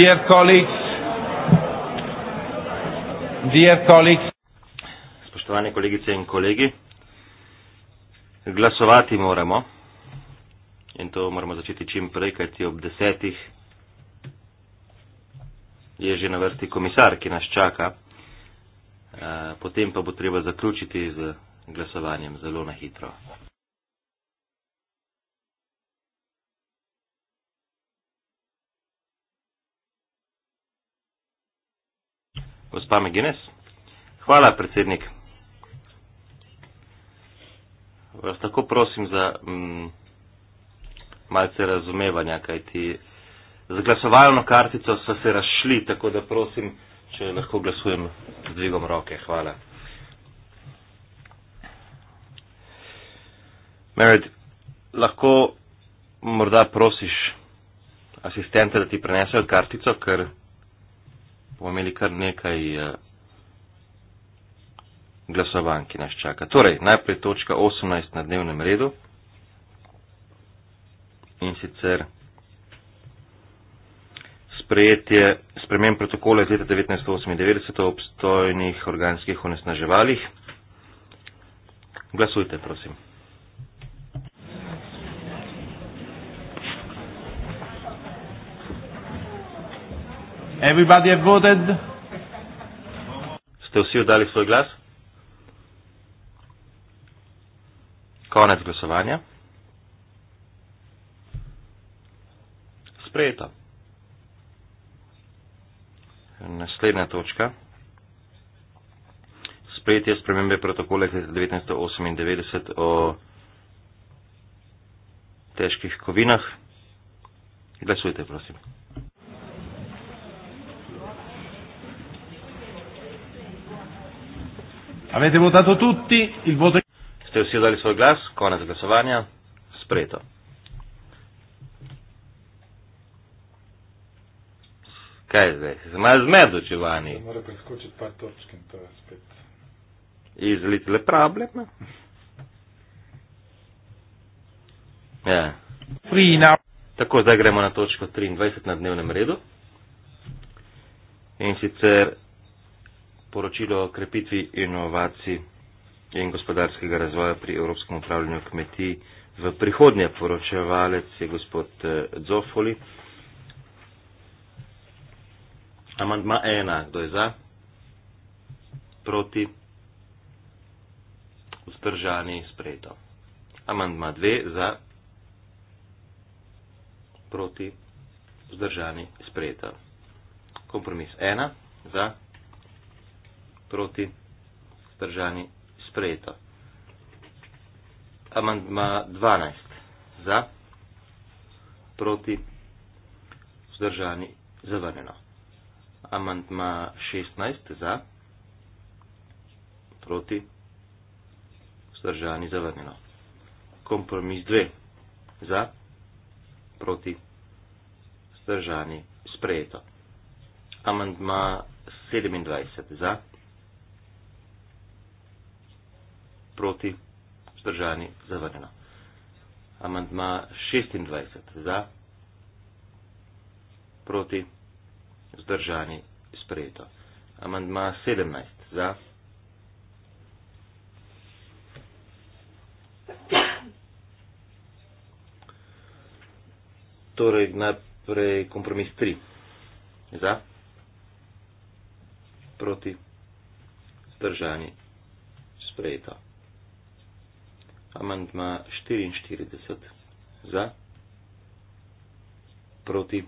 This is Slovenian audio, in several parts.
dear colleagues, dear colleagues. Spoštovane kolegice in kolegi, glasovati moramo in to moramo začeti čim prej, kajti ob desetih je že na vrsti komisar, ki nas čaka. Eh, potem pa bo treba zaključiti z glasovanjem zelo na hitro. Gospa Megines. Hvala, predsednik. Vas tako prosim za mm, malce razumevanja, kaj ti z glasovalno kartico so se razšli, tako da prosim, če lahko glasujem z dvigom roke. Hvala. Mered, lahko morda prosiš asistente, da ti prenesejo kartico, ker bomo imeli kar nekaj eh, glasovanj, ki nas čaka. Torej, najprej točka 18 na dnevnem redu in sicer sprejetje spremen protokola iz leta 1998 o obstojnih organskih onesnaževalih. Glasujte, prosim. Everybody have voted? Ste vsi oddali svoj glas? Konec glasovanja. Sprejeto. Naslednja točka. Sprejetje spremembe protokola iz 1998 o težkih kovinah. Glasujte, prosim. Avete votato tutti il voto. Ste vsi dali svoj glas, konec glasovanja, sprejeto. Kaj zdaj? Se malo zmedo, če vani. Mora preskočiti par točk in to je spet. Izlit le problem. Ja. Frina. Tako, zdaj gremo na točko 23 na dnevnem redu. In sicer poročilo o krepitvi inovacij in gospodarskega razvoja pri Evropskem upravljanju kmetij v prihodnje. Poročevalec je gospod eh, Zofoli. Amandma ena, kdo je za? Proti? Vzdržani, sprejeto. Amandma dve, za? Proti? Vzdržani, sprejeto. Kompromis ena, za? proti, stržani sprejeto. Amandma 12. Za, proti, stržani zavrnjeno. Amandma 16. Za, proti, stržani zavrnjeno. Kompromis 2. Za, proti, stržani sprejeto. Amandma 27. Za, proti, stržani zavrnjeno. proti, vzdržani, zavrnjeno. Amandma 26 za, proti, vzdržani, sprejeto. Amandma 17 za, torej najprej kompromis 3 za, proti, vzdržani, sprejeto amandma 44 za, proti,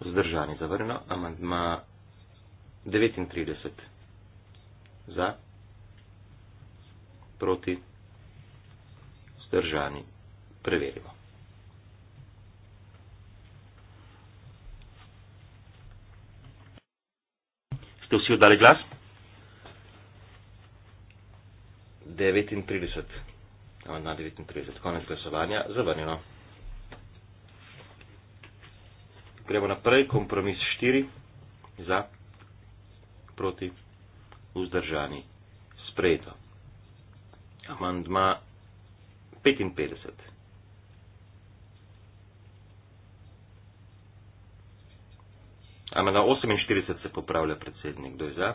vzdržani zavrno, amandma 39 za, proti, vzdržani, preverimo. Ste vsi oddali glas? 39 amandma 39. Konec glasovanja, zavrnjeno. Gremo naprej, kompromis 4, za, proti, vzdržani, sprejeto. Amandma 55. Amandma 48 se popravlja predsednik, kdo je za,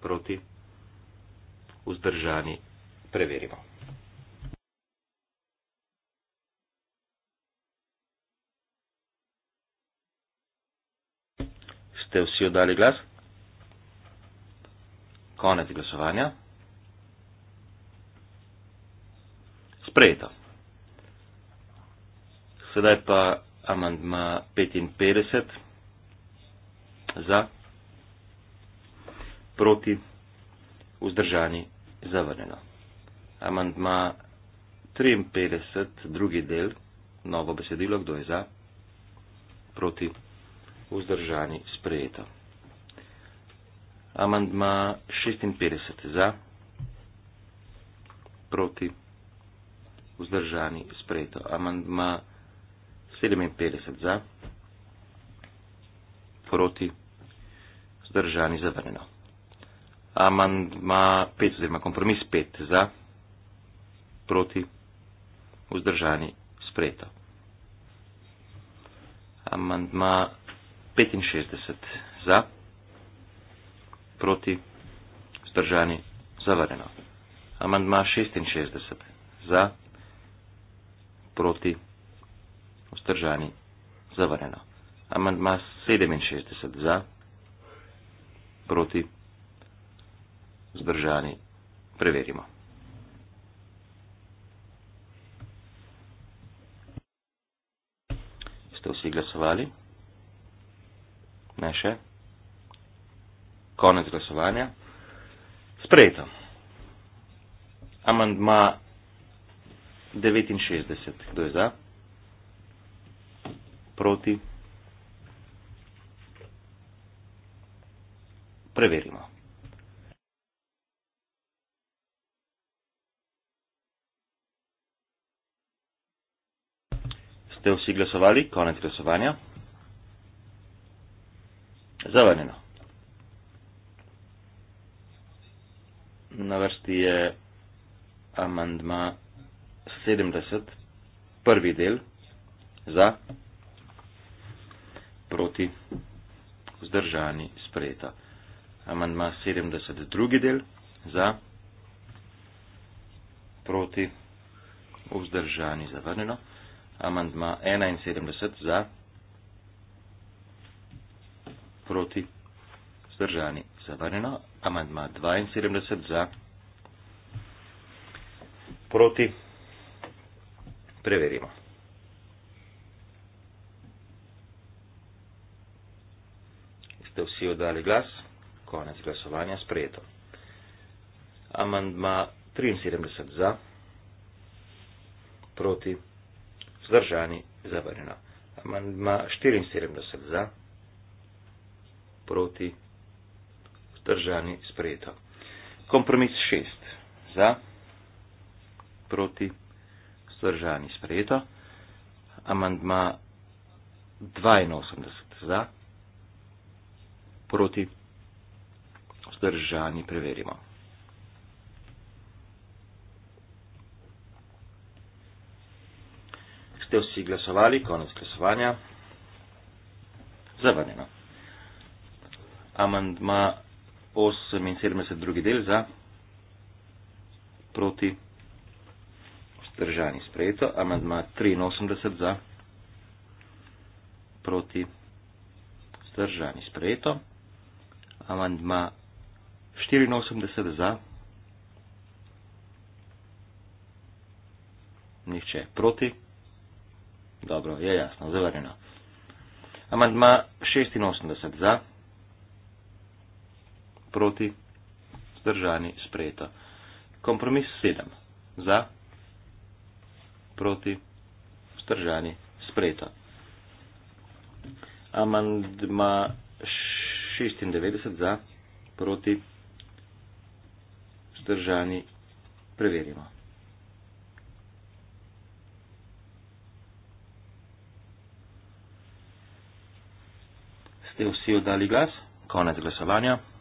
proti, vzdržani, preverimo. ste vsi oddali glas? Konec glasovanja. Sprejeto. Sedaj pa amandma 55 za, proti, vzdržani, zavrnjeno. Amandma 53, drugi del, novo besedilo, kdo je za, proti vzdržani sprejeto. Amandma 56 za, proti, vzdržani sprejeto. Amandma 57 za, proti, vzdržani zavrnjeno. Amandma 5, oziroma kompromis 5 za, proti, vzdržani sprejeto. Amandma 65 za, proti, zdržani, zavareno. Amandma 66 za, proti, vzdržani, zavareno. Amandma 67 za, proti, zdržani, preverimo. Ste vsi glasovali? ne še. Konec glasovanja. Sprejeto. Amandma 69. Kdo je za? Proti? Preverimo. Ste vsi glasovali? Konec glasovanja. זהו איננו. Navrsti je amandma 70, prvi del za, proti, vzdržani, sprejeta. Amandma 70, drugi del za, proti, vzdržani, zavrnjeno. Amandma 71 za proti, zdržani, zavarjeno, amandma 72 za, proti, preverimo. Ste vsi oddali glas, konec glasovanja sprejeto. Amandma 73 za, proti, zdržani, zavarjeno. Amandma 74 za proti, vzdržani, sprejeto. Kompromis šest. Za, proti, vzdržani, sprejeto. Amandma 82. Za, proti, vzdržani, preverimo. Ste vsi glasovali, konec glasovanja. Zavrnjeno amandma 78. del za, proti, vzdržani sprejeto, amandma 83 za, proti, vzdržani sprejeto, amandma 84 za, nihče proti, dobro, je jasno, zavarjeno. Amandma 86 za, proti, zdržani, sprejeto. Kompromis 7. Za, proti, zdržani, sprejeto. Amandma 96 za, proti, zdržani, preverimo. Ste vsi oddali glas? Konec glasovanja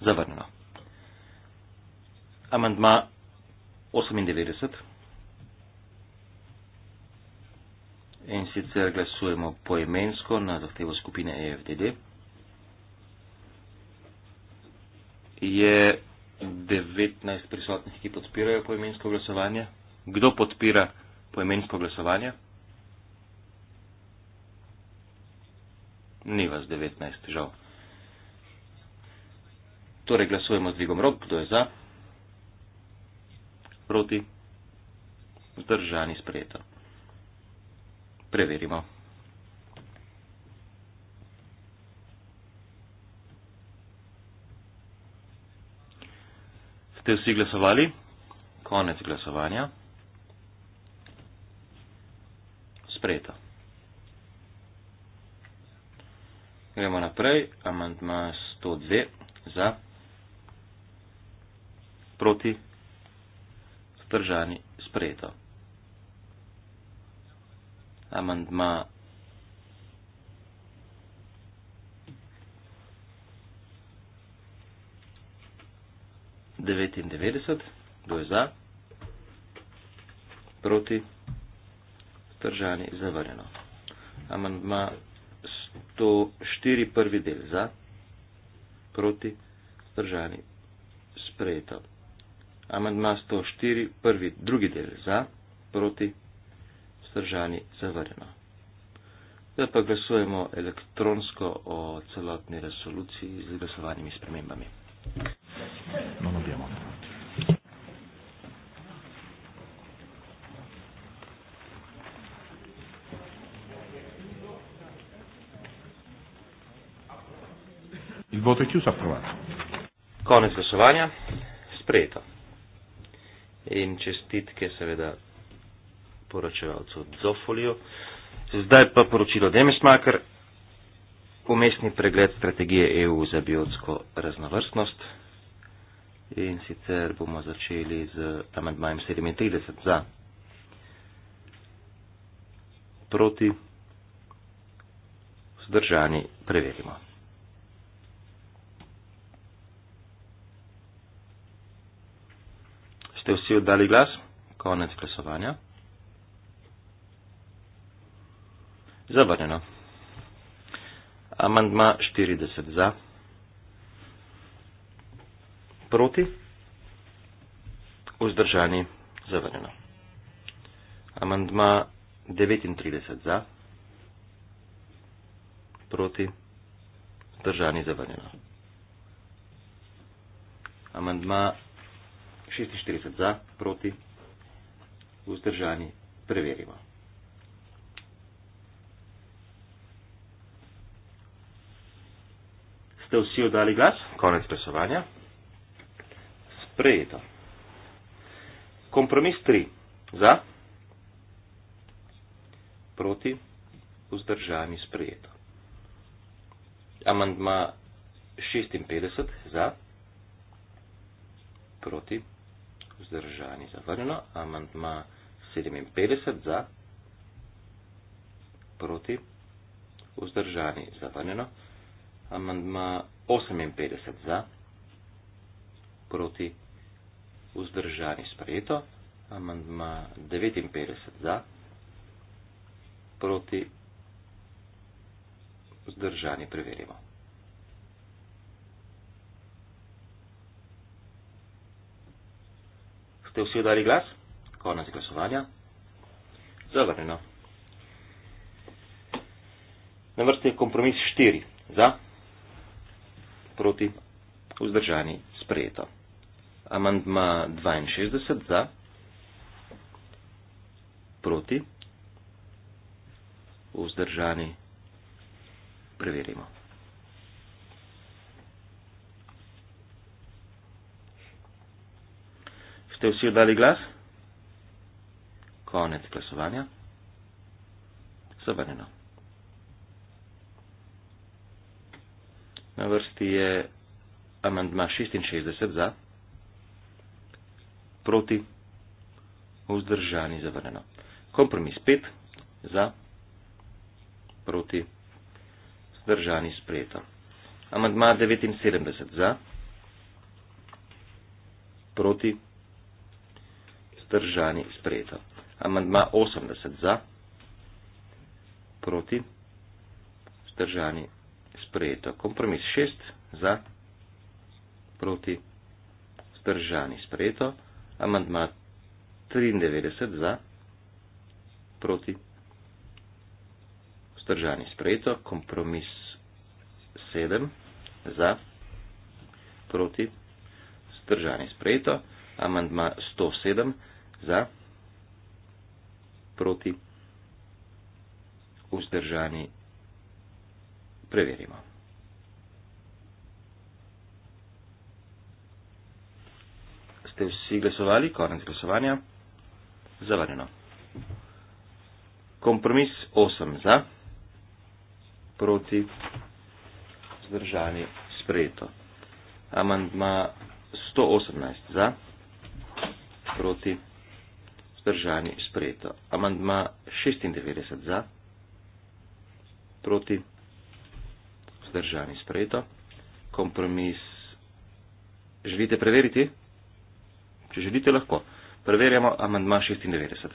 zavrnjeno. Amandma 98. In sicer glasujemo poemensko na zahtevo skupine EFDD. Je 19 prisotnih, ki podpirajo poemensko glasovanje? Kdo podpira poemensko glasovanje? Ni vas 19, žal. Torej glasujemo z dvigom rok, kdo je za, proti, vzdržani, sprejeto. Preverimo. Ste vsi glasovali? Konec glasovanja. Sprejeto. Gremo naprej. Amandma 102 za proti zdržani sprejeto. Amandma devetindevetdeset, kdo je za, proti, zdržani, zavrnjeno. Amandma sto štiri prvi del za, proti, zdržani, sprejeto. Amandma 104, prvi, drugi del za, proti, stržani, zavrjeno. Zdaj pa glasujemo elektronsko o celotni resoluciji z glasovanimi spremembami. No, no, bjemo. Izbote Q za prvo. Konec glasovanja. Sprejeto in čestitke seveda poročevalcu Zofoliju. Zdaj pa poročilo Demesmaker, umestni pregled strategije EU za biotsko raznovrstnost. In sicer bomo začeli z amendmajem 37 za proti vzdržani preverimo. ste vsi oddali glas? Konec glasovanja. Zavrnjeno. Amandma 40 za. Proti. Vzdržani. Zavrnjeno. Amandma 39 za. Proti. Vzdržani. Zavrnjeno. Amandma 46 za, proti, vzdržani, preverimo. Ste vsi oddali glas? Konec glasovanja. Sprejeto. Kompromis 3. Za. Proti. Vzdržani. Sprejeto. Amandma 56. Za. Proti vzdržani zavrnjeno. Amantma 57 za, proti, vzdržani zavrnjeno. Amantma 58 za, proti, vzdržani sprejeto. Amantma 59 za, proti, vzdržani preverimo. ste vsi dali glas? Konec glasovanja. Zavrnjeno. Na vrsti je kompromis 4. Za, proti, vzdržani, sprejeto. Amandma 62 za, proti, vzdržani, preverimo. ste vsi dali glas? Konec glasovanja. Zavrnjeno. Na vrsti je amandma 66 za, proti, vzdržani, zavrnjeno. Kompromis 5 za, proti, vzdržani, sprejeto. Amandma 79 za, proti, vzdržani vzdržani sprejeto. Amandma 80 za, proti, vzdržani sprejeto. Kompromis 6 za, proti, vzdržani sprejeto. Amandma 93 za, proti, vzdržani sprejeto. Kompromis 7 za, proti, vzdržani sprejeto. Amandma 107 za za, proti, vzdržani, preverimo. Ste vsi glasovali, konec glasovanja, zavarjeno. Kompromis 8 za, proti, vzdržani, sprejeto. Amandma 118 za, proti, vzdržani vzdržani sprejeto. Amandma 96 za, proti vzdržani sprejeto. Kompromis. Želite preveriti? Če želite, lahko. Preverjamo amandma 96.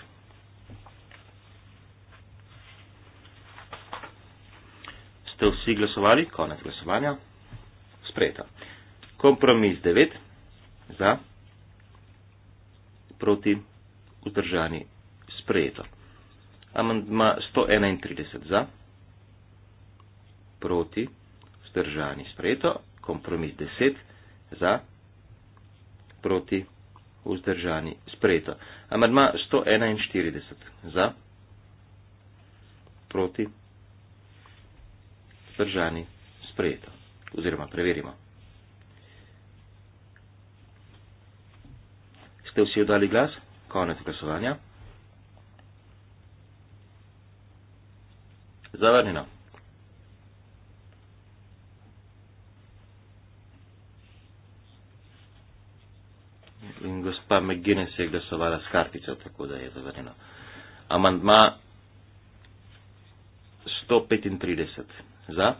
Ste vsi glasovali? Konec glasovanja. Sprejeto. Kompromis 9 za, proti vzdržani sprejeto vzdržani sprejeto. Amandma 131 za, proti, vzdržani sprejeto, kompromis 10 za, proti, vzdržani sprejeto. Amandma 141 za, proti, vzdržani sprejeto. Oziroma preverimo. Ste vsi oddali glas? konec glasovanja. Zavrnjeno. In gospa McGuinness je glasovala s kartico, tako da je zavrnjeno. Amandma 135 za,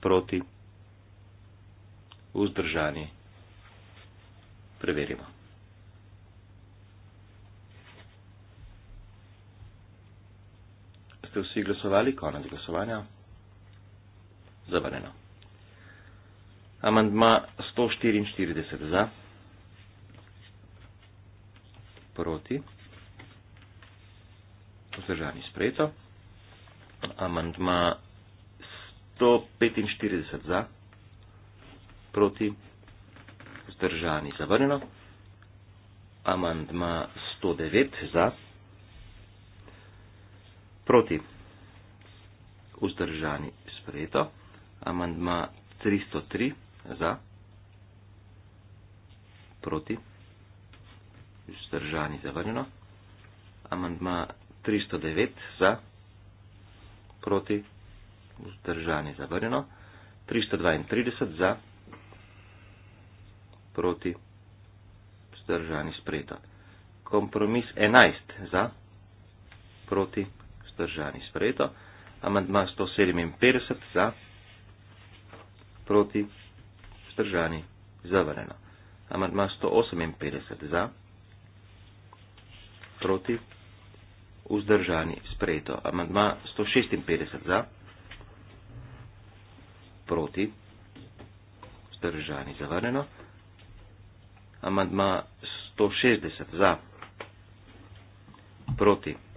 proti, vzdržani, preverimo. ste vsi glasovali, konec glasovanja. Zavrnjeno. Amandma 144 za. Proti. Vzdržani sprejeto. Amandma 145 za. Proti. Vzdržani zavrnjeno. Amandma 109 za. Proti. Vzdržani sprejeto. Amandma 303 za. Proti. Vzdržani zavrnjeno. Amandma 309 za. Proti. Vzdržani zavrnjeno. 332 za. Proti. Vzdržani sprejeto. Kompromis 11 za. Proti vzdržani sprejeto. Amandma 157 za, proti, vzdržani, zavrneno. Amandma 158 za, proti, vzdržani, sprejeto. Amandma 156 za, proti, vzdržani, zavrneno. Amandma 160 za, proti, vzdržani, zavrneno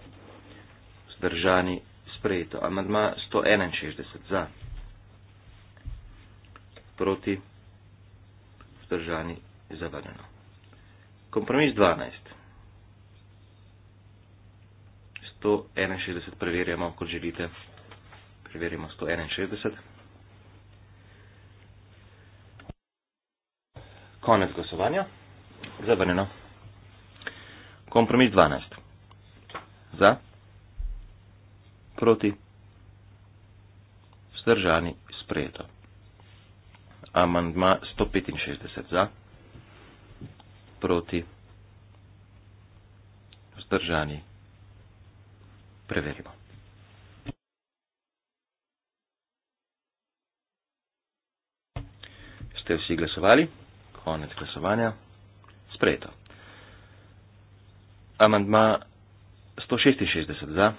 vzdržani sprejeto. Amadma 161 za. Proti vzdržani zavrnjeno. Kompromis 12. 161 preverjamo, ko želite. Preverimo 161. Konec glasovanja. Zavrnjeno. Kompromis 12. Za proti? Zdržani sprejeto. Amandma 165 za, proti, vzdržani, preverimo. Ste vsi glasovali? Konec glasovanja. Sprejeto. Amandma 166 za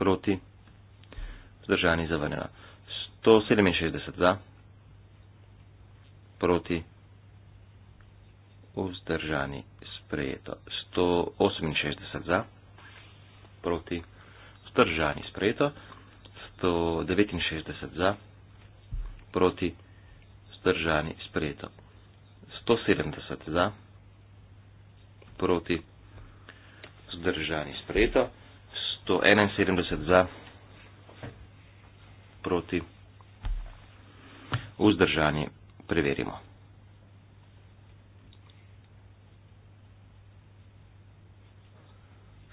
proti, vzdržani za vanjena. 167 za, proti, vzdržani, sprejeto. 168 za, proti, vzdržani, sprejeto. 169 za, proti, vzdržani, sprejeto. 170 za, proti, vzdržani, sprejeto. 171 za, proti, vzdržani, preverimo.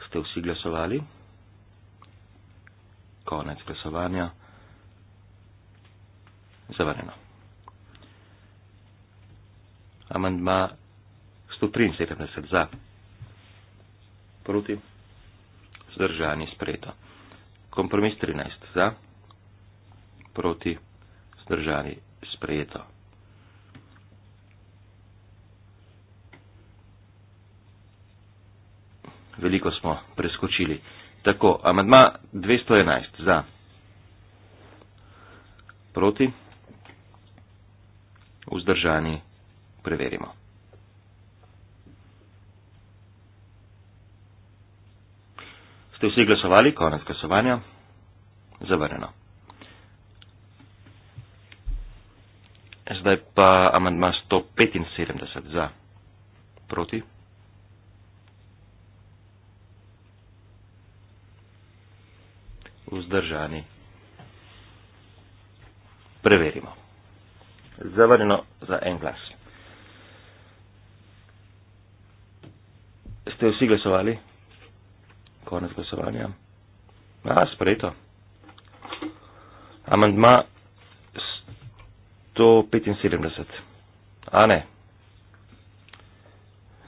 Ste vsi glasovali? Konec glasovanja. Zavrnjeno. Amandma 173 za, proti vzdržani sprejeto. Kompromis 13 za, proti vzdržani sprejeto. Veliko smo preskočili. Tako, amadma 211 za, proti vzdržani preverimo. Ste vsi glasovali? Konec glasovanja. Zavrjeno. Zdaj pa amandma 175 za. Proti. Vzdržani. Preverimo. Zavrjeno za en glas. Ste vsi glasovali? konec glasovanja. A, sprejeto. Amandma 175. A ne.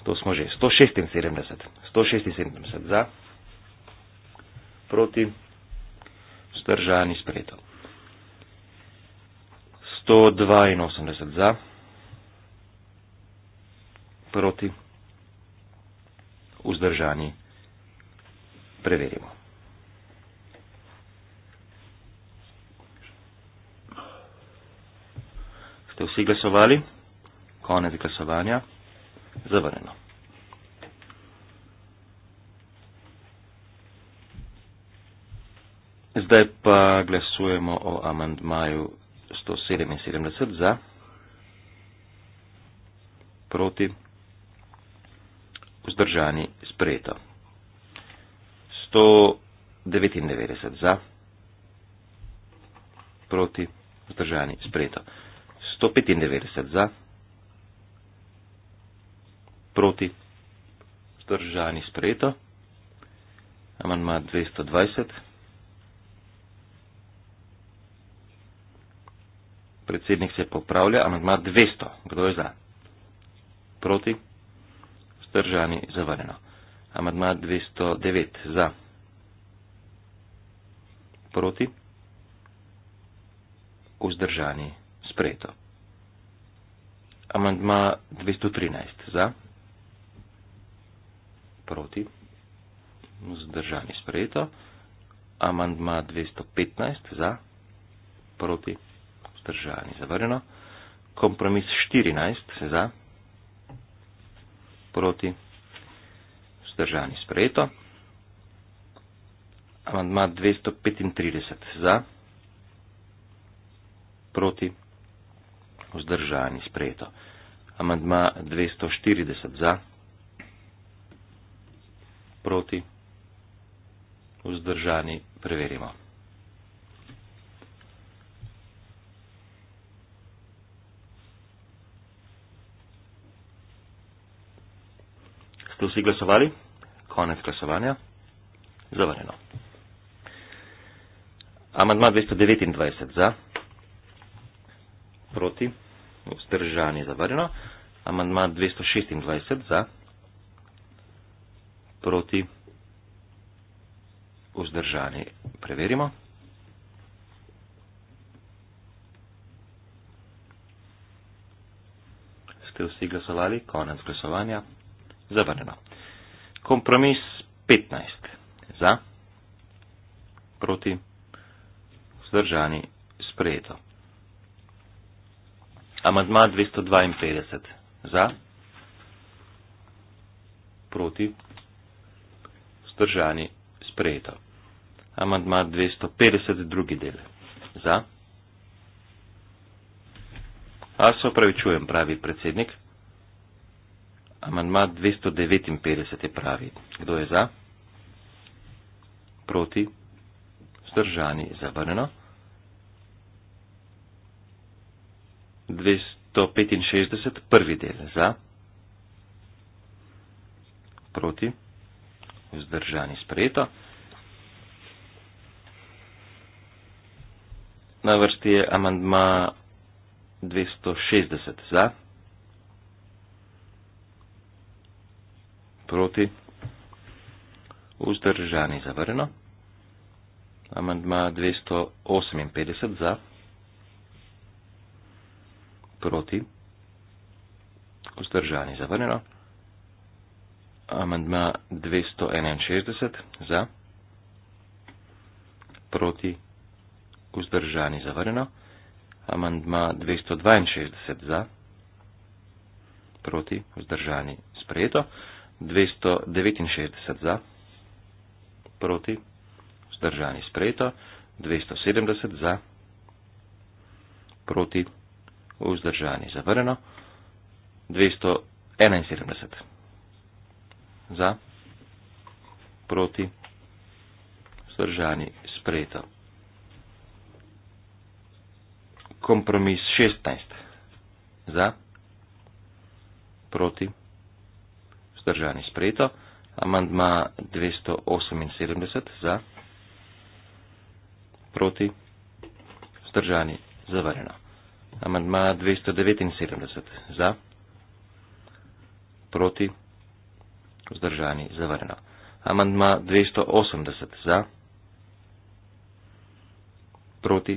To smo že. 176. 176 za. Proti. Zdržani sprejeto. 182 za. Proti. Vzdržani preverimo. Ste vsi glasovali? Konec glasovanja. Zavrneno. Zdaj pa glasujemo o amandmaju 177 za, proti, vzdržani, sprejeto. 199 za, proti, vzdržani, sprejeto. 195 za, proti, vzdržani, sprejeto. Amandma 220. Predsednik se popravlja. Amandma 200. Kdo je za? Proti. Vzdržani, zavarjeno. Amadma 209 za. Proti. Uzdržani. Sprejeto. Amandma 213 za. Proti. Zdržani sprejeto. Amandma 215 za. Proti. Zdržani zavrjeno. Kompromis 14 za. Proti vzdržani sprejeto. Amandma 235 za, proti, vzdržani sprejeto. Amandma 240 za, proti, vzdržani preverimo. Ste vsi glasovali? konec glasovanja. Zavrneno. Amandma 229 za, proti, vzdržanje zavrneno. Amandma 226 za, proti, vzdržanje preverimo. Ste vsi glasovali? Konec glasovanja. Zavrneno kompromis 15 za, proti, vzdržani, sprejeto. Amadma 252 za, proti, vzdržani, sprejeto. Amadma 250 drugi del za. A se opravičujem, pravi predsednik. Amandma 259 je pravi. Kdo je za? Proti? Zdržani? Zavrneno? 265. Prvi del. Za? Proti? Zdržani? Sprejeto? Na vrsti je amandma 260. Za? proti. Vzdržani za vrno. Amandma 258 za. Proti. Vzdržani za vrno. Amandma 261 za. Proti. Vzdržani za vrno. Amandma 262 za. Proti. Vzdržani sprejeto. 269 za, proti, vzdržani sprejeto, 270 za, proti, vzdržani zavrneno, 271 za, proti, vzdržani sprejeto. Kompromis 16 za, proti, vzdržani sprejeto vzdržan in sprejeto. Amandma 278 za, proti, vzdržani, zavarjeno. Amandma 279 za, proti, vzdržani, zavarjeno. Amandma 280 za, proti,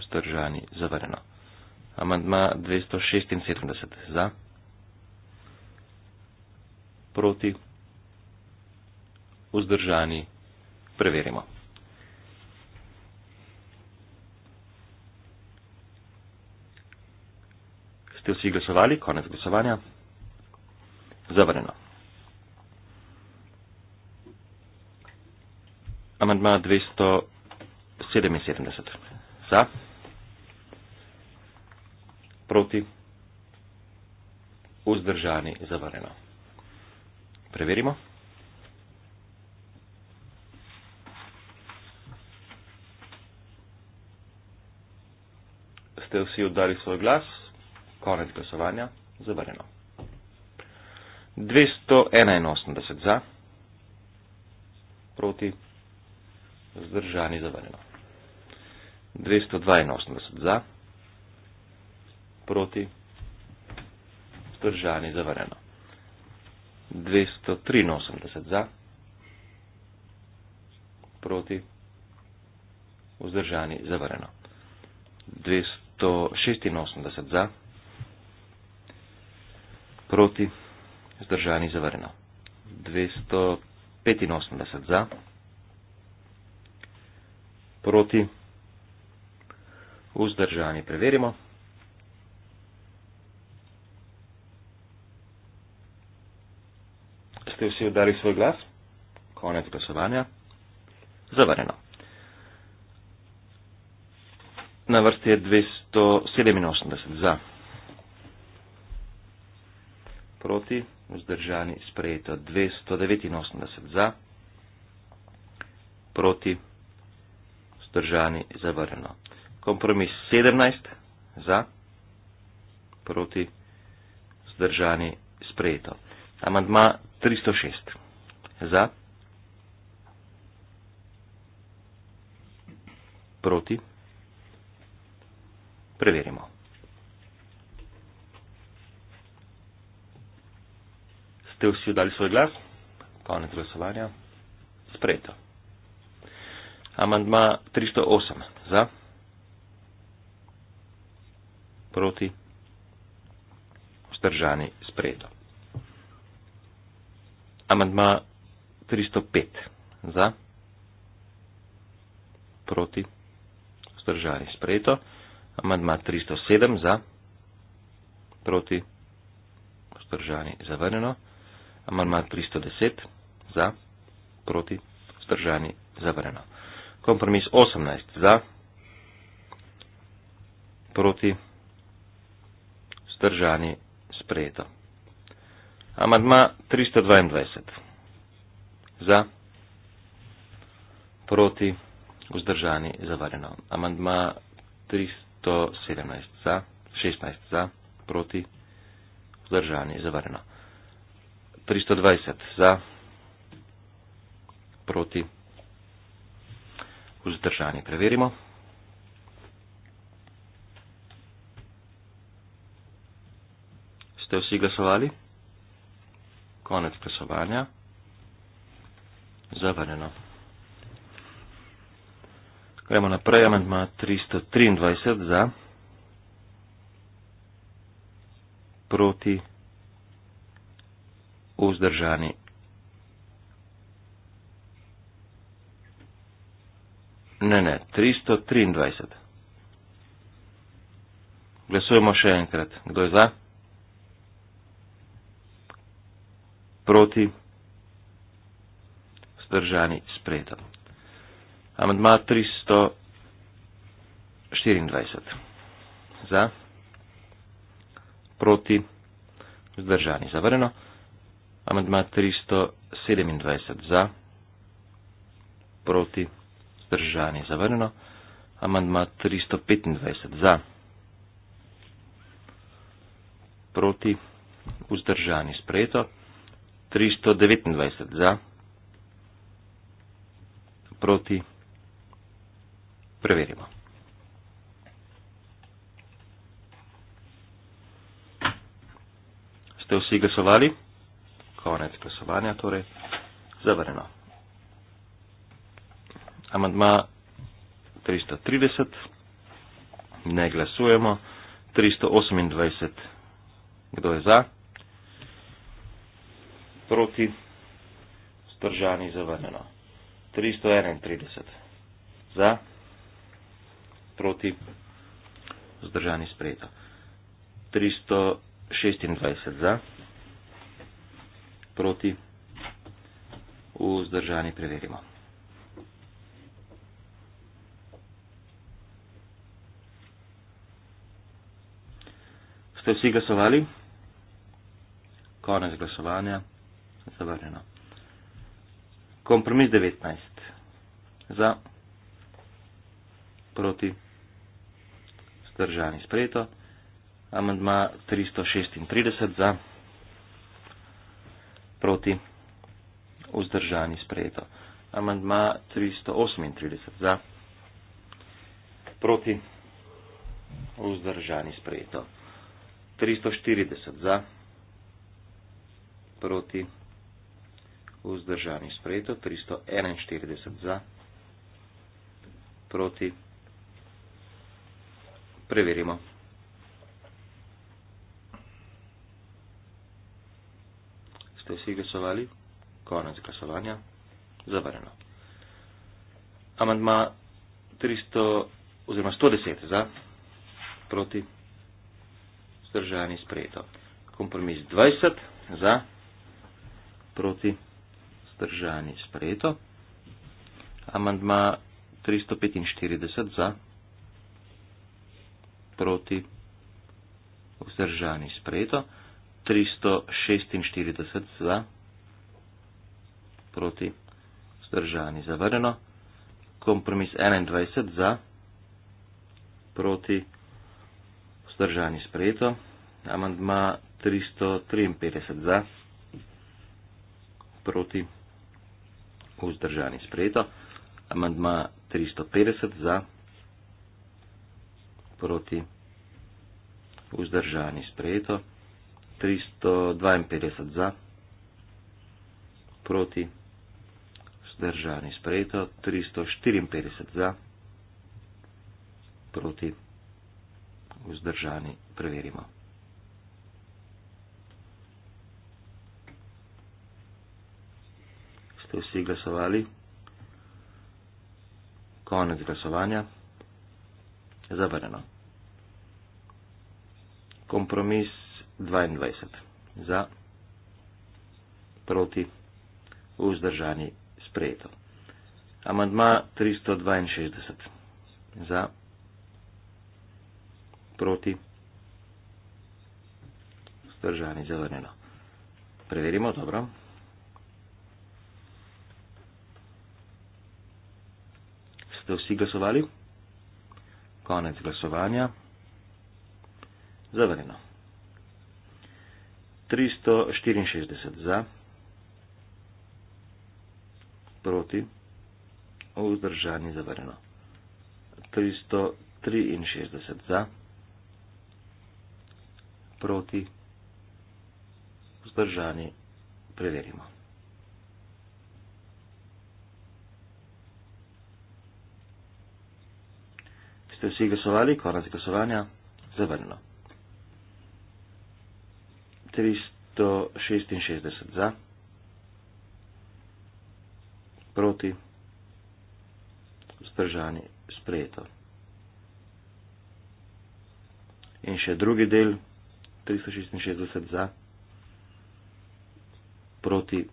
vzdržani, zavarjeno. Amandma 276 za proti vzdržani. Preverimo. Ste vsi glasovali? Konec glasovanja. Zavrnjeno. Amandma 277. Za. Proti. Vzdržani. Zavrnjeno. Preverimo. Ste vsi oddali svoj glas? Konec glasovanja. Zavarjeno. 281 za, proti, zdržani zavarjeno. 282 za, proti, zdržani zavarjeno. 283 za, proti, vzdržani, zavareno. 286 za, proti, vzdržani, zavareno. 285 za, proti, vzdržani, preverimo. ste vsi oddali svoj glas? Konec glasovanja. Zavarjeno. Na vrsti je 287 za. Proti, vzdržani, sprejeto 289 za. Proti, vzdržani, zavarjeno. Kompromis 17 za. Proti, vzdržani, sprejeto. Amandma 306. Za? Proti? Preverimo. Ste vsi dali svoj glas? Konec glasovanja. Sprejeto. Amandma 308. Za? Proti? Vzdržani. Sprejeto. Amandma 305. Za? Proti? Zdržali. Sprejeto. Amandma 307. Za? Proti? Zdržani. Zavrnjeno. Amandma 310. Za? Proti? Zdržani. Zavrnjeno. Kompromis 18. Za? Proti? Zdržani. Sprejeto. Amadma 322. Za, proti, vzdržani, zavarjeno. Amadma 317. Za, 16. Za, proti, vzdržani, zavarjeno. 320. Za, proti, vzdržani. Preverimo. Ste vsi glasovali? konec glasovanja. Zavrnjeno. Gremo naprej, amendma 323 za, proti, vzdržani. Ne, ne, 323. Glasujemo še enkrat. Kdo je za? proti, vzdržani spredom. Amandma 324. Za, proti, vzdržani. Zavrneno. Amandma 327. Za, proti, vzdržani. Zavrneno. Amandma 325. Za, proti, vzdržani. Sprejeto. 329 za, proti, preverimo. Ste vsi glasovali? Konec glasovanja, torej zavrjeno. Amandma 330, ne glasujemo. 328, kdo je za? proti, stržani zavrnjeno. 331 za, proti, zdržani sprejeto. 326 za, proti, vzdržani preverimo. Ste vsi glasovali? Konec glasovanja zavrnjeno. Kompromis 19. Za, proti, zdržani sprejeto. Amendma 336 za, proti, vzdržani sprejeto. Amendma 338 za, proti, vzdržani sprejeto. 340 za, proti, vzdržani sprejeto vzdržani sprejeto 341 za proti. Preverimo. Ste vsi glasovali? Konec glasovanja. Zavarjeno. Amandma 300 oziroma 110 za proti. Vzdržani sprejeto. Kompromis 20 za proti vzdržani sprejeto. Amandma 345 za, proti, vzdržani sprejeto. 346 za, proti, vzdržani zavrnjeno. Kompromis 21 za, proti, vzdržani sprejeto. Amandma 353 za, proti, vzdržani sprejeto vzdržani sprejeto. Amandma 350 za, proti, vzdržani sprejeto. 352 za, proti, vzdržani sprejeto. 354 za, proti, vzdržani preverimo. ste vsi glasovali. Konec glasovanja. Zavrnjeno. Kompromis 22. Za. Proti. Vzdržani. Sprejeto. Amandma 362. Za. Proti. Vzdržani. Zavrnjeno. Preverimo dobro. ste vsi glasovali? Konec glasovanja. Zavrnjeno. 364 za, proti, vzdržani zavrnjeno. 363 za, proti, vzdržani preverimo. ste vsi glasovali, konec glasovanja, zavrnilo. 366 za, proti, zdržani, sprejeto. In še drugi del, 366 za, proti,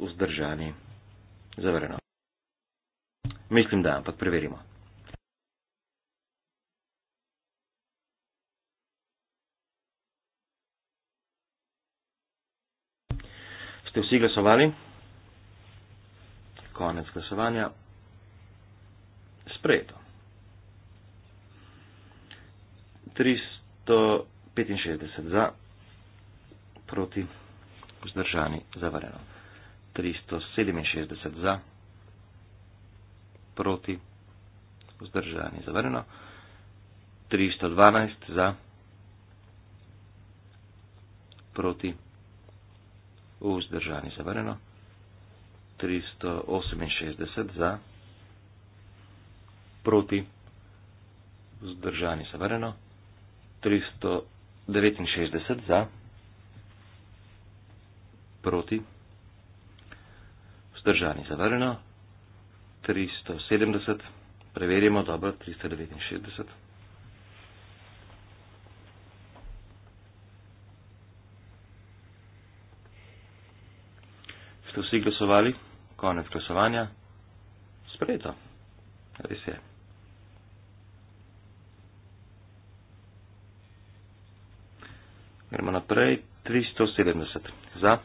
vzdržani, zavrnjeno. Mislim, da, ampak preverimo. Ste vsi glasovali? Konec glasovanja. Sprejeto. 365 za, proti, vzdržani, zavareno. 367 za, proti, vzdržani, zavareno. 312 za, proti, vzdržani vzdržani zavrnjeno, 368 za, proti, vzdržani zavrnjeno, 369 za, proti, vzdržani zavrnjeno, 370, preverimo dobro, 369. Ste vsi glasovali? Konec glasovanja. Sprejeto. Res je. Gremo naprej. 370 za.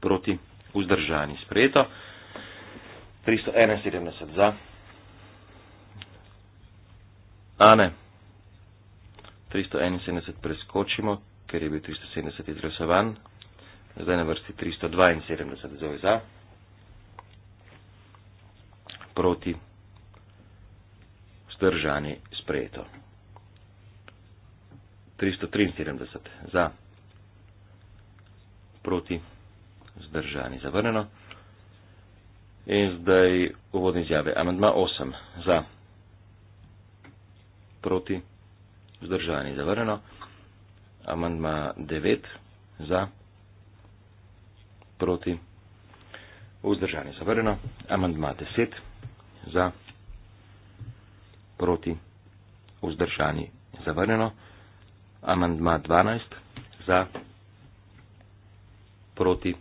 Proti. Vzdržani. Sprejeto. 371 za. A ne. 371 preskočimo, ker je bil 370 izglasovan zdaj na vrsti 372 glasovi za, proti, vzdržani, sprejeto. 373 za, proti, vzdržani, zavrneno. In zdaj uvodne izjave. Amendma 8 za, proti, vzdržani, zavrneno. Amendma 9 za, proti proti. Vzdržanje zavrjeno. Amandma 10 za proti. Vzdržanje zavrjeno. Amandma 12 za proti.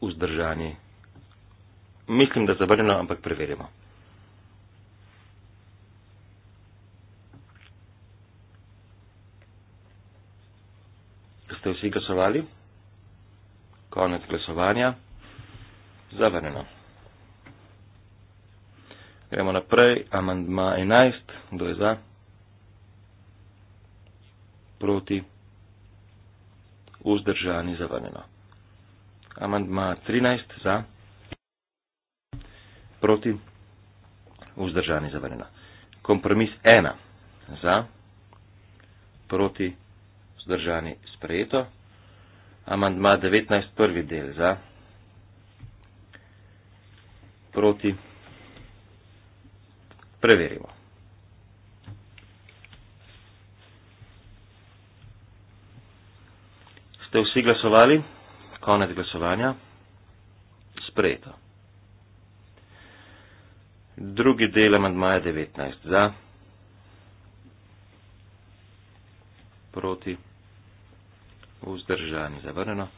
Vzdržanje. Mislim, da je zavrnjeno, ampak preverimo. Ste vsi glasovali? Konec glasovanja. Zavrneno. Gremo naprej. Amandma 11. Kdo je za? Proti. Vzdržani zavrneno. Amandma 13. Za. Proti. Vzdržani zavrneno. Kompromis 1. Za. Proti. Vzdržani sprejeto. Amandma 19, prvi del za. Proti. Preverimo. Ste vsi glasovali? Konec glasovanja. Sprejeto. Drugi del amandmaja 19 za. Proti. Vzdržan, zavrneno.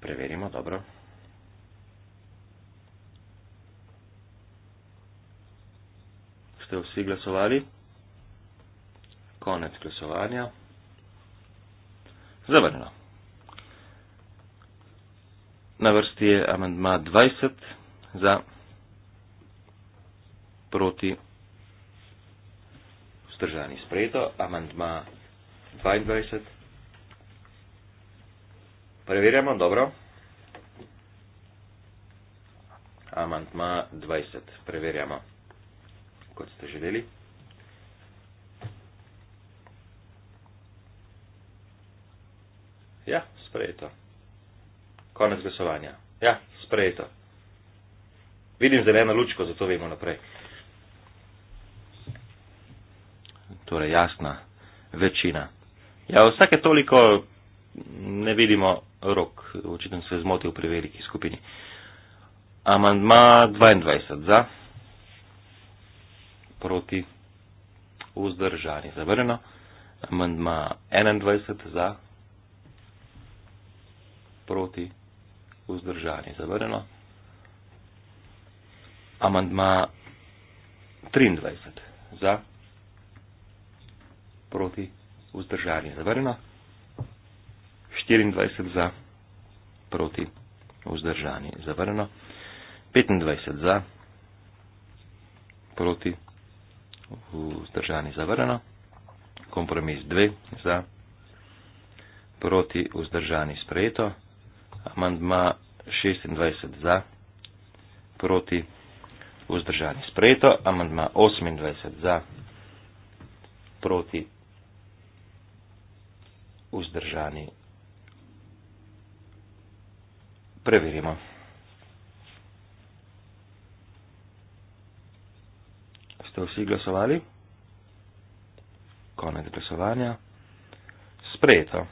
Preverimo, dobro. Ste vsi glasovali? Konec glasovanja. Zavrneno. Na vrsti je amendma 20 za proti vzdržani sprejeto, amendma 22. Preverjamo, dobro. Amantma 20. Preverjamo, kot ste želeli. Ja, sprejeto. Konec glasovanja. Ja, sprejeto. Vidim zeleno lučko, zato vemo naprej. Torej, jasna večina. Ja, vsake toliko ne vidimo rok, očitno se je zmotil pri veliki skupini. Amandma 22 za, proti, vzdržani, zavrnjeno. Amandma 21 za, proti, vzdržani, zavrnjeno. Amandma 23 za, proti, vzdržani, zavrnjeno. 24 za, proti, vzdržani, zavrno, 25 za, proti, vzdržani, zavrno, kompromis 2 za, proti, vzdržani, sprejeto, amandma 26 za, proti, vzdržani, sprejeto, amandma 28 za, proti, vzdržani, sprejeto preverimo. Ste vsi glasovali? Konec glasovanja. Sprejeto.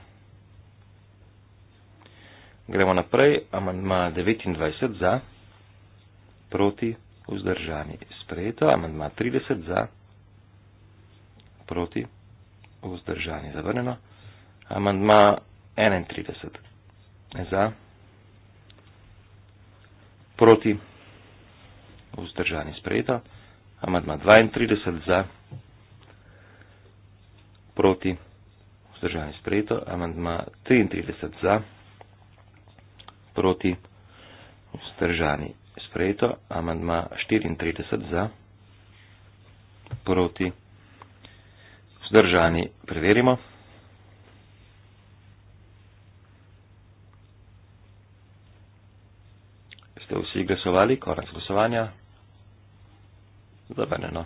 Gremo naprej. Amandma 29 za, proti, vzdržani. Sprejeto. Amandma 30 za, proti, vzdržani. Zavrnjeno. Amandma 31 za proti, vzdržani sprejeta, amadma 32 za, proti, vzdržani sprejeta, amadma 33 za, proti, vzdržani sprejeta, amadma 34 za, proti, vzdržani preverimo. Ste vsi glasovali? Konec glasovanja? Zabeneno.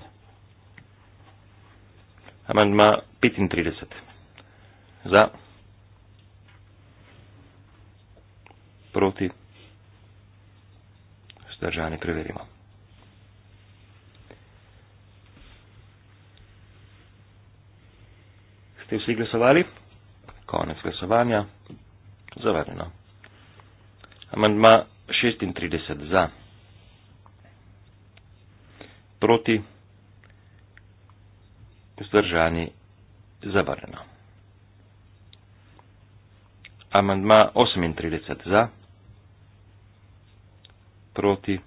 Amandma 35. Za. Proti. Zdržani preverimo. Ste vsi glasovali? Konec glasovanja. Zavarjeno. Amandma 36 za, proti, vzdržani, zavrnjeno. Amandma 38 za, proti,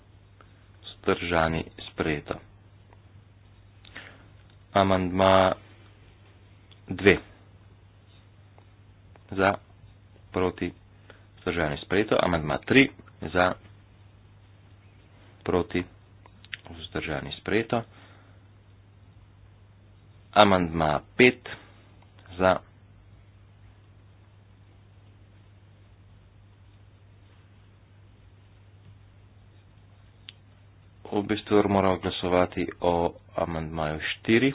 vzdržani, sprejeto. Amandma 2 za, proti, vzdržani, sprejeto. Amandma 3 za, proti, vzdržani sprejeto. Amandma 5 za. V bistvu moramo glasovati o amandmaju 4.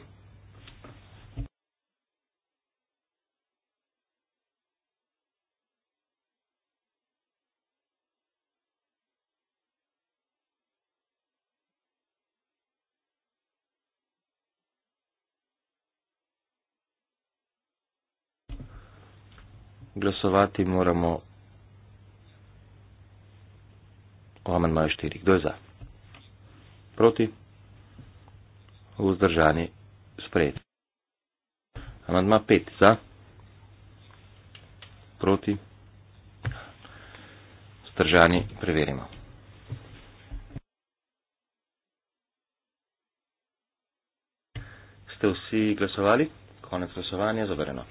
glasovati moramo o amandmaju 4. Kdo je za? Proti? Vzdržani? Sprejet. Amandma 5. Za? Proti? Vzdržani? Preverimo. Ste vsi glasovali? Konec glasovanja, zavereno.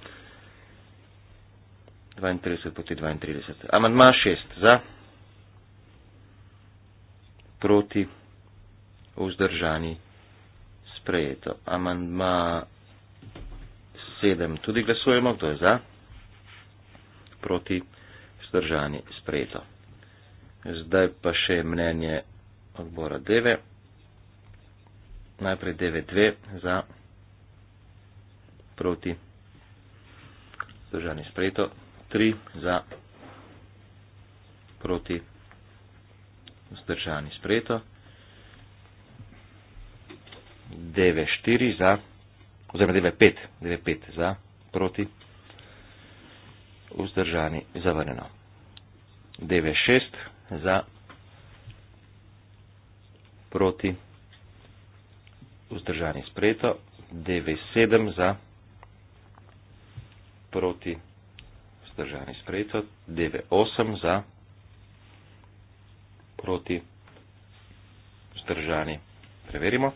32 proti 32. Amandma 6 za, proti, vzdržani, sprejeto. Amandma 7 tudi glasujemo, kdo je za, proti, vzdržani, sprejeto. Zdaj pa še mnenje odbora 9. Najprej 9-2 za, proti, vzdržani, sprejeto tri za proti vzdržani spreto, deve štiri za, oziroma deve pet, deve pet za proti vzdržani zavrneno, deve šest za proti vzdržani spreto, deve sedem za proti vzdržani spreto vzdržani sprejeto, DV8 za proti vzdržani. Preverimo.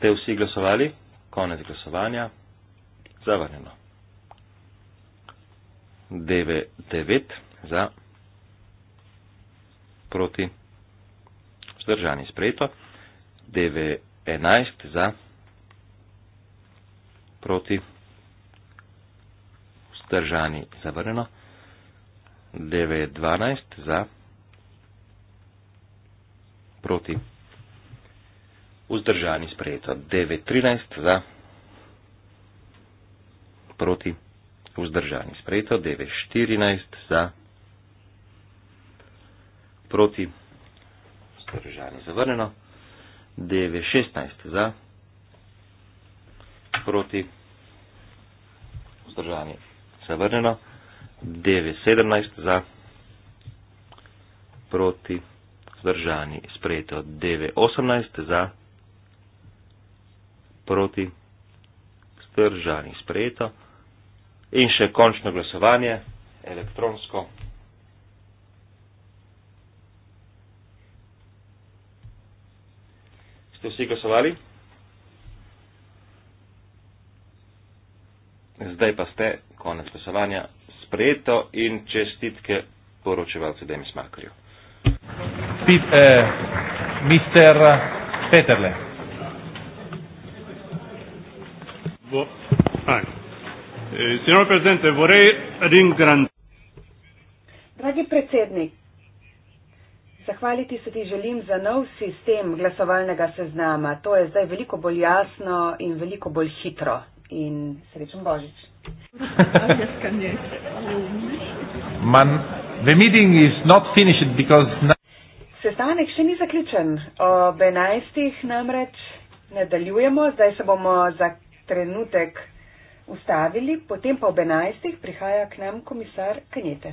Ste vsi glasovali? Konec glasovanja. Zavarjeno. DV9 za proti vzdržani sprejeto. DV 11 za, proti, vzdržani zavrneno, 9, 12 za, proti, vzdržani sprejeto, 9, 13 za, proti, vzdržani sprejeto, 9, 14 za, proti, vzdržani zavrneno, DV16 za proti vzdržanje zavrneno, DV17 za proti vzdržanje sprejeto, DV18 za proti vzdržanje sprejeto in še končno glasovanje elektronsko. Ste vsi glasovali? Zdaj pa ste, konec glasovanja, sprejeto in čestitke poročevalcu Demis Markerju. Pit, eh, mister Peterle. Eh, Dragi predsednik, Zahvaliti se ti želim za nov sistem glasovalnega seznama. To je zdaj veliko bolj jasno in veliko bolj hitro. In srečen Božič. Sestanek še ni zaključen. Ob 11. namreč nadaljujemo. Zdaj se bomo za trenutek ustavili, potem pa ob 11. prihaja k nam komisar Kanjete.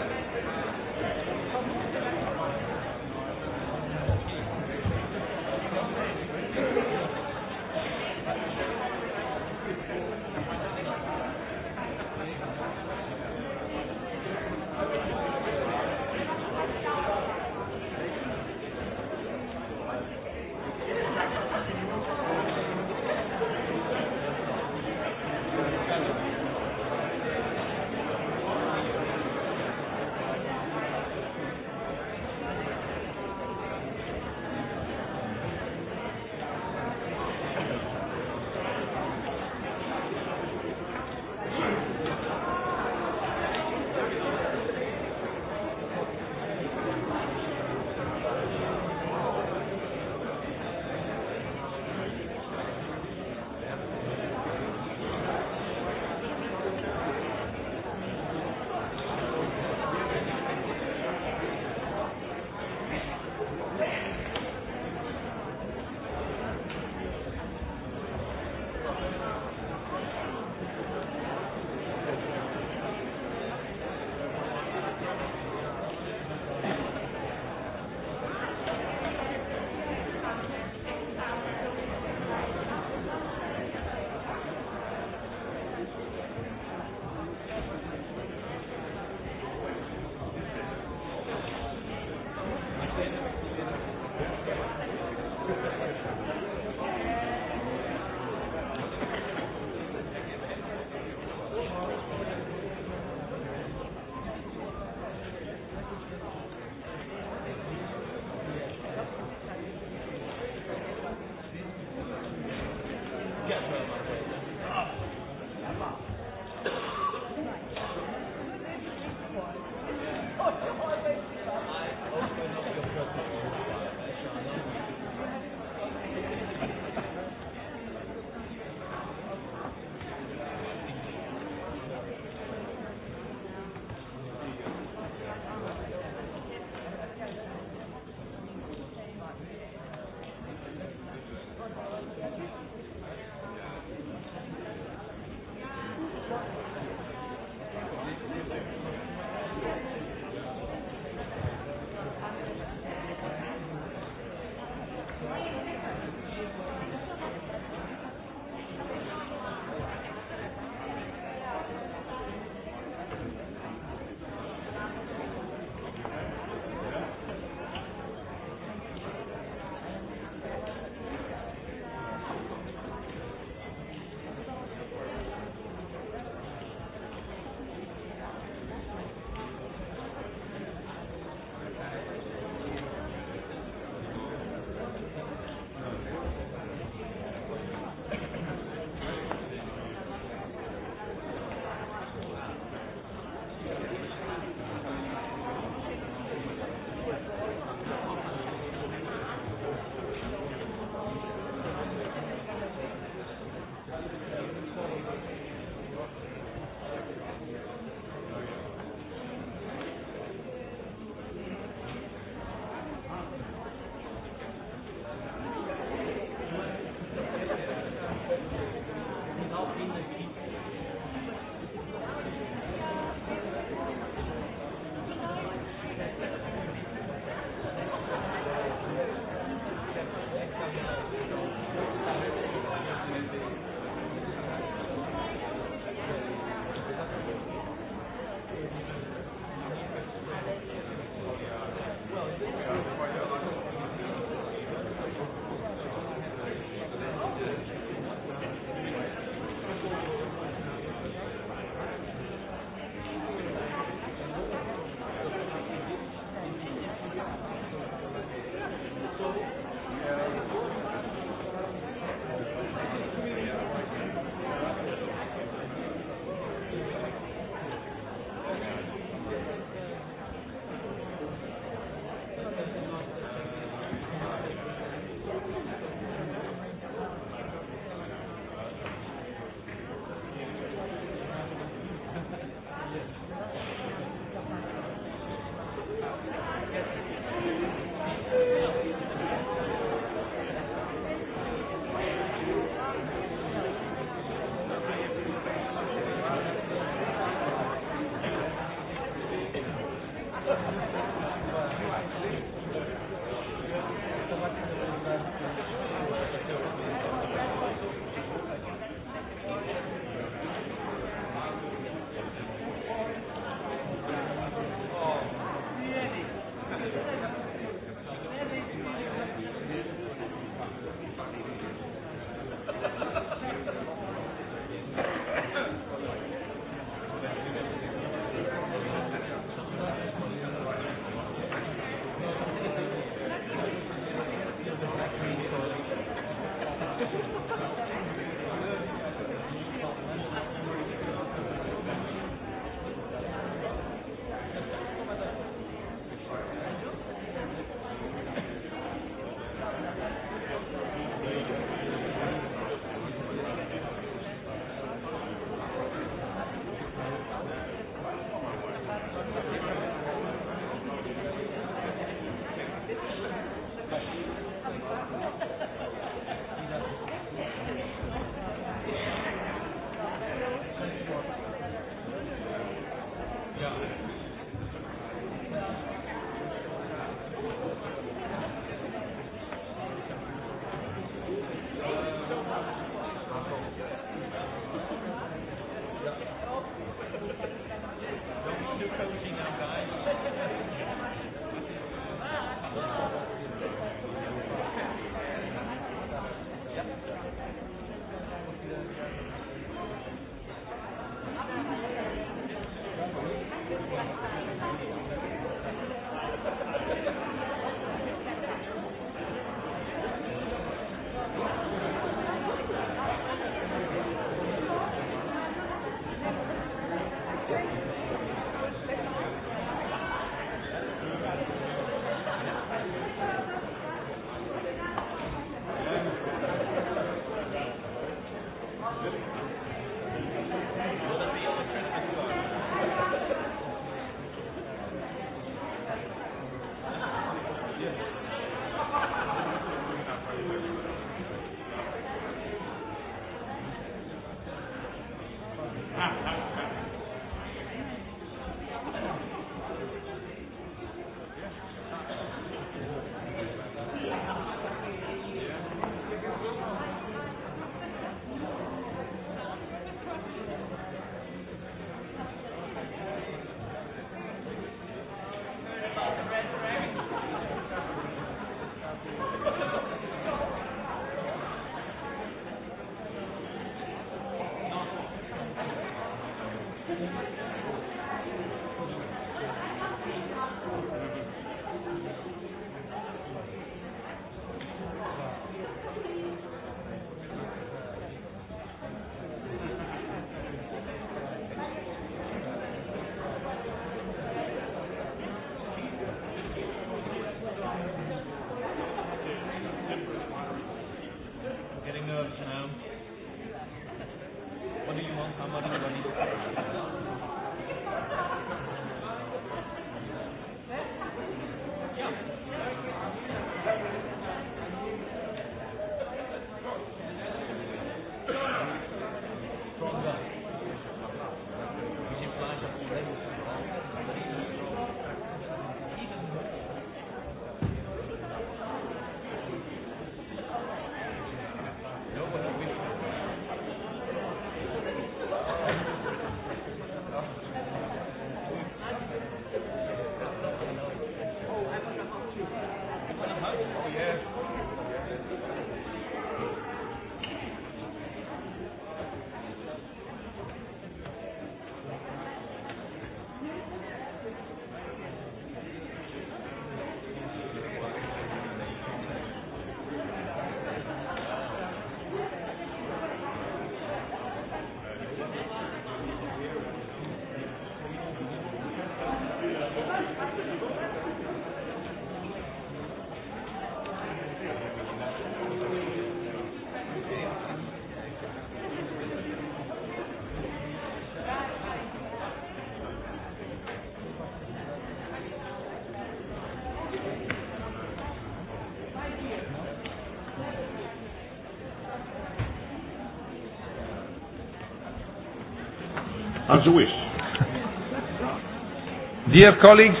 not Jewish. Dear colleagues,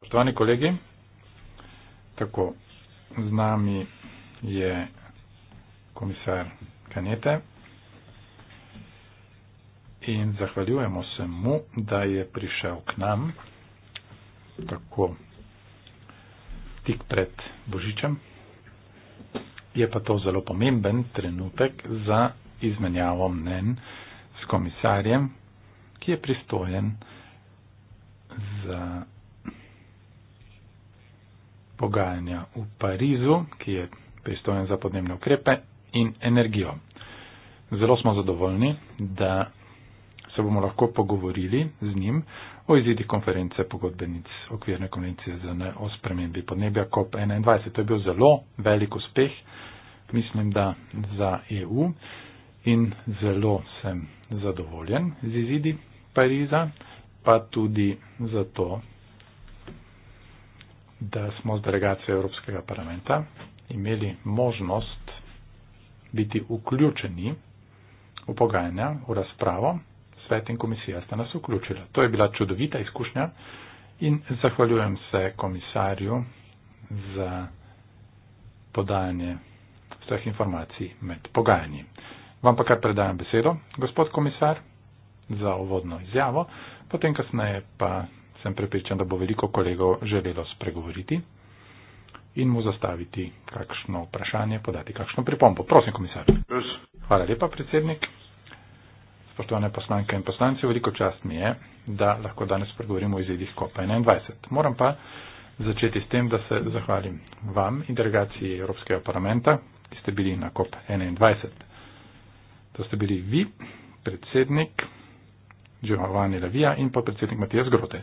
poštovani kolegi, tako z nami je komisar Kanete in zahvaljujemo se mu, da je prišel k nam tako tik pred Božičem. Je pa to zelo pomemben trenutek za izmenjavo mnen s komisarjem, ki je pristojen za pogajanja v Parizu, ki je pristojen za podnebne ukrepe in energijo. Zelo smo zadovoljni, da se bomo lahko pogovorili z njim o izidi konference pogodbenic okvirne konvencije za ne o spremembi podnebja COP21. To je bil zelo velik uspeh, mislim, da za EU. Uh, in zelo sem zadovoljen z izidi Pariza, pa tudi zato, da smo z delegacijo Evropskega parlamenta imeli možnost biti vključeni v pogajanja, v razpravo. Svet in komisija sta nas vključila. To je bila čudovita izkušnja in zahvaljujem se komisarju za podajanje vseh informacij med pogajanji. Vam pa kar predajam besedo, gospod komisar, za uvodno izjavo, potem kasneje pa sem prepričan, da bo veliko kolegov želelo spregovoriti in mu zastaviti kakšno vprašanje, podati kakšno pripombo. Prosim, komisar. Yes. Hvala lepa, predsednik. Spoštovane poslanke in poslanci, veliko čast mi je, da lahko danes spregovorimo o izidih COPA 21. Moram pa začeti s tem, da se zahvalim vam in delegaciji Evropskega parlamenta, ki ste bili na COP 21. To ste bili vi, predsednik Giovanni Lavija in podpredsednik Matijas Grote.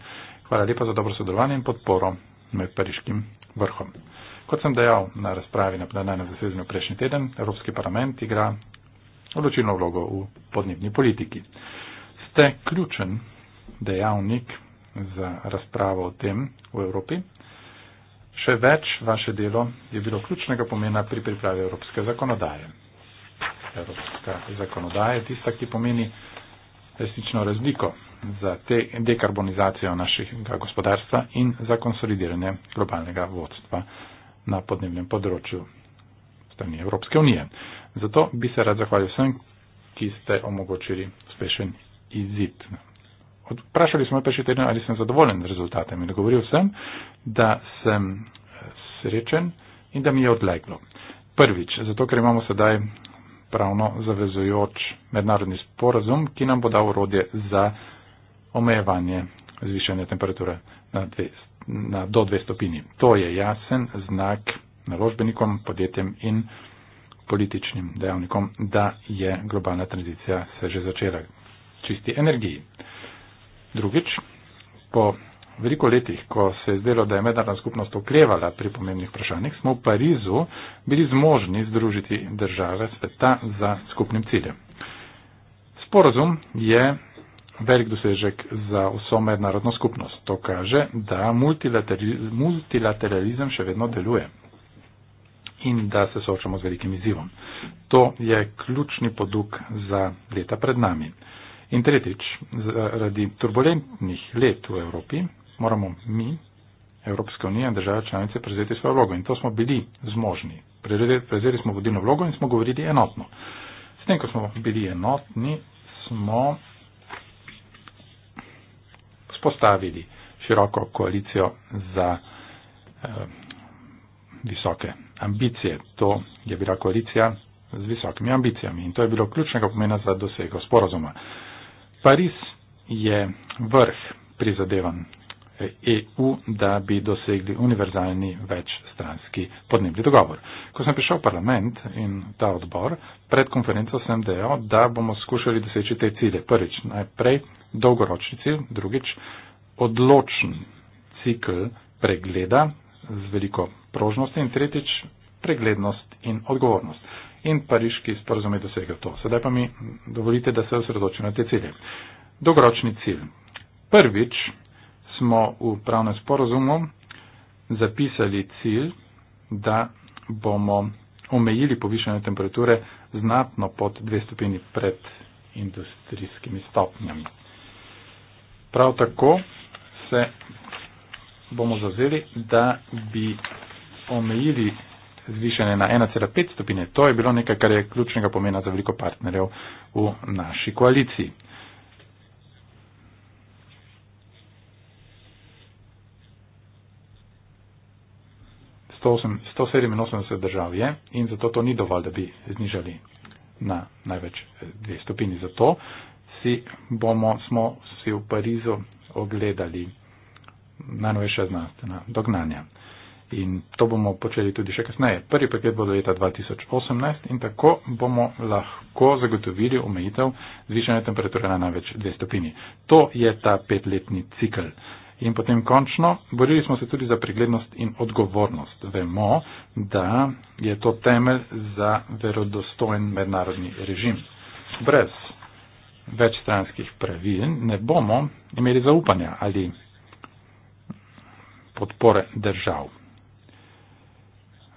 Hvala lepa za dobro sodelovanje in podporo med pariškim vrhom. Kot sem dejal na razpravi na plenarnem zasedanju prejšnji teden, Evropski parlament igra odločilno vlogo v podnebni politiki. Ste ključen dejavnik za razpravo o tem v Evropi. Še več vaše delo je bilo ključnega pomena pri pripravi evropske zakonodaje evropska zakonodaja, tista, ki pomeni resnično razliko za te dekarbonizacijo našega gospodarstva in za konsolidiranje globalnega vodstva na podnebnem področju strani Evropske unije. Zato bi se rad zahvalil vsem, ki ste omogočili uspešen izid. Vprašali smo pa še teden, ali sem zadovoljen z rezultatem in govoril sem, da sem srečen in da mi je odleglo. Prvič, zato ker imamo sedaj pravno zavezujoč mednarodni sporazum, ki nam bo dal urodje za omejevanje zvišanja temperature na dve, na, do dve stopini. To je jasen znak naložbenikom, podjetjem in političnim dejavnikom, da je globalna tranzicija se že začela čisti energiji. Drugič, po veliko letih, ko se je zdelo, da je mednarodna skupnost okrevala pri pomembnih vprašanjih, smo v Parizu bili zmožni združiti države sveta za skupnim ciljem. Sporazum je velik dosežek za vso mednarodno skupnost. To kaže, da multilateralizem še vedno deluje in da se soočamo z velikim izzivom. To je ključni poduk za leta pred nami. In tretjič, zaradi turbulentnih let v Evropi, moramo mi, Evropska unija in države članice, prevzeti svojo vlogo. In to smo bili zmožni. Prevzeli smo vodilno vlogo in smo govorili enotno. S tem, ko smo bili enotni, smo spostavili široko koalicijo za eh, visoke ambicije. To je bila koalicija z visokimi ambicijami in to je bilo ključnega pomena za dosego sporozuma. Pariz je vrh prizadevan EU, da bi dosegli univerzalni večstranski podnebni dogovor. Ko sem prišel v parlament in ta odbor, pred konferenco sem dejal, da bomo skušali doseči te cilje. Prvič, najprej dolgoročni cilj, drugič, odločen cikl pregleda z veliko prožnosti in tretjič, preglednost in odgovornost. In pariški sporozum je dosegel to. Sedaj pa mi dovolite, da se osredočim na te cilje. Dolgoročni cilj. Prvič, smo v pravnem sporozumu zapisali cilj, da bomo omejili povišanje temperature znatno pod dve stopini pred industrijskimi stopnjami. Prav tako se bomo zavzeli, da bi omejili zvišanje na 1,5 stopine. To je bilo nekaj, kar je ključnega pomena za veliko partnerjev v naši koaliciji. 187 držav je in zato to ni dovolj, da bi znižali na največ eh, dve stopini. Zato si bomo, smo si v Parizu ogledali najnovejša znanstvena dognanja. In to bomo počeli tudi še kasneje. Prvi paket bo do leta 2018 in tako bomo lahko zagotovili omejitev zvišanja temperature na največ dve stopini. To je ta petletni cikl. In potem končno, borili smo se tudi za preglednost in odgovornost. Vemo, da je to temelj za verodostojen mednarodni režim. Brez večstranskih pravil ne bomo imeli zaupanja ali podpore držav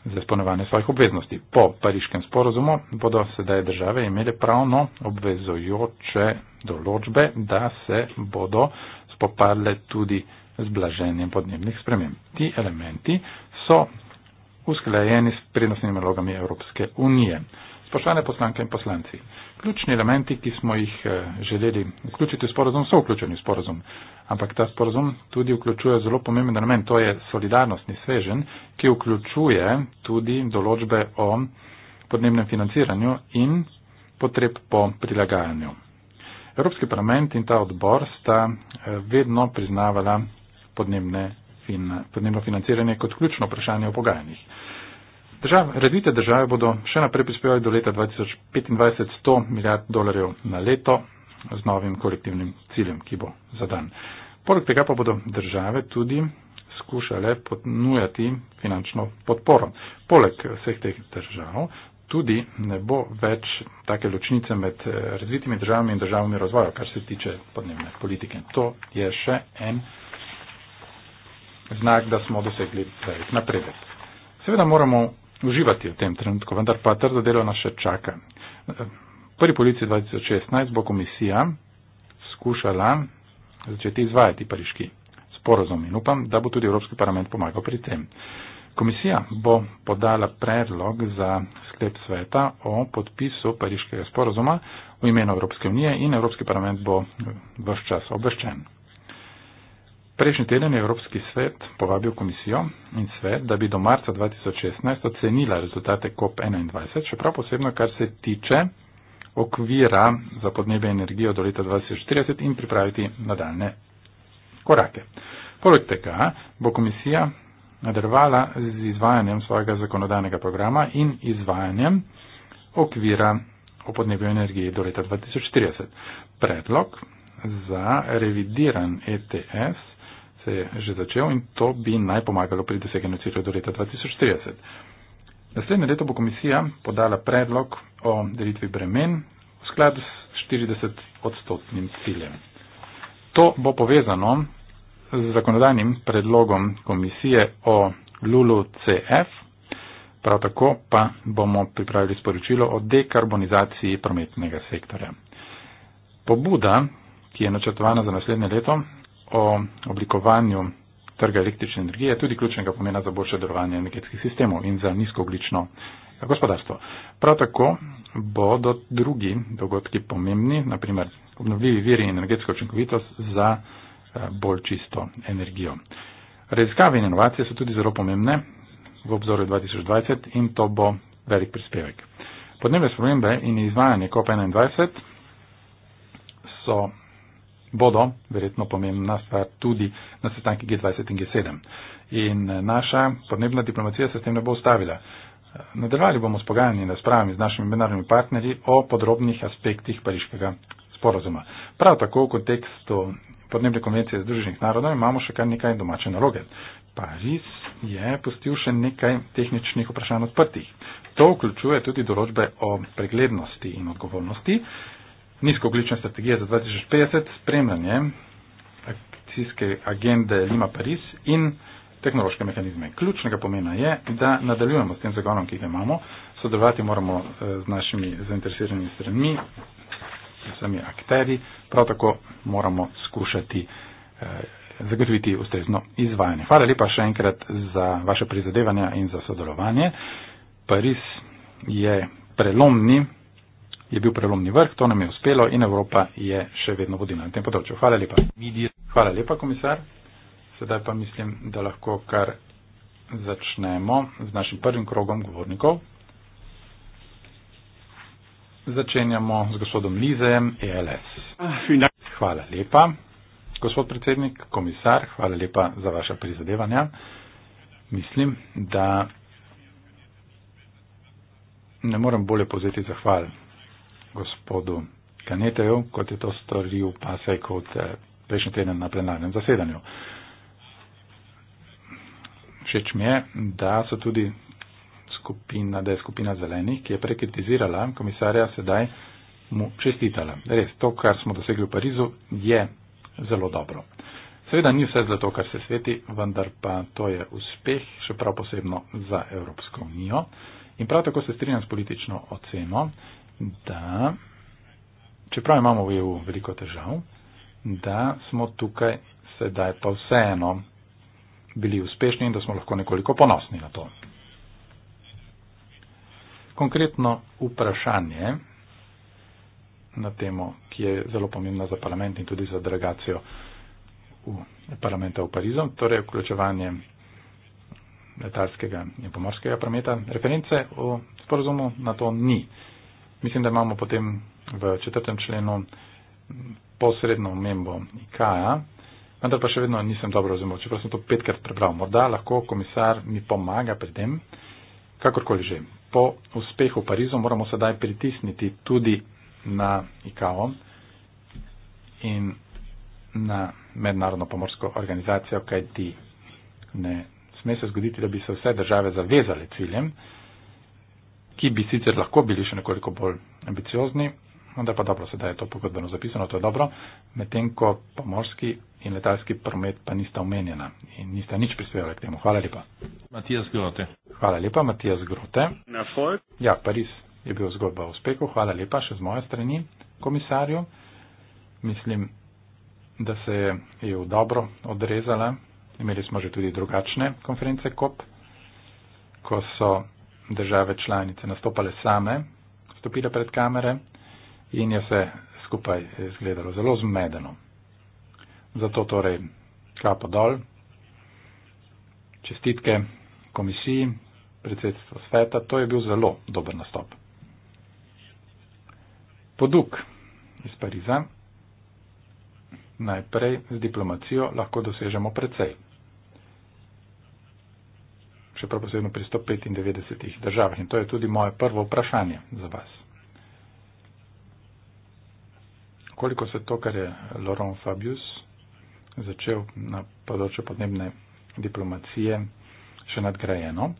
za izpolnjevanje svojih obveznosti. Po pariškem sporozumu bodo sedaj države imele pravno obvezojoče določbe, da se bodo spopadle tudi z blaženjem podnebnih sprememb. Ti elementi so usklajeni s prednostnimi nalogami Evropske unije. Spoštovane poslanke in poslanci, ključni elementi, ki smo jih eh, želeli vključiti v sporozum, so vključeni v sporozum, ampak ta sporozum tudi vključuje zelo pomemben element, to je solidarnostni svežen, ki vključuje tudi določbe o podnebnem financiranju in potreb po prilagajanju. Evropski parlament in ta odbor sta eh, vedno priznavala podnebne, fin, podnebno financiranje kot ključno vprašanje v pogajanjih. Držav, razvite države bodo še naprej prispevali do leta 2025 100 milijard dolarjev na leto z novim kolektivnim ciljem, ki bo zadan. Poleg tega pa bodo države tudi skušale ponujati finančno podporo. Poleg vseh teh držav tudi ne bo več take ločnice med eh, razvitimi državami in državami razvoja, kar se tiče podnebne politike. To je še en znak, da smo dosegli velik napredek. Seveda moramo uživati v tem trenutku, vendar pa trdo delo nas še čaka. V prvi polici 2016 bo komisija skušala začeti izvajati pariški sporozum in upam, da bo tudi Evropski parlament pomagal pri tem. Komisija bo podala predlog za sklep sveta o podpisu pariškega sporozuma v imenu Evropske unije in Evropski parlament bo vse čas obveščen. Prejšnji teden je Evropski svet povabil komisijo in svet, da bi do marca 2016 ocenila rezultate COP21, čeprav posebno, kar se tiče okvira za podnebje energijo do leta 2030 in pripraviti nadaljne korake. Poleg tega bo komisija nadaljevala z izvajanjem svojega zakonodajnega programa in izvajanjem okvira o podnebju energiji do leta 2030. Predlog za revidiran ETS se je že začel in to bi naj pomagalo pri doseganju ciljev do leta 2030. Naslednje leto bo komisija podala predlog o delitvi bremen v skladu s 40 odstotnim ciljem. To bo povezano z zakonodajnim predlogom komisije o LULU-CF, prav tako pa bomo pripravili sporočilo o dekarbonizaciji prometnega sektorja. Pobuda, ki je načrtovana za naslednje leto o oblikovanju trga električne energije, je tudi ključnega pomena za boljše delovanje energetskih sistemov in za nizkooglično gospodarstvo. Prav tako bodo drugi dogodki pomembni, naprimer obnovljivi viri in energetska učinkovitost za Eh, bolj čisto energijo. Raziskave in inovacije so tudi zelo pomembne v obzoru 2020 in to bo velik prispevek. Podnebne spremembe in izvajanje COP21 so bodo verjetno pomembna stvar tudi na sestanki G20 in G7. In eh, naša podnebna diplomacija se s tem ne bo ustavila. Nadaljevali bomo s pogajanji in razpravami z našimi mednarodnimi partnerji o podrobnih aspektih pariškega sporozuma. Prav tako v kontekstu podnebne konvencije Združenih narodov, imamo še kar nekaj domače naloge. Pariz je postil še nekaj tehničnih vprašanj odprtih. To vključuje tudi določbe o preglednosti in odgovornosti, nizkooglične strategije za 2050, spremljanje akcijske agende Lima Pariz in tehnološke mehanizme. Ključnega pomena je, da nadaljujemo s tem zagonom, ki ga imamo, sodelovati moramo eh, z našimi zainteresiranimi stranmi, vsemi akteri, prav tako moramo skušati eh, zagotoviti ustrezno izvajanje. Hvala lepa še enkrat za vaše prizadevanja in za sodelovanje. Pariz je prelomni, je bil prelomni vrh, to nam je uspelo in Evropa je še vedno vodila na tem področju. Hvala lepa. Hvala lepa, komisar. Sedaj pa mislim, da lahko kar začnemo z našim prvim krogom govornikov začenjamo z gospodom Lizejem, ELS. Hvala lepa. Gospod predsednik, komisar, hvala lepa za vaše prizadevanja. Mislim, da ne morem bolje povzeti zahval gospodu Kaneteju, kot je to storil pa sej kot eh, prejšnji teden na plenarnem zasedanju. Všeč mi je, da so tudi skupina, da je skupina zelenih, ki je prekritizirala komisarja, sedaj mu čestitala. Res, to, kar smo dosegli v Parizu, je zelo dobro. Seveda ni vse zlato, kar se sveti, vendar pa to je uspeh, še prav posebno za Evropsko unijo. In prav tako se strinjam s politično oceno, da čeprav imamo v EU veliko težav, da smo tukaj sedaj pa vseeno bili uspešni in da smo lahko nekoliko ponosni na to konkretno vprašanje na temo, ki je zelo pomembna za parlament in tudi za delegacijo v parlamenta v Parizu, torej vključevanje letalskega in pomorskega prometa. Reference v sporozumu na to ni. Mislim, da imamo potem v četrtem členu posredno omembo IKA-ja, vendar pa še vedno nisem dobro razumel, čeprav sem to petkrat prebral. Morda lahko komisar mi pomaga pri tem, kakorkoli že po uspehu Parizu moramo sedaj pritisniti tudi na ICAO in na mednarodno pomorsko organizacijo, kajti ne sme se zgoditi, da bi se vse države zavezale ciljem, ki bi sicer lahko bili še nekoliko bolj ambiciozni, vendar pa dobro, sedaj je to pogodbeno zapisano, to je dobro, medtem ko pomorski in letalski promet pa nista omenjena in nista nič prispevala k temu. Hvala lepa. Matijas Grote. Hvala lepa, Matijas Grote. Na folk. Ja, Pariz je bil zgodba o uspehu. Hvala lepa še z moje strani, komisarju. Mislim, da se je v dobro odrezala. Imeli smo že tudi drugačne konference COP, ko so države članice nastopale same, stopile pred kamere in je se skupaj izgledalo zelo zmedeno. Zato torej kapo dol, čestitke komisiji, predsedstvo sveta, to je bil zelo dober nastop. Poduk iz Pariza, najprej z diplomacijo lahko dosežemo precej. Še prav posebno pri 195 državah in to je tudi moje prvo vprašanje za vas. Koliko se to, kar je Laurent Fabius začel na področju podnebne diplomacije še nadgrajeno.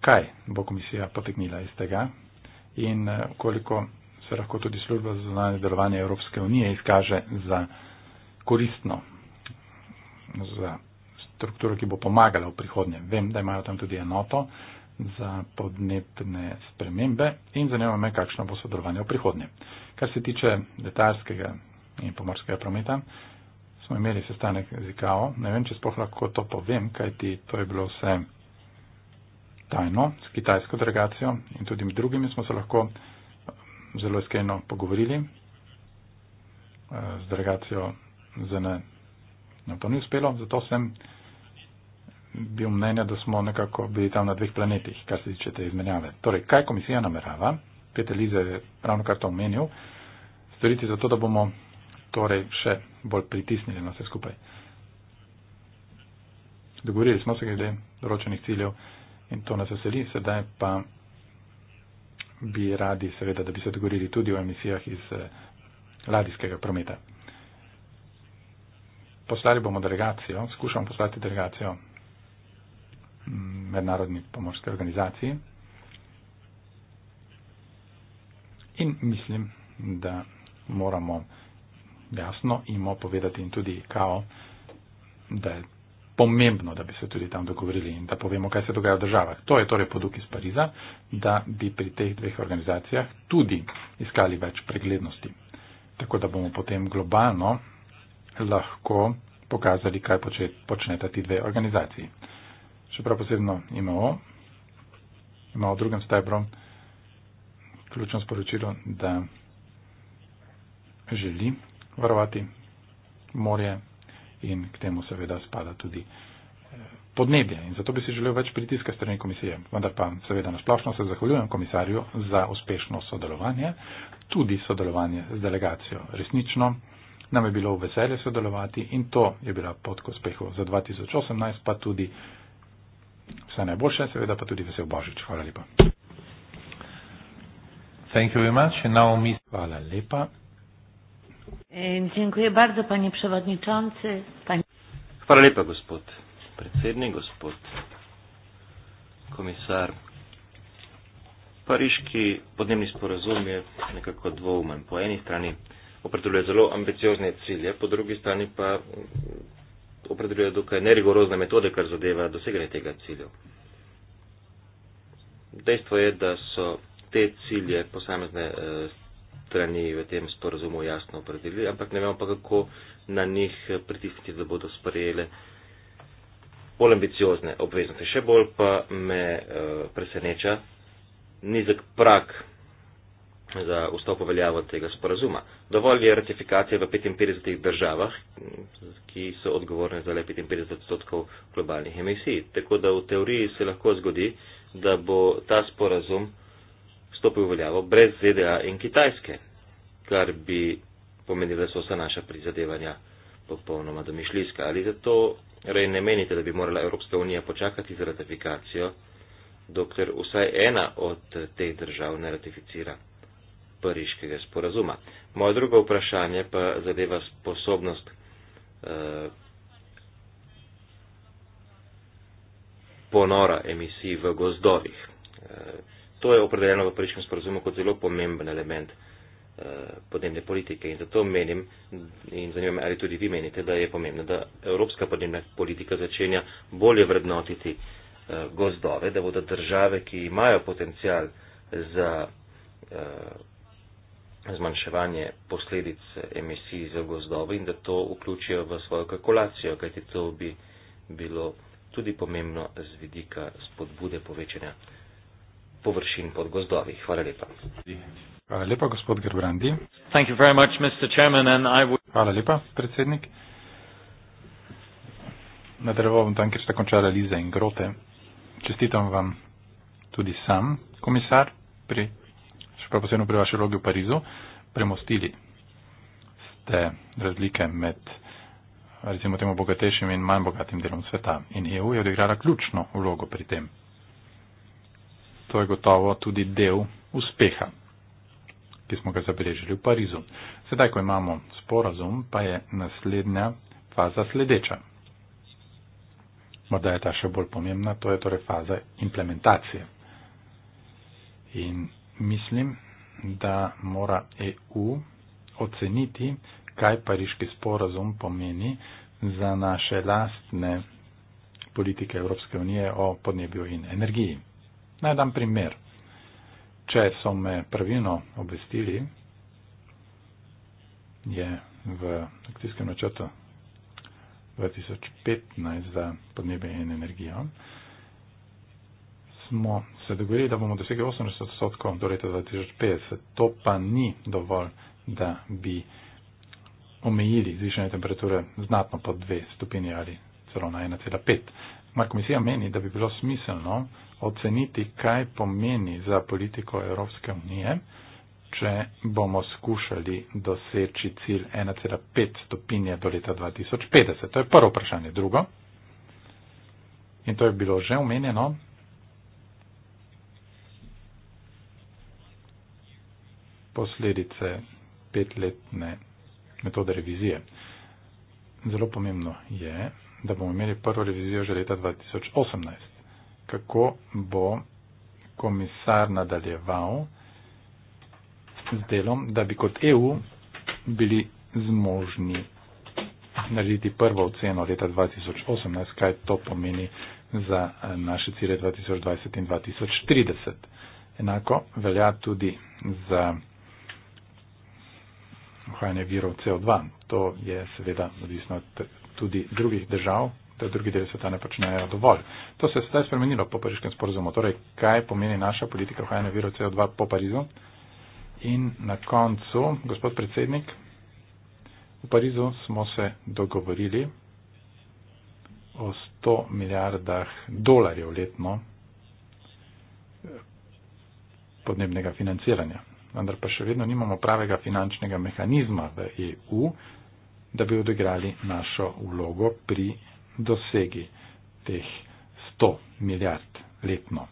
Kaj bo komisija potegnila iz tega in eh, koliko se lahko tudi služba za zunanje delovanje Evropske unije izkaže za koristno za strukturo, ki bo pomagala v prihodnje. Vem, da imajo tam tudi enoto za podnebne spremembe in zanima me, kakšno bo sodelovanje v prihodnje. Kar se tiče letalskega in pomorskega prometa, smo imeli sestanek z IKAO. Ne vem, če spoh lahko to povem, kajti to je bilo vse tajno s kitajsko delegacijo in tudi med drugimi smo se lahko eh, zelo iskreno pogovorili eh, z delegacijo ZNE. No, to ni uspelo, zato sem bil mnenja, da smo nekako bili tam na dveh planetih, kar se tiče te izmenjave. Torej, kaj komisija namerava, Peter Lize je ravno kar to omenil, storiti za to, da bomo torej še bolj pritisnili na vse skupaj. Dogovorili smo se glede določenih ciljev in to nas veseli, sedaj pa bi radi seveda, da bi se dogovorili tudi o emisijah iz eh, ladijskega prometa. Poslali bomo delegacijo, skušamo poslati delegacijo mm, mednarodni pomorske organizaciji in mislim, da moramo jasno jim opovedati in tudi kao, da je pomembno, da bi se tudi tam dogovorili in da povemo, kaj se dogaja v državah. To je torej poduk iz Pariza, da bi pri teh dveh organizacijah tudi iskali več preglednosti. Tako da bomo potem globalno lahko pokazali, kaj počneta ti dve organizaciji. Še prav posebno IMO, IMO drugem stebru, ključno sporočilo, da želi varovati morje in k temu seveda spada tudi eh, podnebje. In zato bi si želel več pritiska strani komisije. Vendar pa seveda nasplošno se zahvaljujem komisarju za uspešno sodelovanje, tudi sodelovanje z delegacijo. Resnično nam je bilo veselje sodelovati in to je bila pot k uspehu za 2018, pa tudi vse najboljše, seveda pa tudi vesel Božič. Hvala lepa. Thank you very much. And now, Hvala lepa. E, dziękuję bardzo, panie przewodniczący. Pani... Hvala lepa, gospod predsednik, gospod komisar. Pariški podnebni sporazum je nekako dvoumen. Po eni strani opredeljuje zelo ambiciozne cilje, po drugi strani pa opredeljuje dokaj nerigorozne metode, kar zadeva doseganje tega cilja. Dejstvo je, da so te cilje posamezne eh, strani v tem sporozumu jasno opredelili, ampak ne vemo pa, kako na njih pritisniti, da bodo sprejeli bolj ambiciozne obveznosti. Še bolj pa me eh, preseneča nizek prak za vstop veljavo tega sporazuma. Dovolj je ratifikacije v 55 državah, ki so odgovorne za le 55 odstotkov globalnih emisij. Tako da v teoriji se lahko zgodi, da bo ta sporazum stopil v veljavo brez ZDA in Kitajske, kar bi pomenilo, da so vsa naša prizadevanja popolnoma domišljska. Ali zato rej ne menite, da bi morala Evropska unija počakati z ratifikacijo, dokler vsaj ena od teh držav ne ratificira pariškega sporazuma? Moje drugo vprašanje pa zadeva sposobnost eh, ponora emisij v gozdovih. Eh, To je opredeljeno v pariškem sporozumu kot zelo pomemben element eh, podnebne politike in zato menim in zanimam, ali tudi vi menite, da je pomembno, da evropska podnebna politika začenja bolje vrednotiti eh, gozdove, da bodo države, ki imajo potencial za eh, zmanjševanje posledic emisij za gozdove in da to vključijo v svojo kalkulacijo, kajti to bi bilo tudi pomembno z vidika spodbude povečanja površin pod gozdovi. Hvala lepa. Hvala lepa, gospod Gerbrandi. Thank you very much, Mr. Chairman, and I would... Hvala lepa, predsednik. Nadaljeval bom tam, kjer sta končala Liza in Grote. Čestitam vam tudi sam, komisar, pri, še prav posebno pri vaši vlogi v Parizu. Premostili ste razlike med recimo temu bogatejšim in manj bogatim delom sveta in EU je odigrala ključno vlogo pri tem to je gotovo tudi del uspeha, ki smo ga zabeležili v Parizu. Sedaj, ko imamo sporazum, pa je naslednja faza sledeča. Morda je ta še bolj pomembna, to je torej faza implementacije. In mislim, da mora EU oceniti, kaj pariški sporazum pomeni za naše lastne politike Evropske unije o podnebju in energiji. Naj dam primer. Če so me pravilno obvestili, je v akcijskem načrtu 2015 za podnebje in energijo, smo se dogovorili, da bomo dosegli 80 odstotkov do leta 2050. To pa ni dovolj, da bi omejili zvišanje temperature znatno pod 2 stopinje ali celo na Mar komisija meni, da bi bilo smiselno oceniti, kaj pomeni za politiko Evropske unije, če bomo skušali doseči cilj 1,5 stopinje do leta 2050. To je prvo vprašanje. Drugo, in to je bilo že omenjeno, posledice petletne metode revizije. Zelo pomembno je, da bomo imeli prvo revizijo že leta 2018. Kako bo komisar nadaljeval z delom, da bi kot EU bili zmožni narediti prvo oceno leta 2018, kaj to pomeni za eh, naše cilje 2020 in 2030. Enako velja tudi za ohranjanje virov CO2. To je seveda odvisno od tudi drugih držav, da drugi del sveta ne počnejo dovolj. To se je sedaj spremenilo po pariškem sporozumu. Torej, kaj pomeni naša politika ohranjanja virov CO2 po Parizu? In na koncu, gospod predsednik, v Parizu smo se dogovorili o 100 milijardah dolarjev letno eh, podnebnega financiranja. Vendar pa še vedno nimamo pravega finančnega mehanizma v EU, da bi odigrali našo vlogo pri dosegi teh 100 milijard letno.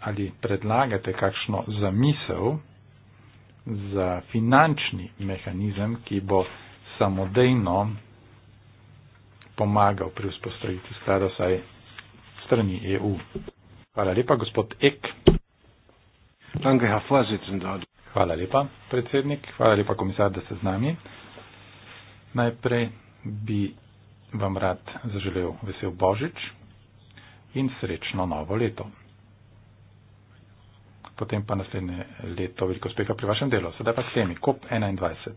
Ali predlagate kakšno zamisel za finančni mehanizem, ki bo samodejno pomagal pri vzpostavitvi sklada vsaj strani EU? Hvala lepa, gospod Ek. Hvala lepa, predsednik. Hvala lepa, komisar, da ste z nami. Najprej bi vam rad zaželel vesel Božič in srečno novo leto. Potem pa naslednje leto veliko uspeha pri vašem delu. Sedaj pa k temi COP21.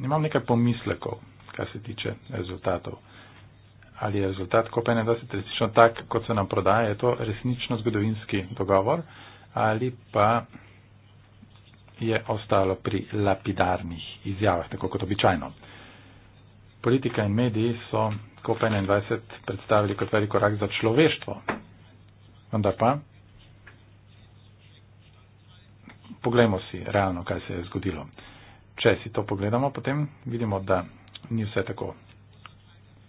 Imam nekaj pomislekov, kar se tiče rezultatov. Ali je rezultat COP21 resnično tak, kot se nam prodaja, je to resnično zgodovinski dogovor, ali pa je ostalo pri lapidarnih izjavah, tako kot običajno. Politika in mediji so COP21 predstavili kot velik korak za človeštvo. Vendar pa, poglejmo si realno, kaj se je zgodilo. Če si to pogledamo, potem vidimo, da ni vse tako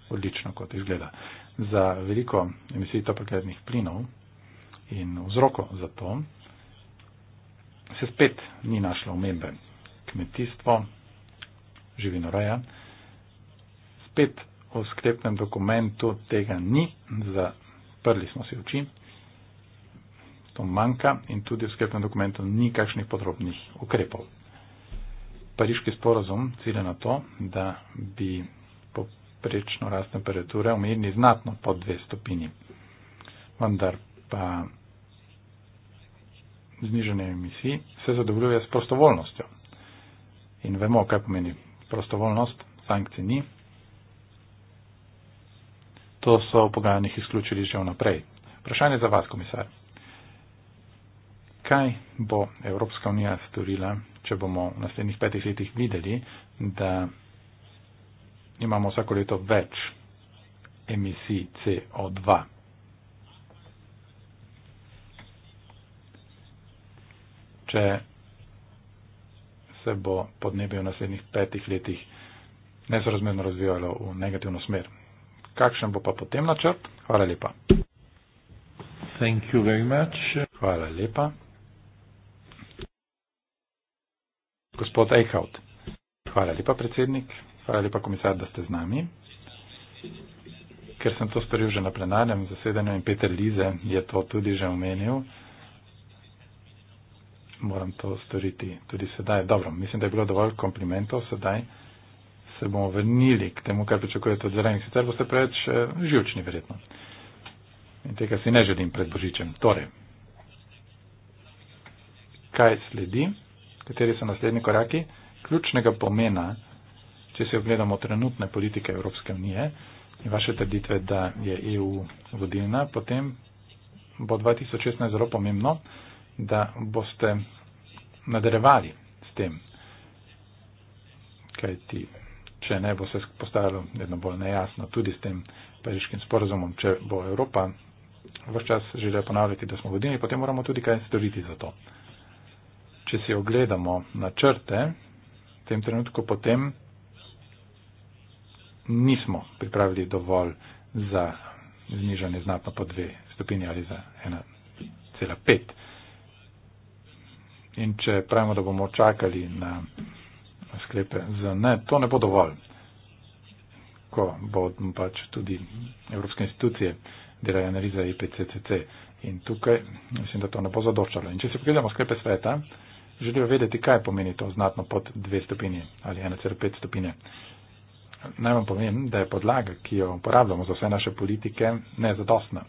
odlično, kot izgleda. Za veliko emisij toplogrednih plinov in vzroko za to se spet ni našla omembe. Kmetijstvo, živinoreja, spet v sklepnem dokumentu tega ni, zaprli smo si oči, to manjka in tudi v sklepnem dokumentu ni kakšnih podrobnih ukrepov. Pariški sporozum cilja na to, da bi poprečno rast temperature omejili znatno pod dve stopini. Vendar pa znižanje emisij se zadovoljuje s prostovoljnostjo. In vemo, kaj pomeni prostovoljnost, sankcij ni. To so v pogajanjih izključili že vnaprej. Vprašanje za vas, komisar. Kaj bo Evropska unija storila, če bomo v naslednjih petih letih videli, da imamo vsako leto več emisij CO2? če se bo podnebje v naslednjih petih letih nesorazmerno razvijalo v negativno smer. Kakšen bo pa potem načrt? Hvala lepa. Thank you very much. Hvala lepa. Gospod Eichhout. Hvala lepa, predsednik. Hvala lepa, komisar, da ste z nami. Ker sem to storil že na plenarnem zasedanju in Peter Lize je to tudi že omenil moram to storiti tudi sedaj. Dobro, mislim, da je bilo dovolj komplimentov sedaj. Se bomo vrnili k temu, kar pričakujete od zelenih. Sicer boste preveč eh, živčni, verjetno. In tega si ne želim pred Božičem. Torej, kaj sledi, kateri so naslednji koraki? Ključnega pomena, če si ogledamo trenutne politike Evropske unije in vaše trditve, da je EU vodilna, potem bo 2016 zelo pomembno, da boste nadaljevali s tem, kaj ti, če ne bo se postavilo vedno bolj nejasno tudi s tem pariškim sporozumom, če bo Evropa vse čas želela ponavljati, da smo vodili, potem moramo tudi kaj storiti za to. Če si ogledamo načrte, v tem trenutku potem nismo pripravili dovolj za znižanje znatno po dve stopinji ali za 1,5. In če pravimo, da bomo čakali na sklepe za ne, to ne bo dovolj. Ko bodo pač tudi evropske institucije delali analize IPCCC. In tukaj mislim, da to ne bo zadoščalo. In če se pogledamo sklepe sveta, želijo vedeti, kaj pomeni to znatno pod dve stopinje ali 1,5 stopinje. Naj vam povem, da je podlaga, ki jo uporabljamo za vse naše politike, nezadostna,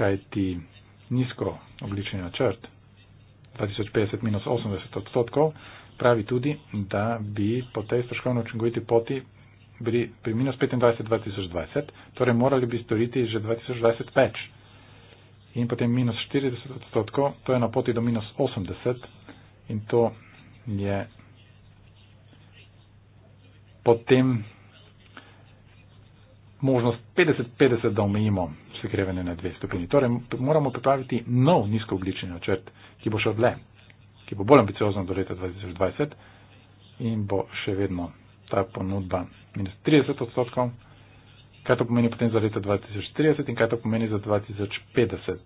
kaj ti nizko oblični načrt 2050 minus 80 odstotkov, pravi tudi, da bi po tej stroškovno učinkoviti poti bili pri minus 25 2020, torej morali bi storiti že 2020 več. In potem minus 40 odstotkov, to je na poti do minus 80 in to je potem možnost 50-50, da omejimo segrevanje na dve stopini. Torej, moramo pripraviti nov nizkoogljični načrt, ki bo šel dlje, ki bo bolj ambiciozen do leta 2020 in bo še vedno ta ponudba minus 30 odstotkov. Kaj to pomeni potem za leto 2030 in kaj to pomeni za 2050?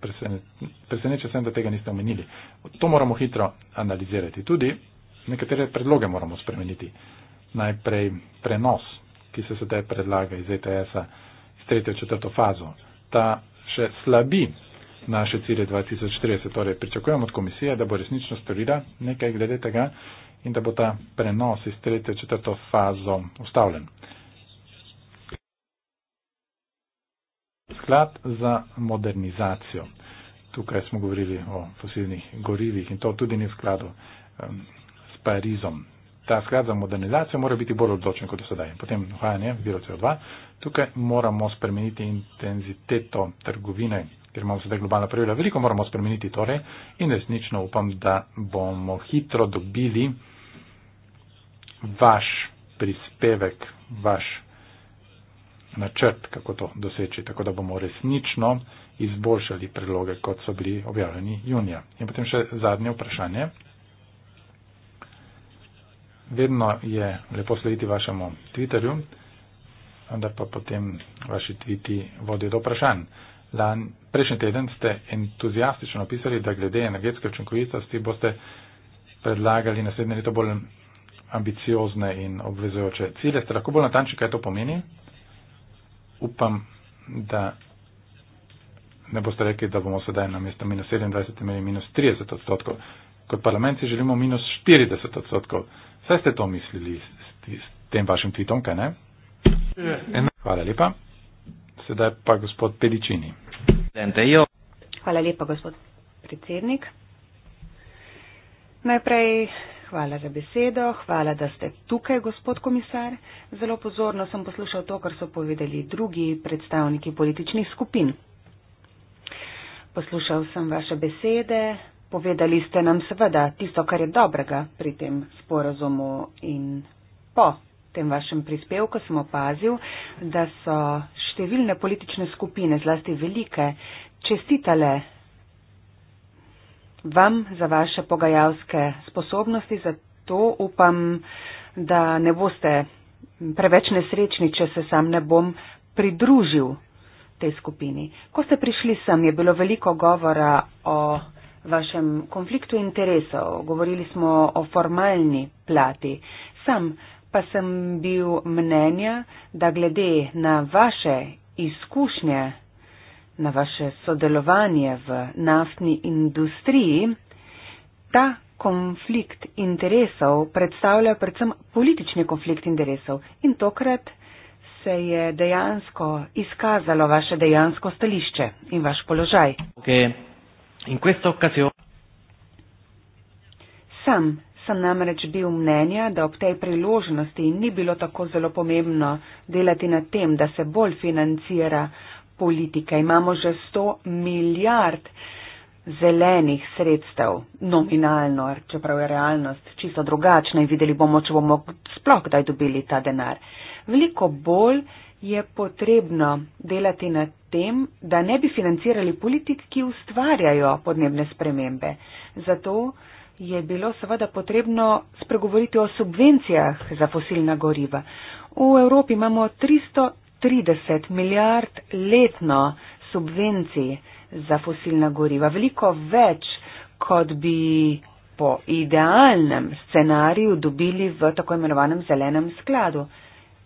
Preseneča sem, da tega niste omenili. To moramo hitro analizirati. Tudi nekatere predloge moramo spremeniti. Najprej prenos, ki se sedaj predlaga iz ETS-a, iz tretjo četrto fazo ta še slabi naše cilje 2030. Torej, pričakujem od komisije, da bo resnično storila nekaj glede tega in da bo ta prenos iz tretje v četrto fazo ustavljen. Sklad za modernizacijo. Tukaj smo govorili o fosilnih gorivih in to tudi ni v skladu um, s Parizom. Ta sklad za modernizacijo mora biti bolj odločen kot do sedaj. Potem uhajanje, virus CO2. Tukaj moramo spremeniti intenziteto trgovine, ker imamo sedaj globalna pravila. Veliko moramo spremeniti torej in resnično upam, da bomo hitro dobili vaš prispevek, vaš načrt, kako to doseči, tako da bomo resnično izboljšali predloge, kot so bili objavljeni junija. In potem še zadnje vprašanje. Vedno je lepo slediti vašemu Twitterju vendar pa potem vaši tviti vodijo do vprašanj. Lan, prejšnji teden ste entuzijastično napisali, da glede energetske učinkovitosti boste predlagali naslednje leto bolj ambiciozne in obvezujoče cilje. Ste lahko bolj natančni, kaj to pomeni? Upam, da ne boste rekli, da bomo sedaj na mesto minus 27 imeli minus 30 odstotkov. Kot parlament si želimo minus 40 odstotkov. Saj ste to mislili s, s, s tem vašim tweetom, kaj ne? Hvala lepa. Sedaj pa gospod Pedičini. Hvala lepa, gospod predsednik. Najprej hvala za besedo, hvala, da ste tukaj, gospod komisar. Zelo pozorno sem poslušal to, kar so povedali drugi predstavniki političnih skupin. Poslušal sem vaše besede, povedali ste nam seveda tisto, kar je dobrega pri tem sporazumu in po tem vašem prispevku sem opazil, da so številne politične skupine, zlasti velike, čestitale vam za vaše pogajalske sposobnosti, zato upam, da ne boste preveč nesrečni, če se sam ne bom pridružil tej skupini. Ko ste prišli sem, je bilo veliko govora o vašem konfliktu interesov. Govorili smo o formalni plati. Sam pa sem bil mnenja, da glede na vaše izkušnje, na vaše sodelovanje v naftni industriji, ta konflikt interesov predstavlja predvsem politični konflikt interesov in tokrat se je dejansko izkazalo vaše dejansko stališče in vaš položaj. Okay. In sam sem namreč bil mnenja, da ob tej priložnosti ni bilo tako zelo pomembno delati na tem, da se bolj financira politika. Imamo že 100 milijard zelenih sredstev, nominalno, čeprav je realnost čisto drugačna in videli bomo, če bomo sploh kdaj dobili ta denar. Veliko bolj je potrebno delati na tem, da ne bi financirali politik, ki ustvarjajo podnebne spremembe. Zato, je bilo seveda potrebno spregovoriti o subvencijah za fosilna goriva. V Evropi imamo 330 milijard letno subvencij za fosilna goriva, veliko več, kot bi po idealnem scenariju dobili v tako imenovanem zelenem skladu.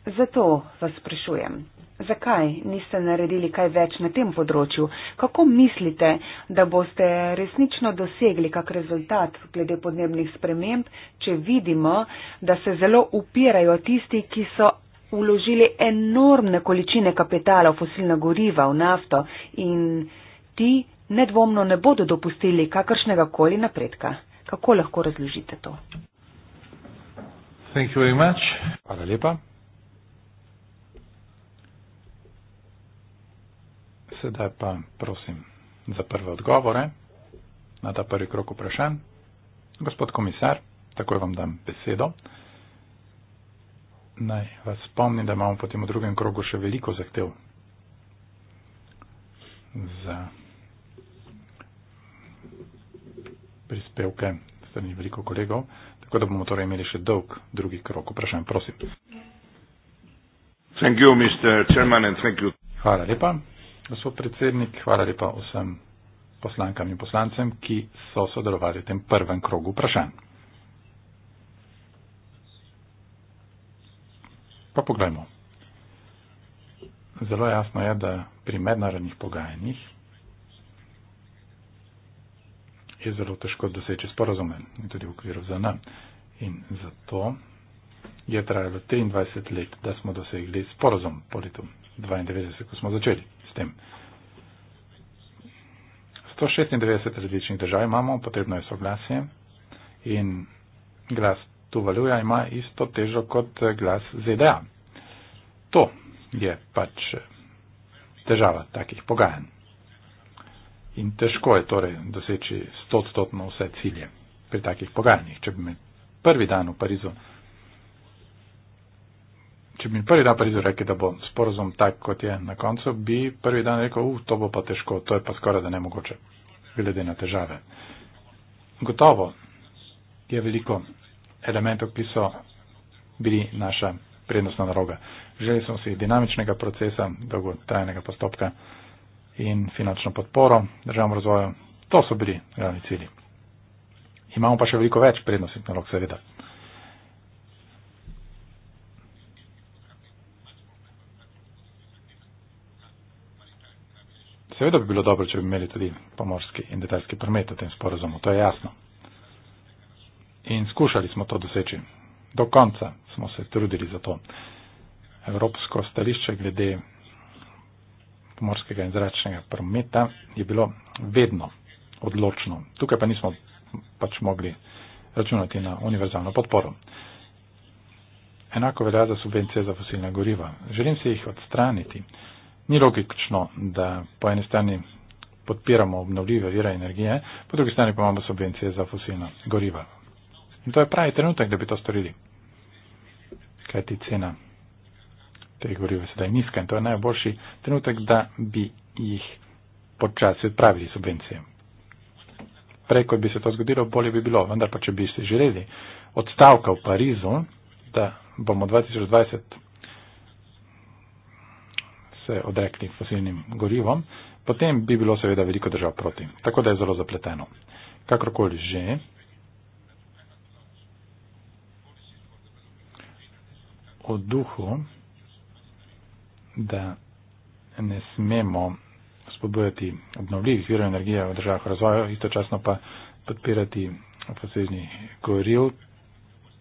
Zato vas sprašujem. Zakaj niste naredili kaj več na tem področju? Kako mislite, da boste resnično dosegli kak rezultat glede podnebnih sprememb, če vidimo, da se zelo upirajo tisti, ki so vložili enormne količine kapitala v fosilna goriva, v nafto in ti nedvomno ne bodo dopustili kakršnega koli napredka? Kako lahko razložite to? Hvala lepa. sedaj pa prosim za prve odgovore na ta prvi krok vprašanj. Gospod komisar, takoj vam dam besedo. Naj vas spomnim, da imamo potem v drugem krogu še veliko zahtev za prispevke strani veliko kolegov, tako da bomo torej imeli še dolg drugi krok. Vprašam, prosim. Thank you, Mr. Chairman, and thank you. Hvala lepa, gospod predsednik, hvala lepa vsem poslankam in poslancem, ki so sodelovali v tem prvem krogu vprašanj. Pa poglejmo. Zelo jasno je, da pri mednarodnih pogajanjih je zelo težko doseči sporozume in tudi v okviru ZN. In zato je trajalo 23 let, da smo dosegli sporozum po letu 92, ko smo začeli tem. 196 različnih držav imamo, potrebno je soglasje in glas Tuvaluja ima isto težo kot eh, glas ZDA. To je pač eh, težava takih pogajanj. In težko je torej doseči stotstotno vse cilje pri takih pogajanjih. Če bi me prvi dan v Parizu če bi prvi dan pridel rekel, da bo sporozum tak, kot je na koncu, bi prvi dan rekel, uf, to bo pa težko, to je pa skoraj da nemogoče, glede na težave. Gotovo je veliko elementov, ki so bili naša prednostna naroga. Želeli smo si dinamičnega procesa, dolgotrajnega postopka in finančno podporo državnemu razvoju. To so bili glavni cilji. Imamo pa še veliko več prednostnih nalog, seveda. Seveda bi bilo dobro, če bi imeli tudi pomorski in detaljski promet v tem sporozumu, to je jasno. In skušali smo to doseči. Do konca smo se trudili za to. Evropsko stališče glede pomorskega in zračnega prometa je bilo vedno odločno. Tukaj pa nismo pač mogli računati na univerzalno podporo. Enako velja za subvencije za fosilna goriva. Želim se jih odstraniti ni logično, da po eni strani podpiramo obnovljive vire energije, po drugi strani pa imamo subvencije za fosilna goriva. In to je pravi trenutek, da bi to storili. Kaj ti cena teh goriv je sedaj nizka in to je najboljši trenutek, da bi jih počasi odpravili subvencije. Prej, kot bi se to zgodilo, bolje bi bilo, vendar pa če bi se želeli odstavka v Parizu, da bomo 2020 se odrekli fosilnim gorivom, potem bi bilo seveda veliko držav proti. Tako da je zelo zapleteno. Kakorkoli že, o duhu, da ne smemo spodbujati obnovljivih virov energije v državah razvoja, istočasno pa podpirati fosilnih goril,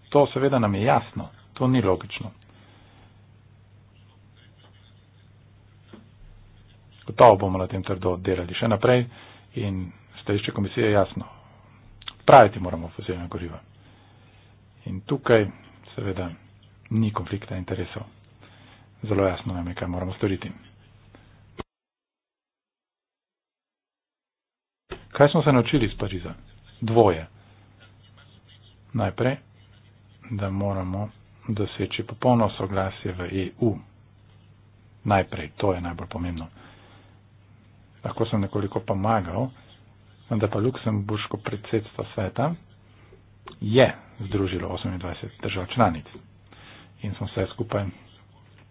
to seveda nam je jasno. To ni logično. Gotovo bomo na tem trdo delali še naprej in stališče komisije je jasno. Praviti moramo fosilna goriva. In tukaj seveda ni konflikta interesov. Zelo jasno nam je, kaj moramo storiti. Kaj smo se naučili iz Pariza? Dvoje. Najprej, da moramo doseči popolno soglasje v EU. Najprej, to je najbolj pomembno lahko sem nekoliko pomagal, vendar pa Luksemburško predsedstvo sveta je združilo 28 držav članic in smo vse skupaj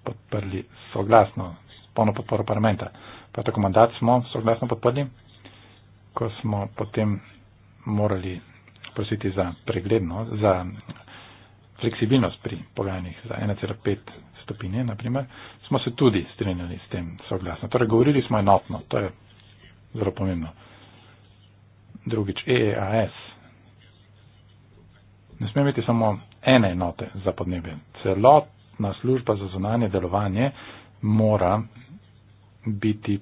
podprli soglasno, s polno podporo parlamenta. Prav tako mandat smo soglasno podprli, ko smo potem morali prositi za pregledno, za fleksibilnost pri pogajanjih za 1,5 stopinje, naprimer, smo se tudi strinjali s tem soglasno. Torej, govorili smo enotno, to je zelo pomembno. Drugič, EEAS. Ne sme biti samo ene enote za podnebje. Celotna služba za zunanje delovanje mora biti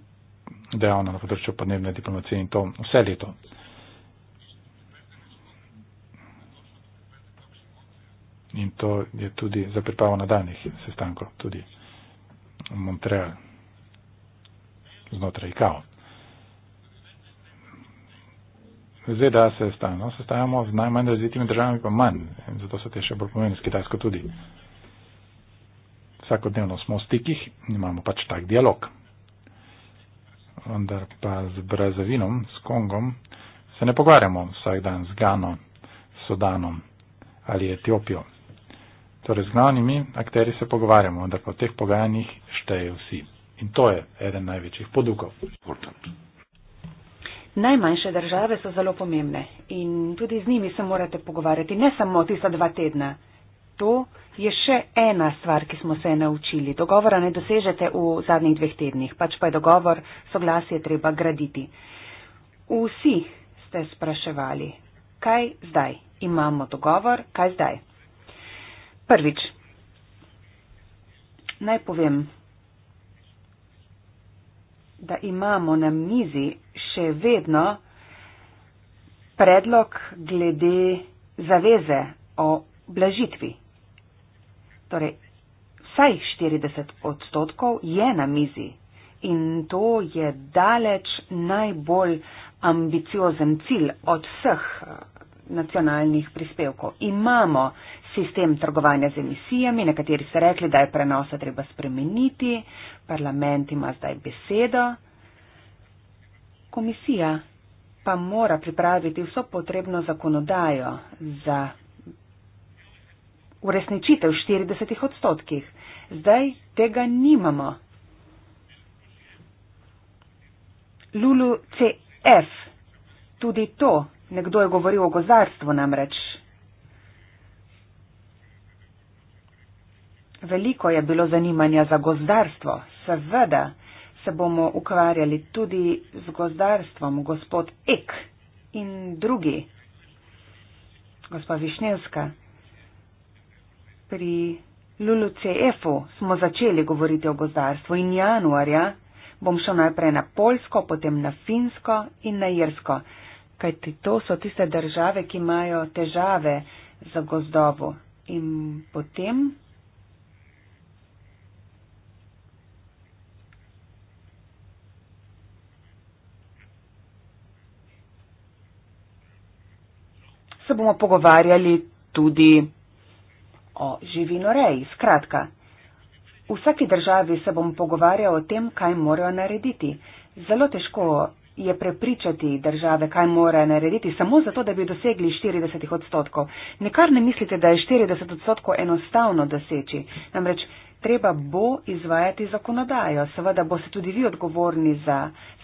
dejavna na področju podnebne diplomacije in to vse leto. in to je tudi za pripravo nadaljnih sestankov, tudi Montreal znotraj KAO. ZDA se stalno sestajamo z najmanj razvitimi državami, pa manj, in zato so te še bolj pomembne s Kitajsko tudi. Vsakodnevno smo v stikih, imamo pač tak dialog. Vendar pa z Brazavinom, s Kongom, se ne pogovarjamo vsak dan z Gano, Sudanom ali Etiopijo torej z glavnimi akteri se pogovarjamo, da pa v teh pogajanjih štejejo vsi. In to je eden največjih podukov. Najmanjše države so zelo pomembne in tudi z njimi se morate pogovarjati, ne samo tista dva tedna. To je še ena stvar, ki smo se naučili. Dogovora ne dosežete v zadnjih dveh tednih, pač pa je dogovor, soglasje treba graditi. Vsi ste spraševali, kaj zdaj? Imamo dogovor, kaj zdaj? Prvič, naj povem, da imamo na mizi še vedno predlog glede zaveze o blažitvi. Torej, vsaj 40 odstotkov je na mizi in to je daleč najbolj ambiciozen cilj od vseh eh, nacionalnih prispevkov. Imamo sistem trgovanja z emisijami. Nekateri ste rekli, da je prenosa treba spremeniti, parlament ima zdaj besedo. Komisija pa mora pripraviti vso potrebno zakonodajo za uresničitev 40 odstotkih. Zdaj tega nimamo. Lulu CF, tudi to, nekdo je govoril o gozarstvu namreč. Veliko je bilo zanimanja za gozdarstvo. Seveda se bomo ukvarjali tudi z gozdarstvom, gospod Ek in drugi. Gospa Višnjevska, pri LULUCF-u smo začeli govoriti o gozdarstvu in januarja bom šel najprej na Poljsko, potem na Finsko in na Jersko, kajti to so tiste države, ki imajo težave za gozdovo. In potem se bomo pogovarjali tudi o živinoreji. Skratka, v vsaki državi se bomo pogovarjali o tem, kaj morajo narediti. Zelo težko je prepričati države, kaj morajo narediti, samo zato, da bi dosegli 40 odstotkov. Nekar ne mislite, da je 40 odstotkov enostavno doseči. Namreč treba bo izvajati zakonodajo. Seveda boste tudi vi odgovorni za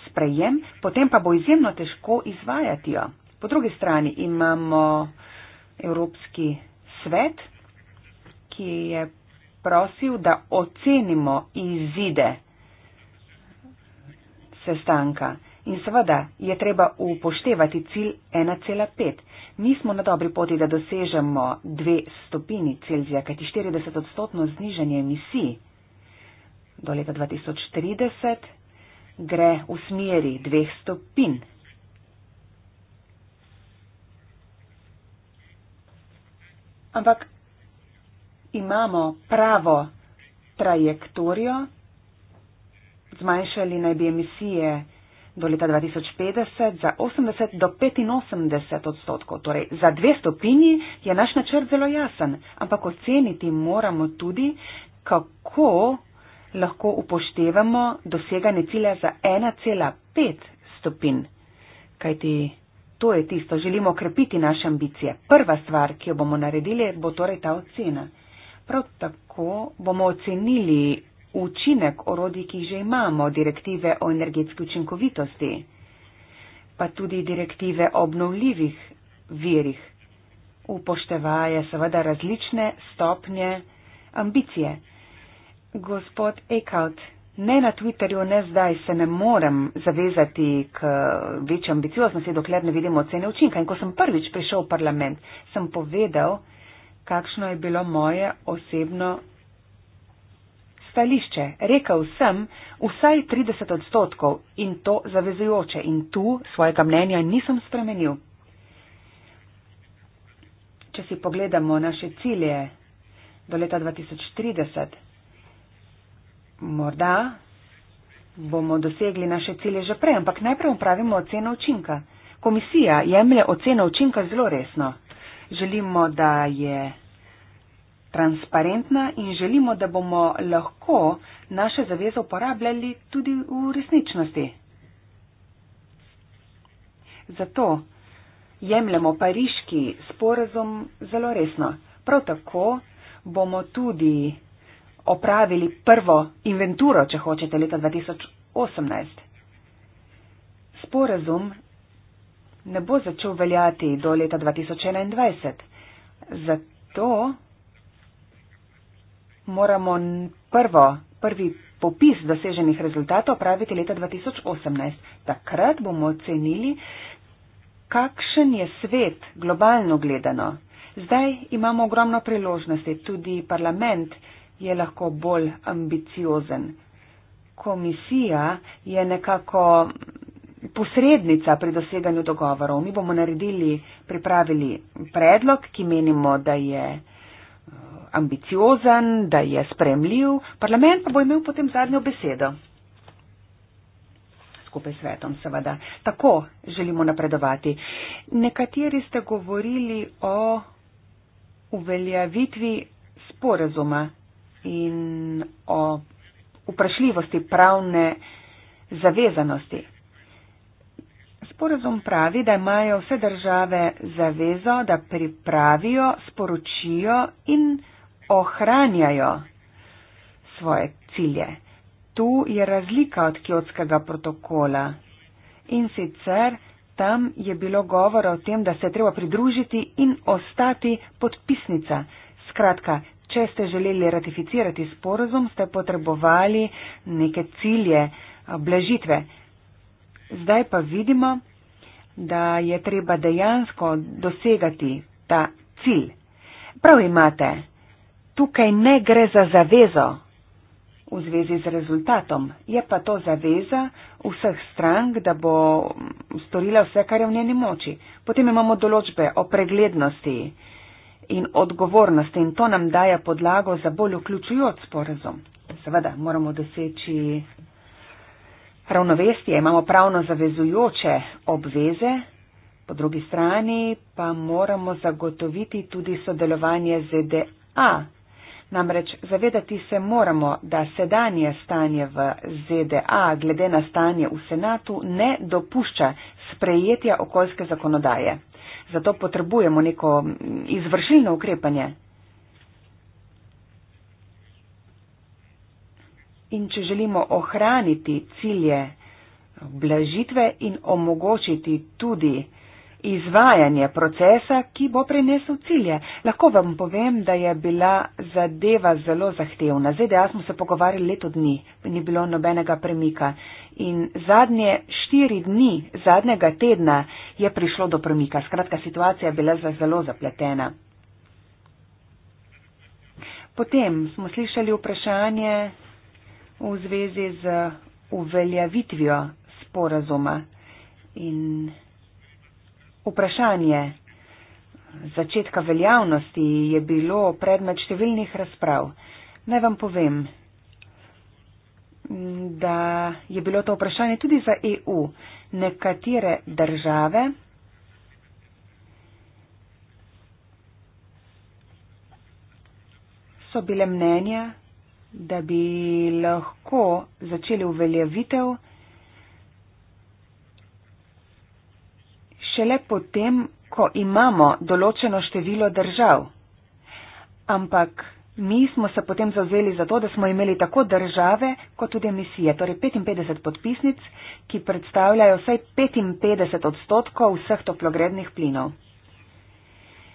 sprejem, potem pa bo izjemno težko izvajati jo. Po drugi strani imamo Evropski svet, ki je prosil, da ocenimo izide sestanka. In seveda je treba upoštevati cilj 1,5. Mi smo na dobri poti, da dosežemo dve stopini Celzija, kajti 40 odstotno znižanje emisij do leta 2030 gre v smeri dveh stopin. ampak imamo pravo trajektorijo, zmanjšali naj bi emisije do leta 2050 za 80 do 85 odstotkov. Torej, za dve stopinji je naš načrt zelo jasen, ampak oceniti moramo tudi, kako lahko upoštevamo doseganje cilja za 1,5 stopinj. Kaj ti To je tisto, želimo krepiti naše ambicije. Prva stvar, ki jo bomo naredili, bo torej ta ocena. Prav tako bomo ocenili učinek orodij, ki jih že imamo, direktive o energetski učinkovitosti, pa tudi direktive o obnovljivih virih, upoštevaje seveda različne stopnje ambicije. Gospod Eckhout. Ne na Twitterju, ne zdaj se ne morem zavezati k večji ambicioznosti, dokler ne vidimo ocene učinka. In ko sem prvič prišel v parlament, sem povedal, kakšno je bilo moje osebno stališče. Rekel sem vsaj 30 odstotkov in to zavezujoče in tu svojega mnenja nisem spremenil. Če si pogledamo naše cilje do leta 2030, Morda bomo dosegli naše cilje že prej, ampak najprej upravimo oceno učinka. Komisija jemlje oceno učinka zelo resno. Želimo, da je transparentna in želimo, da bomo lahko naše zaveze uporabljali tudi v resničnosti. Zato jemljemo pariški sporazum zelo resno. Prav tako bomo tudi opravili prvo inventuro, če hočete, leta 2018. Sporazum ne bo začel veljati do leta 2021. Zato moramo prvo, prvi popis doseženih rezultatov opraviti leta 2018. Takrat bomo ocenili, kakšen je svet globalno gledano. Zdaj imamo ogromno priložnosti, tudi parlament je lahko bolj ambiciozen. Komisija je nekako posrednica pri doseganju dogovorov. Mi bomo naredili, pripravili predlog, ki menimo, da je eh, ambiciozen, da je spremljiv. Parlament pa bo imel potem zadnjo besedo. Skupaj s svetom, seveda. Tako želimo napredovati. Nekateri ste govorili o uveljavitvi sporazuma in o vprašljivosti pravne zavezanosti. Sporazum pravi, da imajo vse države zavezo, da pripravijo, sporočijo in ohranjajo svoje cilje. Tu je razlika od kjotskega protokola. In sicer tam je bilo govora o tem, da se treba pridružiti in ostati podpisnica. Skratka, Če ste želeli ratificirati sporozum, ste potrebovali neke cilje, blažitve. Zdaj pa vidimo, da je treba dejansko dosegati ta cilj. Prav imate, tukaj ne gre za zavezo v zvezi z rezultatom, je pa to zaveza vseh strank, da bo storila vse, kar je v njeni moči. Potem imamo določbe o preglednosti in odgovornost in to nam daje podlago za bolj vključujoč sporazum. Seveda moramo doseči ravnovesje, imamo pravno zavezujoče obveze, po drugi strani pa moramo zagotoviti tudi sodelovanje ZDA. Namreč zavedati se moramo, da sedanje stanje v ZDA glede na stanje v senatu ne dopušča sprejetja okoljske zakonodaje. Zato potrebujemo neko izvršilno ukrepanje. In če želimo ohraniti cilje blažitve in omogočiti tudi izvajanje procesa, ki bo prenesel cilje. Lahko vam povem, da je bila zadeva zelo zahtevna. ZDA smo se pogovarjali leto dni, ni bilo nobenega premika in zadnje štiri dni zadnjega tedna je prišlo do premika. Skratka, situacija je bila zelo zapletena. Potem smo slišali vprašanje v zvezi z uveljavitvijo sporazuma in vprašanje začetka veljavnosti je bilo predmet številnih razprav. Naj vam povem, da je bilo to vprašanje tudi za EU. Nekatere države so bile mnenja, da bi lahko začeli uveljavitev šele potem, ko imamo določeno število držav. Ampak Mi smo se potem zavzeli za to, da smo imeli tako države kot tudi misije, torej 55 podpisnic, ki predstavljajo vsaj 55 odstotkov vseh toplogrednih plinov.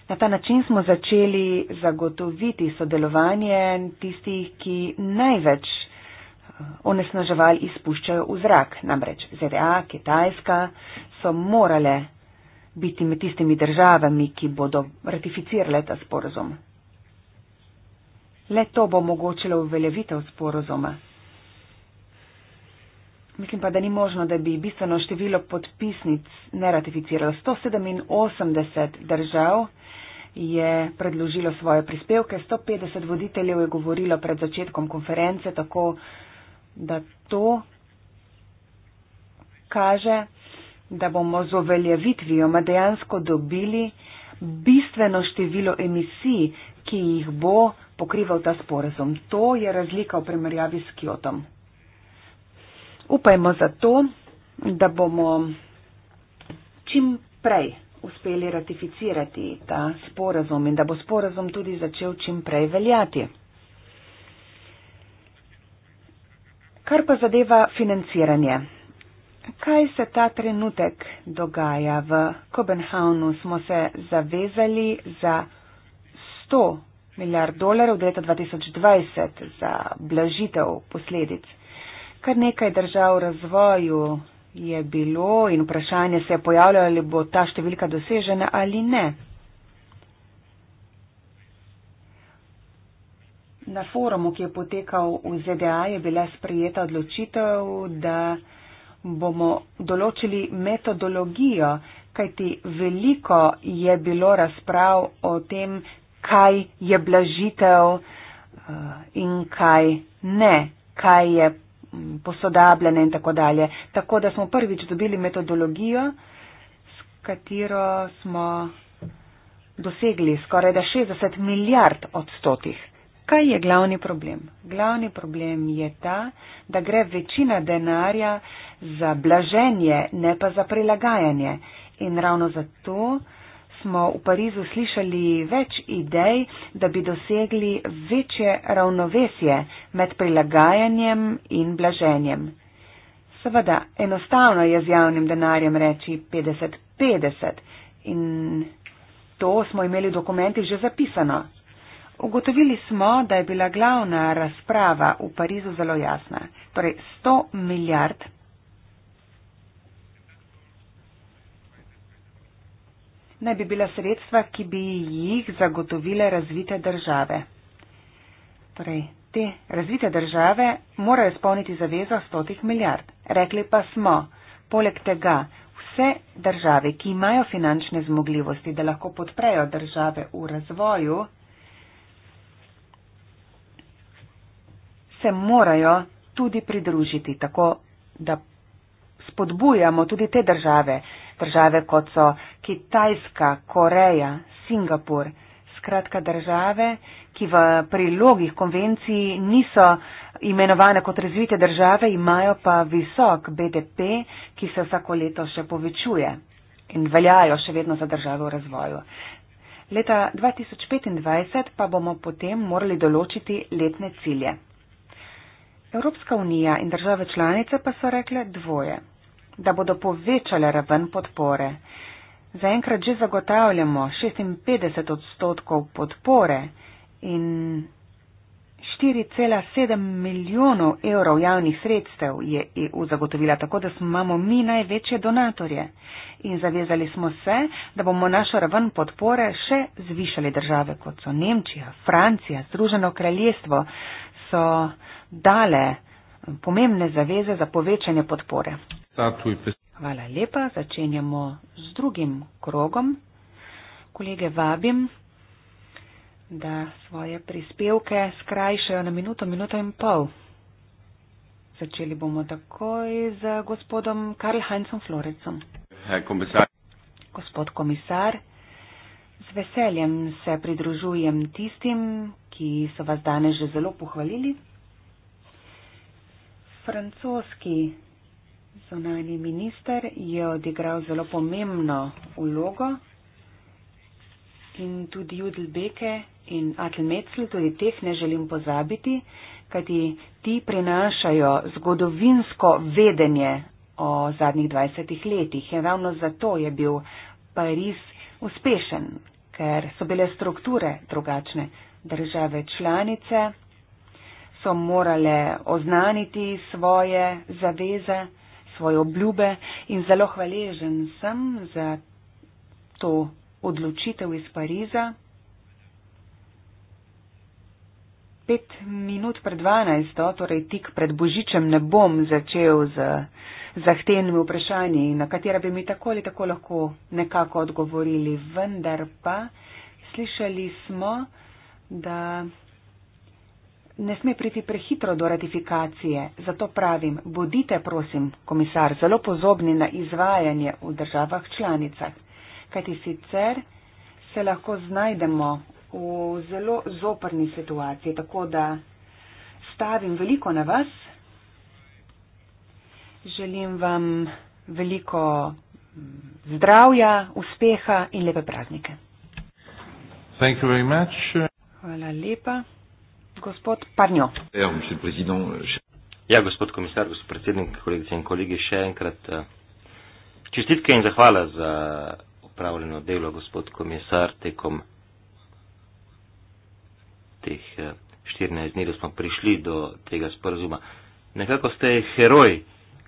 Na ta način smo začeli zagotoviti sodelovanje tistih, ki največ eh, onesnaževal izpuščajo v zrak. Namreč ZDA, Kitajska so morale biti med tistimi državami, ki bodo ratificirale ta sporozum. Le to bo omogočilo uveljavitev sporozuma. Mislim pa, da ni možno, da bi bistveno število podpisnic neratificiralo. 187 držav je predložilo svoje prispevke, 150 voditeljev je govorilo pred začetkom konference, tako da to kaže, da bomo z uveljavitvijo dejansko dobili bistveno število emisij, ki jih bo pokrival ta sporazum. To je razlika v primerjavi s Kyotom. Upajmo zato, da bomo čim prej uspeli ratificirati ta sporazum in da bo sporazum tudi začel čim prej veljati. Kar pa zadeva financiranje. Kaj se ta trenutek dogaja? V Kopenhavnu smo se zavezali za 100 milijard dolarjev do leta 2020 za blažitev posledic. Kar nekaj držav v razvoju je bilo in vprašanje se je pojavljalo, ali bo ta številka dosežena ali ne. Na forumu, ki je potekal v ZDA, je bila sprejeta odločitev, da bomo določili metodologijo, kajti veliko je bilo razprav o tem, kaj je blažitev eh, in kaj ne, kaj je mm, posodabljene in tako dalje. Tako da smo prvič dobili metodologijo, s katero smo dosegli skoraj da 60 milijard odstotih. Kaj je glavni problem? Glavni problem je ta, da gre večina denarja za blaženje, ne pa za prilagajanje. In ravno zato, smo v Parizu slišali več idej, da bi dosegli večje ravnovesje med prilagajanjem in blaženjem. Seveda, enostavno je z javnim denarjem reči 50-50 in to smo imeli v dokumentih že zapisano. Ugotovili smo, da je bila glavna razprava v Parizu zelo jasna. Torej, 100 milijard naj bi bila sredstva, ki bi jih zagotovile razvite države. Torej, te razvite države morajo spolniti zavezo stotih milijard. Rekli pa smo, poleg tega, vse države, ki imajo finančne zmogljivosti, da lahko podprejo države v razvoju, se morajo tudi pridružiti, tako da spodbujamo tudi te države, države kot so Kitajska, Koreja, Singapur, skratka države, ki v prilogih konvenciji niso imenovane kot razvite države, imajo pa visok BDP, ki se vsako leto še povečuje in veljajo še vedno za državo v razvoju. Leta 2025 pa bomo potem morali določiti letne cilje. Evropska unija in države članice pa so rekle dvoje, da bodo povečale raven podpore. Zaenkrat že zagotavljamo 56 odstotkov podpore in 4,7 milijonov evrov javnih sredstev je EU zagotovila, tako da smo, imamo mi največje donatorje. In zavezali smo se, da bomo našo raven podpore še zvišali države, kot so Nemčija, Francija, Združeno kraljestvo, so dale pomembne zaveze za povečanje podpore. Statuj. Hvala lepa. Začenjamo z drugim krogom. Kolege vabim, da svoje prispevke skrajšajo na minuto, minuto in pol. Začeli bomo takoj z gospodom Karl Heinzom Florecom. Gospod komisar, z veseljem se pridružujem tistim, ki so vas danes že zelo pohvalili. Francoski zunani minister je odigral zelo pomembno vlogo in tudi Judl Beke in Atl Metzl, tudi teh ne želim pozabiti, kajti ti prinašajo zgodovinsko vedenje o zadnjih 20 letih. In ravno zato je bil Pariz uspešen, ker so bile strukture drugačne. Države članice so morale oznaniti svoje zaveze svoje obljube in zelo hvaležen sem za to odločitev iz Pariza. Pet minut pred dvanajsto, torej tik pred Božičem, ne bom začel z zahtevnimi vprašanji, na katera bi mi tako ali tako lahko nekako odgovorili. Vendar pa slišali smo, da ne sme priti prehitro do ratifikacije, zato pravim, bodite, prosim, komisar, zelo pozobni na izvajanje v državah članicah, kajti sicer se lahko znajdemo v zelo zoprni situaciji, tako da stavim veliko na vas. Želim vam veliko mm, zdravja, uspeha in lepe praznike. Hvala lepa gospod Parnjo. Ja, gospod predsednik, še... ja, gospod komisar, gospod predsednik, kolegice in kolegi, še enkrat eh, čestitke in zahvala za upravljeno delo, gospod komisar, tekom teh 14 eh, dni, da smo prišli do tega sporazuma. Nekako ste heroj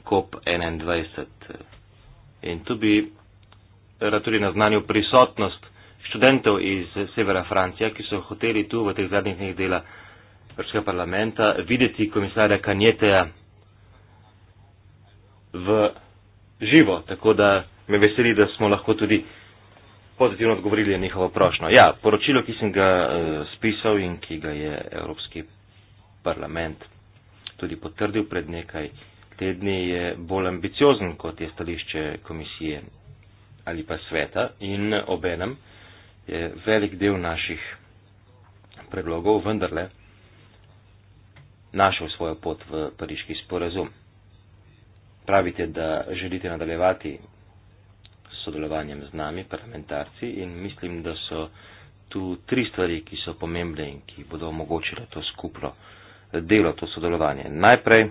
COP21 eh, in tu bi rad tudi naznanil prisotnost študentov iz severa Francije, ki so hoteli tu v teh zadnjih dneh dela Evropskega parlamenta videti komisarja Kanjeteja v živo, tako da me veseli, da smo lahko tudi pozitivno odgovorili na njihovo prošnjo. Ja, poročilo, ki sem ga uh, spisal in ki ga je Evropski parlament tudi potrdil pred nekaj tedni, je bolj ambiciozen kot je stališče komisije ali pa sveta in obenem je velik del naših predlogov vendarle našel svojo pot v pariški sporazum. Pravite, da želite nadaljevati s sodelovanjem z nami, parlamentarci, in mislim, da so tu tri stvari, ki so pomembne in ki bodo omogočile to skupno delo, to sodelovanje. Najprej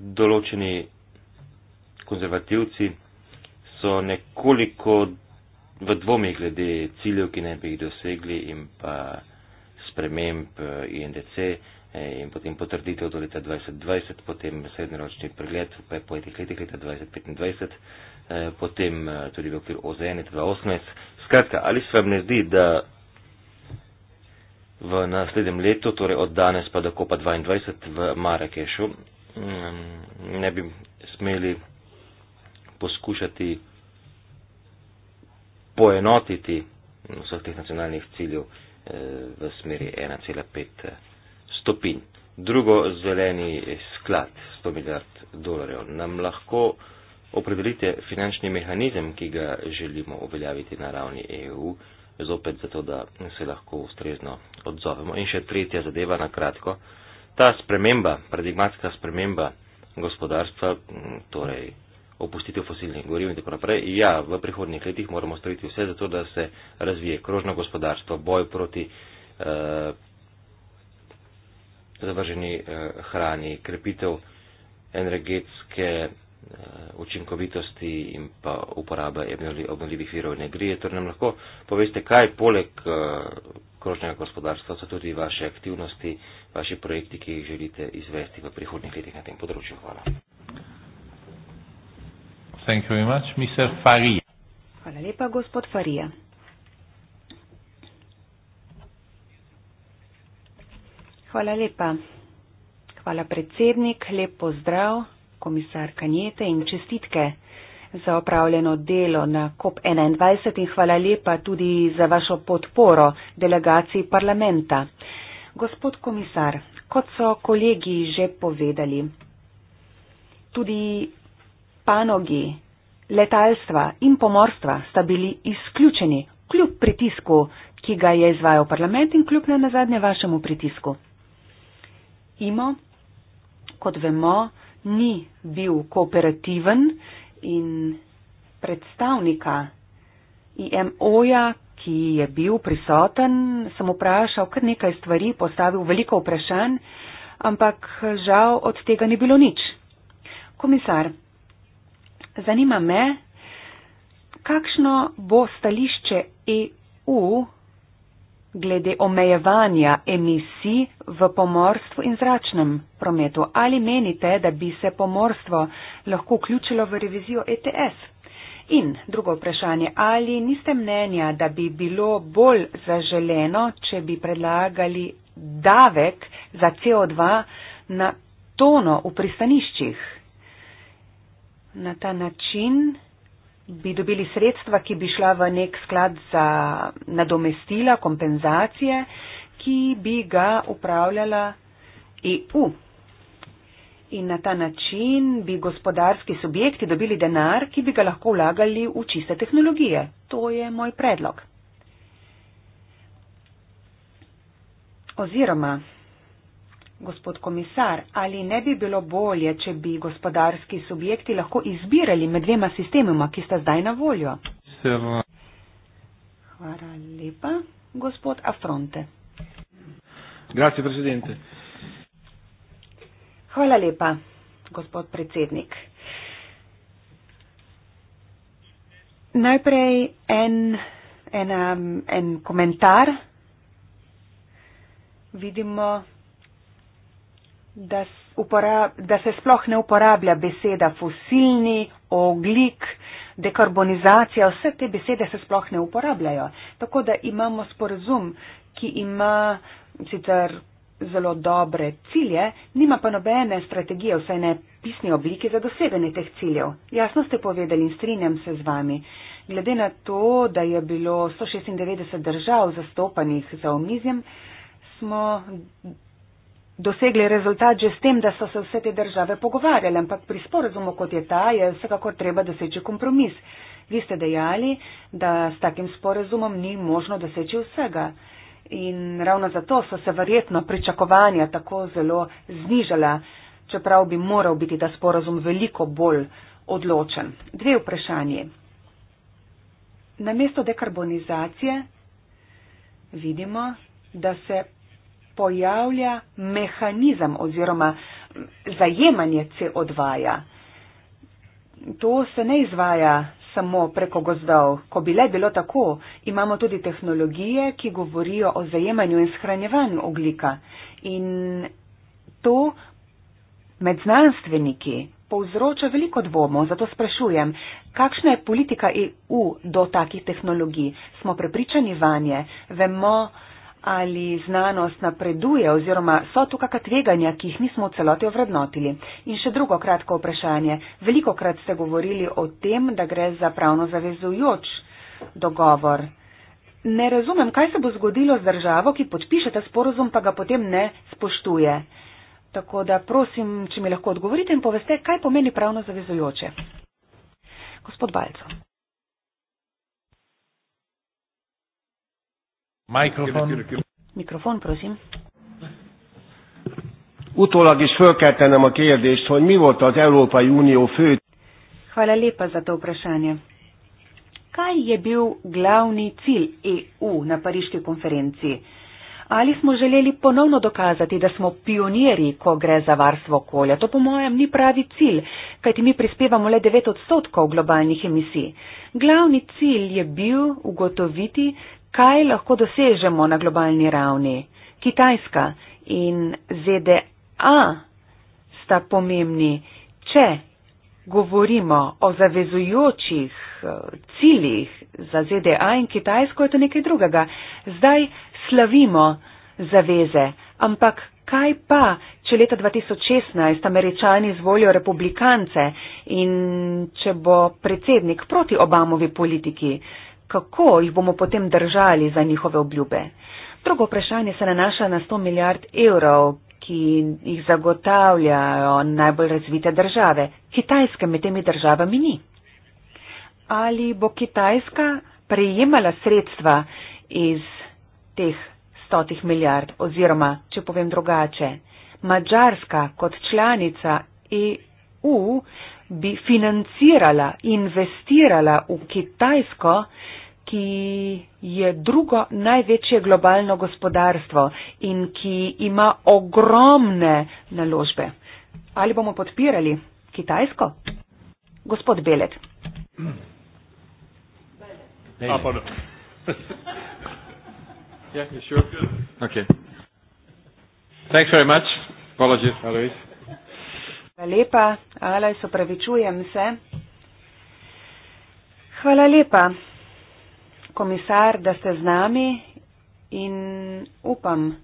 določeni konzervativci so nekoliko v dvomih glede ciljev, ki naj bi jih dosegli in pa sprememb eh, INDC eh, in potem potrditev do leta 2020, potem srednjeročni pregled v petih letih, leta 2025, eh, potem tudi v okviru OZN 2018. Skratka, ali se vam ne zdi, da v naslednjem letu, torej od danes pa do kopa 22 v Marrakešu, mm, ne bi smeli poskušati poenotiti vseh teh nacionalnih ciljev, v smeri 1,5 eh, stopinj. Drugo zeleni sklad 100 milijard dolarjev. Nam lahko opredelite finančni mehanizem, ki ga želimo uveljaviti na ravni EU, zopet zato, da se lahko ustrezno odzovemo. In še tretja zadeva na kratko. Ta sprememba, paradigmatska sprememba gospodarstva, torej opustitev fosilnih goriv in tako naprej. Ja, v prihodnjih letih moramo storiti vse za to, da se razvije krožno gospodarstvo, boj proti eh, zavrženi eh, hrani, krepitev energetske eh, učinkovitosti in pa uporaba obnovljivih virov energije. Torej nam lahko poveste, kaj poleg eh, krožnega gospodarstva so tudi vaše aktivnosti, vaši projekti, ki jih želite izvesti v prihodnjih letih na tem področju. Hvala. Thank you very much. Mr. Faria. Hvala lepa, gospod Faria. Hvala lepa. Hvala predsednik, lep pozdrav, komisar Kanjete in čestitke za opravljeno delo na COP21 in hvala lepa tudi za vašo podporo delegaciji parlamenta. Gospod komisar, kot so kolegi že povedali, tudi panogi letalstva in pomorstva sta bili izključeni kljub pritisku, ki ga je izvajal parlament in kljub ne na zadnje vašemu pritisku. IMO, kot vemo, ni bil kooperativen in predstavnika IMO-ja, ki je bil prisoten, sem vprašal kar nekaj stvari, postavil veliko vprašanj, ampak žal od tega ni bilo nič. Komisar, Zanima me, kakšno bo stališče EU glede omejevanja emisij v pomorstvu in zračnem prometu. Ali menite, da bi se pomorstvo lahko vključilo v revizijo ETS? In drugo vprašanje, ali niste mnenja, da bi bilo bolj zaželeno, če bi predlagali davek za CO2 na tono v pristaniščih? na ta način bi dobili sredstva, ki bi šla v nek sklad za nadomestila, kompenzacije, ki bi ga upravljala EU. In na ta način bi gospodarski subjekti dobili denar, ki bi ga lahko vlagali v čiste tehnologije. To je moj predlog. Oziroma, Gospod komisar, ali ne bi bilo bolje, če bi gospodarski subjekti lahko izbirali med dvema sistemoma, ki sta zdaj na voljo? Seveda. Hvala lepa, gospod Afronte. Grazie, presidente. Hvala lepa, gospod predsednik. Najprej en, ena, en komentar. Vidimo, da, uporab, da se sploh ne uporablja beseda fosilni, oglik, dekarbonizacija, vse te besede se sploh ne uporabljajo. Tako da imamo sporazum, ki ima sicer zelo dobre cilje, nima pa nobene strategije, vsaj ne pisne oblike za doseganje teh ciljev. Jasno ste povedali in strinjam se z vami. Glede na to, da je bilo 196 držav zastopanih za omizjem, smo dosegli rezultat že s tem, da so se vse te države pogovarjale, ampak pri sporazumu, kot je ta, je vsekakor treba doseči kompromis. Vi ste dejali, da s takim sporazumom ni možno doseči vsega. In ravno zato so se verjetno pričakovanja tako zelo znižala, čeprav bi moral biti ta sporazum veliko bolj odločen. Dve vprašanje. Na mesto dekarbonizacije vidimo, da se pojavlja mehanizem oziroma zajemanje CO2. -ja. To se ne izvaja samo preko gozdov. Ko bi le bilo tako, imamo tudi tehnologije, ki govorijo o zajemanju in shranjevanju oglika. In to med znanstveniki povzroča veliko dvomov. Zato sprašujem, kakšna je politika EU do takih tehnologij? Smo prepričani vanje? Vemo, ali znanost napreduje oziroma so tu kakšna tveganja, ki jih nismo v celoti ovrednotili. In še drugo kratko vprašanje. Veliko krat ste govorili o tem, da gre za pravno zavezujoč dogovor. Ne razumem, kaj se bo zgodilo z državo, ki podpiše ta sporozum, pa ga potem ne spoštuje. Tako da prosim, če mi lahko odgovorite in poveste, kaj pomeni pravno zavezujoče. Gospod Balco. Mikrofon. Mikrofon, prosim. Utólag is föl kell tennem a kérdést, hogy mi volt az Európai Unió fő... Hvala lepa za to vprašanje. Kaj je bil glavni cilj EU na pariški konferenciji? Ali smo želeli ponovno dokazati, da smo pionirji, ko gre za varstvo okolja? To po mojem ni pravi cilj, kajti mi prispevamo le 9 odstotkov globalnih emisij. Glavni cilj je bil ugotoviti, kaj lahko dosežemo na globalni ravni. Kitajska in ZDA sta pomembni, če govorimo o zavezujočih eh, ciljih za ZDA in Kitajsko, je to nekaj drugega. Zdaj slavimo zaveze, ampak kaj pa, če leta 2016 američani zvolijo republikance in če bo predsednik proti Obamovi politiki? kako jih bomo potem držali za njihove obljube. Drugo vprašanje se nanaša na 100 milijard evrov, ki jih zagotavljajo najbolj razvite države. Kitajske med temi državami ni. Ali bo Kitajska prejemala sredstva iz teh stotih milijard oziroma, če povem drugače, Mačarska kot članica EU bi financirala, investirala v Kitajsko, ki je drugo največje globalno gospodarstvo in ki ima ogromne naložbe. Ali bomo podpirali Kitajsko? Gospod Belet. Ah, Hvala lepa, Alaj, sopravičujem se. Hvala lepa komisar, da ste z nami in upam,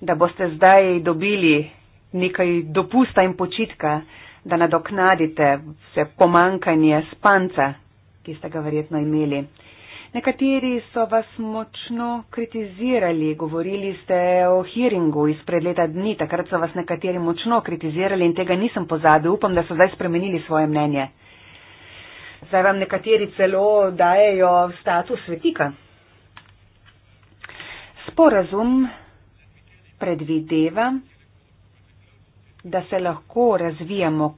da boste zdaj dobili nekaj dopusta in počitka, da nadoknadite vse pomankanje spanca, ki ste ga verjetno imeli. Nekateri so vas močno kritizirali, govorili ste o hearingu izpred leta dni, takrat so vas nekateri močno kritizirali in tega nisem pozabil. Upam, da so zdaj spremenili svoje mnenje. Zdaj vam nekateri celo dajejo status svetika. Sporazum predvideva, da se lahko razvijamo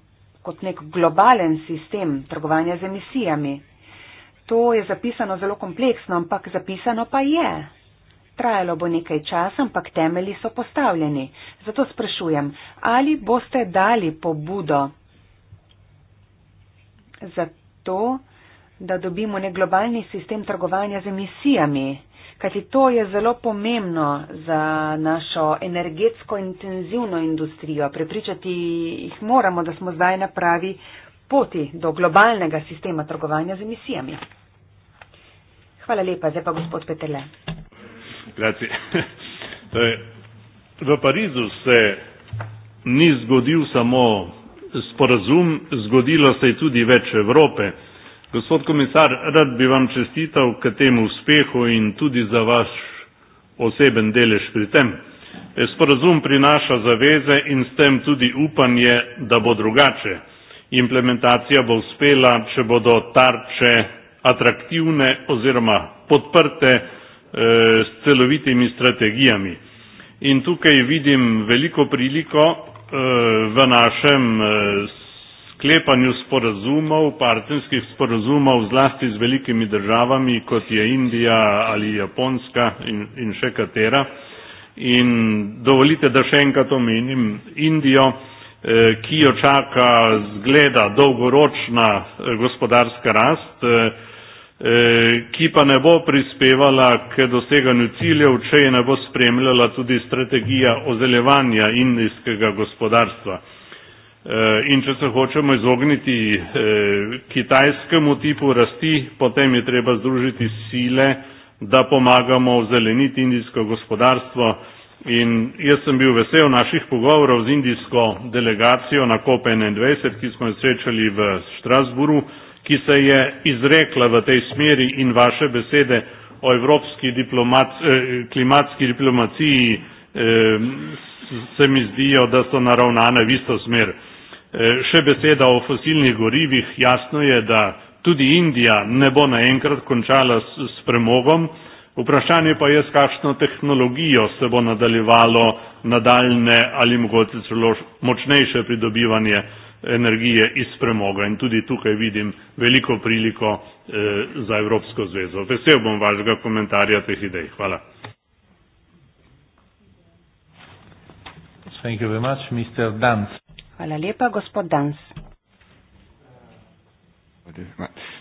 kot nek globalen sistem trgovanja z emisijami. To je zapisano zelo kompleksno, ampak zapisano pa je. Trajalo bo nekaj časa, ampak temeli so postavljeni. Zato sprašujem, ali boste dali pobudo za to, da dobimo nek globalni sistem trgovanja z emisijami, kajti to je zelo pomembno za našo energetsko intenzivno industrijo. Prepričati jih moramo, da smo zdaj na pravi poti do globalnega sistema trgovanja z emisijami. Hvala lepa, zdaj pa gospod Petele. Torej, v Parizu se ni zgodil samo sporazum, zgodilo se je tudi več Evrope. Gospod komisar, rad bi vam čestital k temu uspehu in tudi za vaš oseben delež pri tem. E, sporazum prinaša zaveze in s tem tudi upanje, da bo drugače. Implementacija bo uspela, če bodo tarče atraktivne oziroma podprte eh, s celovitimi strategijami. In tukaj vidim veliko priliko, Eh, v našem eh, sklepanju sporazumov, partnerskih sporazumov zlasti z velikimi državami, kot je Indija ali Japonska in, in še katera. In dovolite, da še enkrat omenim Indijo, eh, ki jo čaka zgleda dolgoročna gospodarska rast. Eh, ki pa ne bo prispevala k doseganju ciljev, če je ne bo spremljala tudi strategija ozelevanja indijskega gospodarstva. Eh, in če se hočemo izogniti eh, kitajskemu tipu rasti, potem je treba združiti sile, da pomagamo ozeleniti indijsko gospodarstvo. In jaz sem bil vesel naših pogovorov z indijsko delegacijo na COP21, ki smo jo srečali v Štrasburu, ki se je izrekla v tej smeri in vaše besede o evropski diplomac, eh, klimatski diplomaciji eh, se mi zdijo, da so naravnane v isto smer. Eh, še beseda o fosilnih gorivih, jasno je, da tudi Indija ne bo naenkrat končala s, s premogom, vprašanje pa je, s kakšno tehnologijo se bo nadaljevalo nadaljne ali mogoče celo močnejše pridobivanje eh, energije iz premoga in tudi tukaj vidim veliko priliko eh, za Evropsko zvezo. Vesel bom vašega komentarja teh idej. Hvala. Thank you very much, Mr. Dance. Hvala lepa, gospod Dans.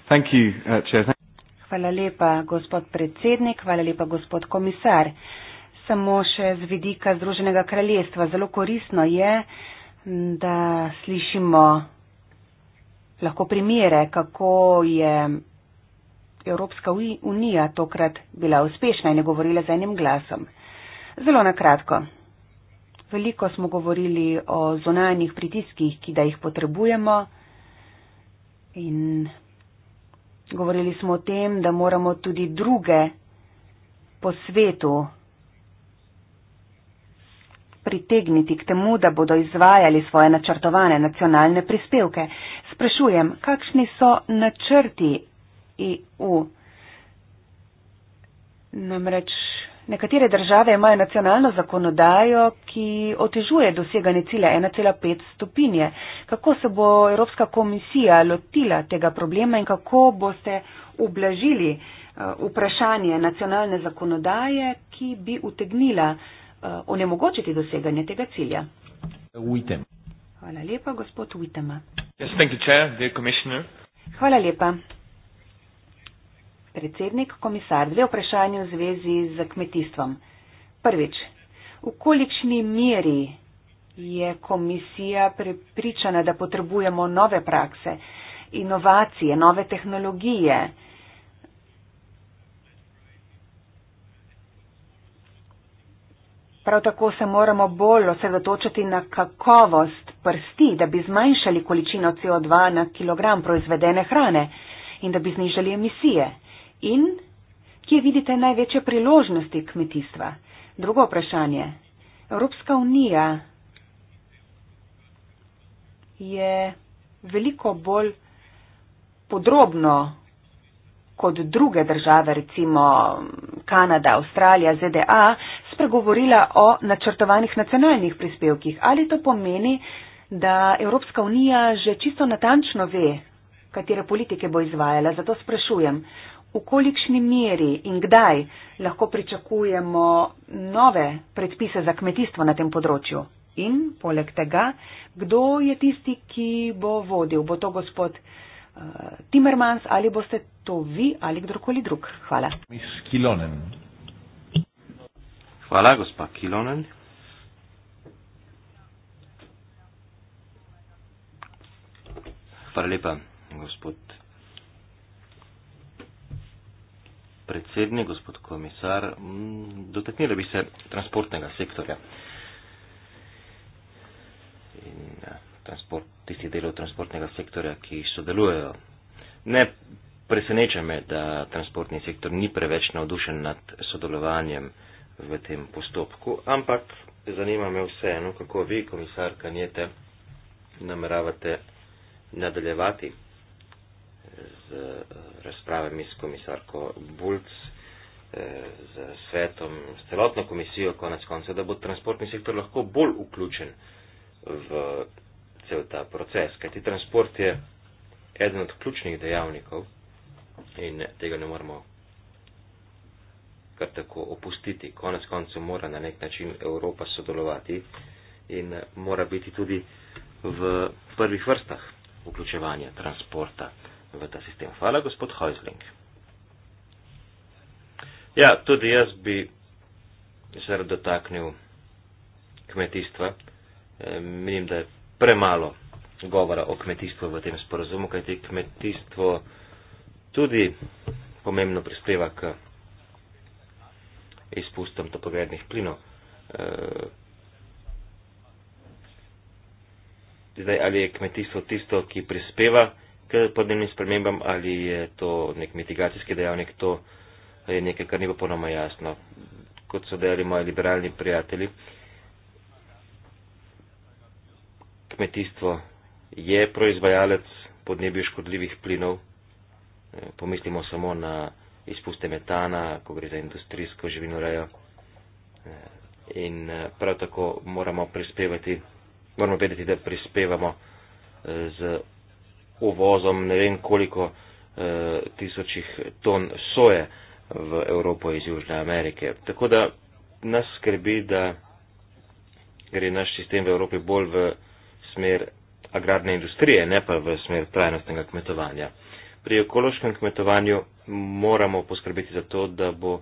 Thank you, uh, hvala lepa, gospod predsednik, hvala lepa, gospod komisar. Samo še z vidika Združenega kraljestva. Zelo koristno je, da slišimo lahko primere, kako je Evropska unija tokrat bila uspešna in je govorila z enim glasom. Zelo na kratko. Veliko smo govorili o zonanjih pritiskih, ki da jih potrebujemo in govorili smo o tem, da moramo tudi druge po svetu pritegniti k temu, da bodo izvajali svoje načrtovane nacionalne prispevke. Sprašujem, kakšni so načrti EU? Namreč nekatere države imajo nacionalno zakonodajo, ki otežuje doseganje cilja 1,5 stopinje. Kako se bo Evropska komisija lotila tega problema in kako boste ublažili eh, vprašanje nacionalne zakonodaje, ki bi utegnila Eh, onemogočiti doseganje tega cilja. Uitem. Hvala lepa, gospod Uitema. Yes, thank you, chair, dear commissioner. Hvala lepa. Predsednik, komisar, dve vprašanje v zvezi z kmetijstvom. Prvič, v kolikšni meri je komisija prepričana, da potrebujemo nove prakse, inovacije, nove tehnologije? Prav tako se moramo bolj osredotočiti na kakovost prsti, da bi zmanjšali količino CO2 na kilogram proizvedene hrane in da bi znižali emisije. In kje vidite največje priložnosti kmetijstva? Drugo vprašanje. Evropska unija je veliko bolj podrobno kot druge države, recimo Kanada, Avstralija, ZDA, spregovorila o načrtovanih nacionalnih prispevkih. Ali to pomeni, da Evropska unija že čisto natančno ve, katere politike bo izvajala? Zato sprašujem, v kolikšni meri in kdaj lahko pričakujemo nove predpise za kmetijstvo na tem področju? In poleg tega, kdo je tisti, ki bo vodil? Bo to gospod uh, Timmermans ali boste to vi ali kdorkoli drug. Hvala. Hvala, gospa Kilonen. Hvala lepa, gospod predsednik, gospod komisar. Mm, Dotaknili bi se transportnega sektorja. transport, tistih delov transportnega sektorja, ki sodelujejo. Ne preseneča me, da transportni sektor ni preveč navdušen nad sodelovanjem v tem postopku, ampak zanima me vseeno, kako vi, komisar Kanjete, nameravate nadaljevati z eh, razpravami s komisarko Bulc, eh, z svetom, s celotno komisijo, konec konca, da bo transportni sektor lahko bolj vključen v cel ta proces, kajti transport je eden od ključnih dejavnikov in tega ne moramo kar tako opustiti. Konec koncev mora na nek način Evropa sodelovati in mora biti tudi v prvih vrstah vključevanja transporta v ta sistem. Hvala, gospod Heusling. Ja, tudi jaz bi se rad dotaknil kmetijstva. E, menim, da je premalo govora o kmetijstvu v tem sporozumu, kajti kmetijstvo tudi pomembno prispeva k izpustom topogrednih plinov. Eh, zdaj, ali je kmetijstvo tisto, ki prispeva k podnebnim spremembam, ali je to nek mitigacijski dejavnik, to je nekaj, kar ni popolnoma jasno. Kot so dejali moji liberalni prijatelji, eh, kmetijstvo je proizvajalec podnebju škodljivih plinov. E, pomislimo samo na izpuste metana, ko gre za industrijsko živinorejo. E, in e, prav tako moramo prispevati, moramo vedeti, da prispevamo z uvozom ne vem koliko tisočih ton soje v Evropo iz Južne Amerike. Tako da nas skrbi, da gre naš sistem v Evropi bolj v smer agrarne industrije, ne pa v smer trajnostnega kmetovanja. Pri ekološkem kmetovanju moramo poskrbeti za to, da bo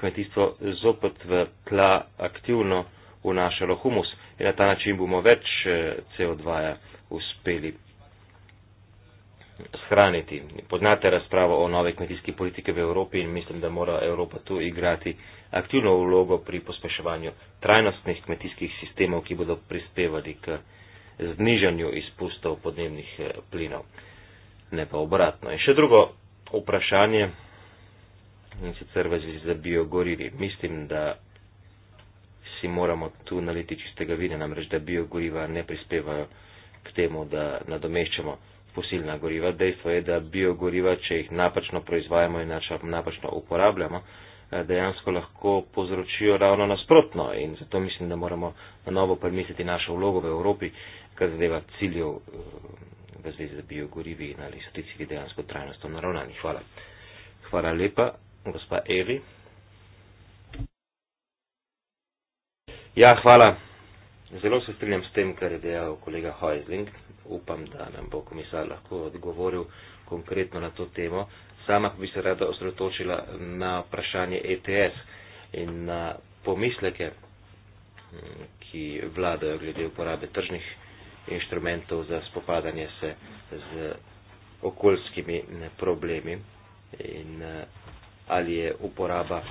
kmetijstvo zopet v tla aktivno vnašalo humus in na ta način bomo več eh, CO2-ja uspeli shraniti. Poznate razpravo o nove kmetijski politike v Evropi in mislim, da mora Evropa tu igrati aktivno vlogo pri pospeševanju trajnostnih kmetijskih sistemov, ki bodo prispevali k znižanju izpustov podnebnih eh, plinov, ne pa obratno. In še drugo vprašanje, in sicer vezi za biogorivi. Mislim, da si moramo tu naliti čistega vina, namreč da biogoriva ne prispevajo k temu, da nadomeščamo fosilna goriva. Dejstvo je, da biogoriva, če jih napačno proizvajamo in napačno uporabljamo, eh, dejansko lahko povzročijo ravno nasprotno. In zato mislim, da moramo na novo premisliti našo vlogo v Evropi, kar zadeva ciljev eh, v zvezi z biogorivi in ali so ti cilji dejansko trajnostno naravnani. Hvala. Hvala lepa, gospa Evi. Ja, hvala. Zelo se strinjam s tem, kar je dejal kolega Heusling. Upam, da nam bo komisar lahko odgovoril konkretno na to temo. Sama bi se rada osredotočila na vprašanje ETS in na pomisleke, mm, ki vladajo glede uporabe tržnih inštrumentov za spopadanje se z okoljskimi problemi in eh, ali je uporaba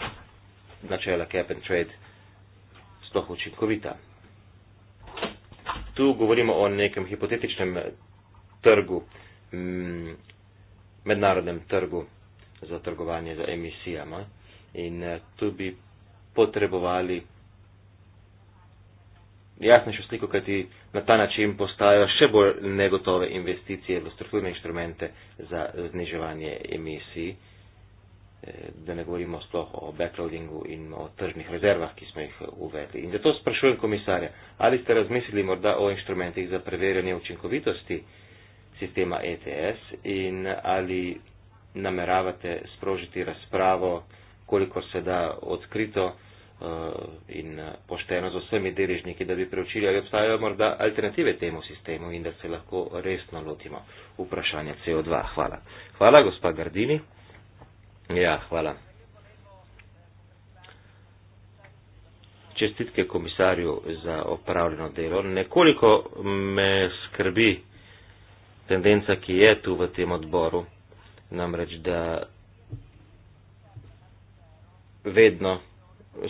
načela cap and trade sploh učinkovita. Tu govorimo o nekem hipotetičnem eh, trgu, mm, mednarodnem trgu za trgovanje z emisijama in eh, tu bi potrebovali jasnejšo sliko, kajti na ta način postajajo še bolj negotove investicije v strukturne inštrumente za zniževanje emisij, eh, da ne govorimo sploh o backloadingu in o tržnih rezervah, ki smo jih uvedli. In zato sprašujem komisarja, ali ste razmislili morda o inštrumentih za preverjanje učinkovitosti sistema ETS in ali nameravate sprožiti razpravo, koliko se da odkrito, Eh, in eh, pošteno z vsemi deležniki, da bi preučili, ali obstajajo morda alternative temu sistemu in da se lahko resno lotimo vprašanja CO2. Hvala. Hvala, gospa Gardini. Ja, hvala. Čestitke komisarju za opravljeno delo. Nekoliko me skrbi tendenca, ki je tu v tem odboru, namreč da vedno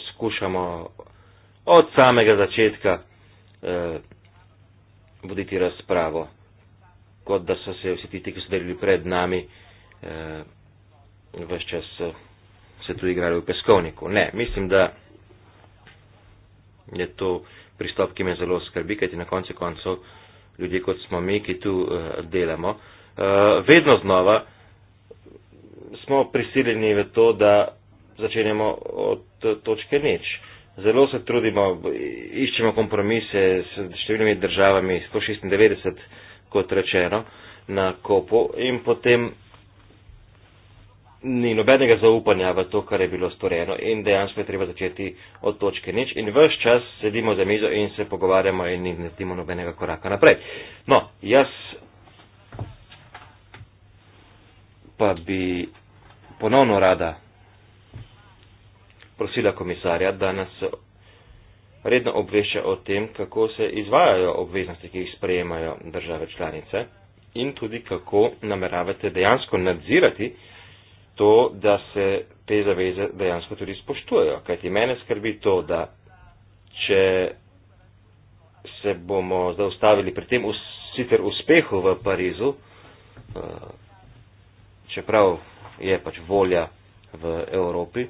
skušamo od samega začetka eh, voditi razpravo, kot da so se vsi ti, ki so delili pred nami, eh, vse čas eh, se tu igrali v peskovniku. Ne, mislim, da je to pristop, ki me zelo skrbi, kajti na koncu koncev ljudje, kot smo mi, ki tu eh, delamo, eh, vedno znova smo prisiljeni v to, da začenjamo od eh, točke nič. Zelo se trudimo, iščemo kompromise s številnimi državami, 196, kot rečeno, na kopu in potem ni nobenega zaupanja v to, kar je bilo storjeno in dejansko je treba začeti od točke nič in vse čas sedimo za mizo in se pogovarjamo in ne timo nobenega koraka naprej. No, jaz pa bi ponovno rada prosila komisarja, da nas redno obvešča o tem, kako se izvajajo obveznosti, ki jih sprejemajo države članice in tudi kako nameravate dejansko nadzirati to, da se te zaveze dejansko tudi spoštujejo. Kajti mene skrbi to, da če se bomo zaustavili pri tem sicer uspehu v Parizu, eh, čeprav je pač volja v Evropi,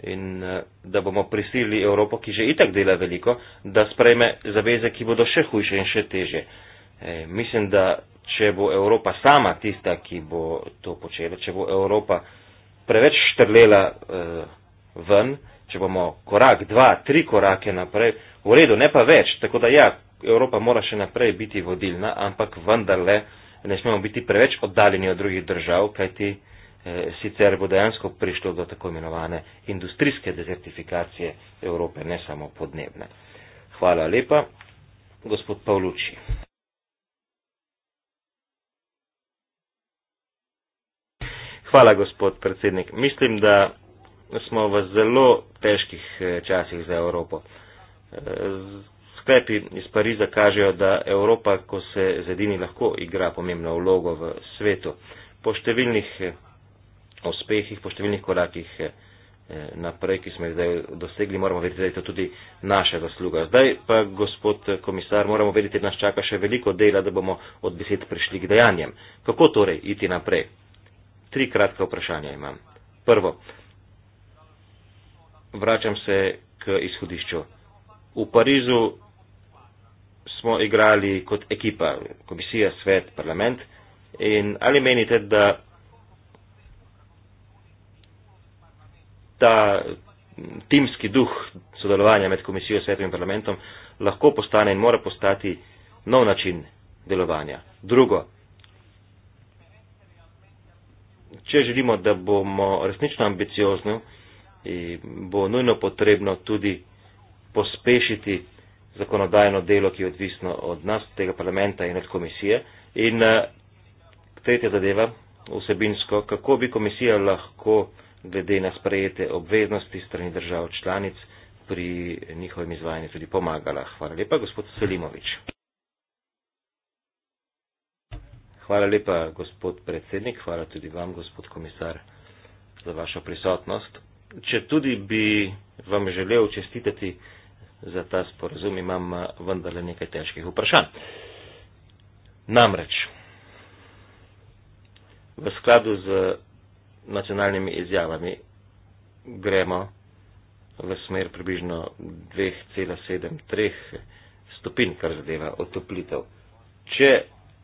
in eh, da bomo prisilili Evropo, ki že itak dela veliko, da sprejme zaveze, ki bodo še hujše in še teže. E, mislim, da če bo Evropa sama tista, ki bo to počela, če bo Evropa preveč štrlela e, ven, če bomo korak, dva, tri korake naprej, v redu, ne pa več, tako da ja, Evropa mora še naprej biti vodilna, ampak vendarle ne smemo biti preveč oddaljeni od drugih držav, kajti. Eh, sicer bo dejansko prišlo do tako imenovane industrijske dezertifikacije Evrope, ne samo podnebne. Hvala lepa, gospod Pavluči. Hvala, gospod predsednik. Mislim, da smo v zelo težkih eh, časih za Evropo. Eh, sklepi iz Pariza kažejo, da Evropa, ko se zedini, lahko igra pomembno vlogo v svetu. Po številnih uspehih, po številnih korakih eh, eh, naprej, ki smo jih zdaj dosegli, moramo vedeti, da je to tudi naša zasluga. Zdaj pa, gospod eh, komisar, moramo vedeti, da nas čaka še veliko dela, da bomo od besed prišli k dejanjem. Kako torej iti naprej? Tri kratka vprašanja imam. Prvo, vračam se k izhodišču. V Parizu smo igrali kot ekipa, komisija, svet, parlament in ali menite, da ta timski duh sodelovanja med komisijo, svetom in parlamentom lahko postane in mora postati nov način delovanja. Drugo, če želimo, da bomo resnično ambiciozni, bo nujno potrebno tudi pospešiti zakonodajno delo, ki je odvisno od nas, tega parlamenta in od komisije. In eh, tretja zadeva, vsebinsko, kako bi komisija lahko glede na sprejete obveznosti strani držav članic pri njihovem izvajanju tudi pomagala. Hvala lepa, gospod Selimovič. Hvala lepa, gospod predsednik, hvala tudi vam, gospod komisar, za vašo prisotnost. Če tudi bi vam želel čestitati za ta sporazum, imam eh, vendarle nekaj težkih vprašanj. Namreč, v skladu z nacionalnimi izjavami gremo v smer približno 2,73 stopinj, kar zadeva otoplitev. Če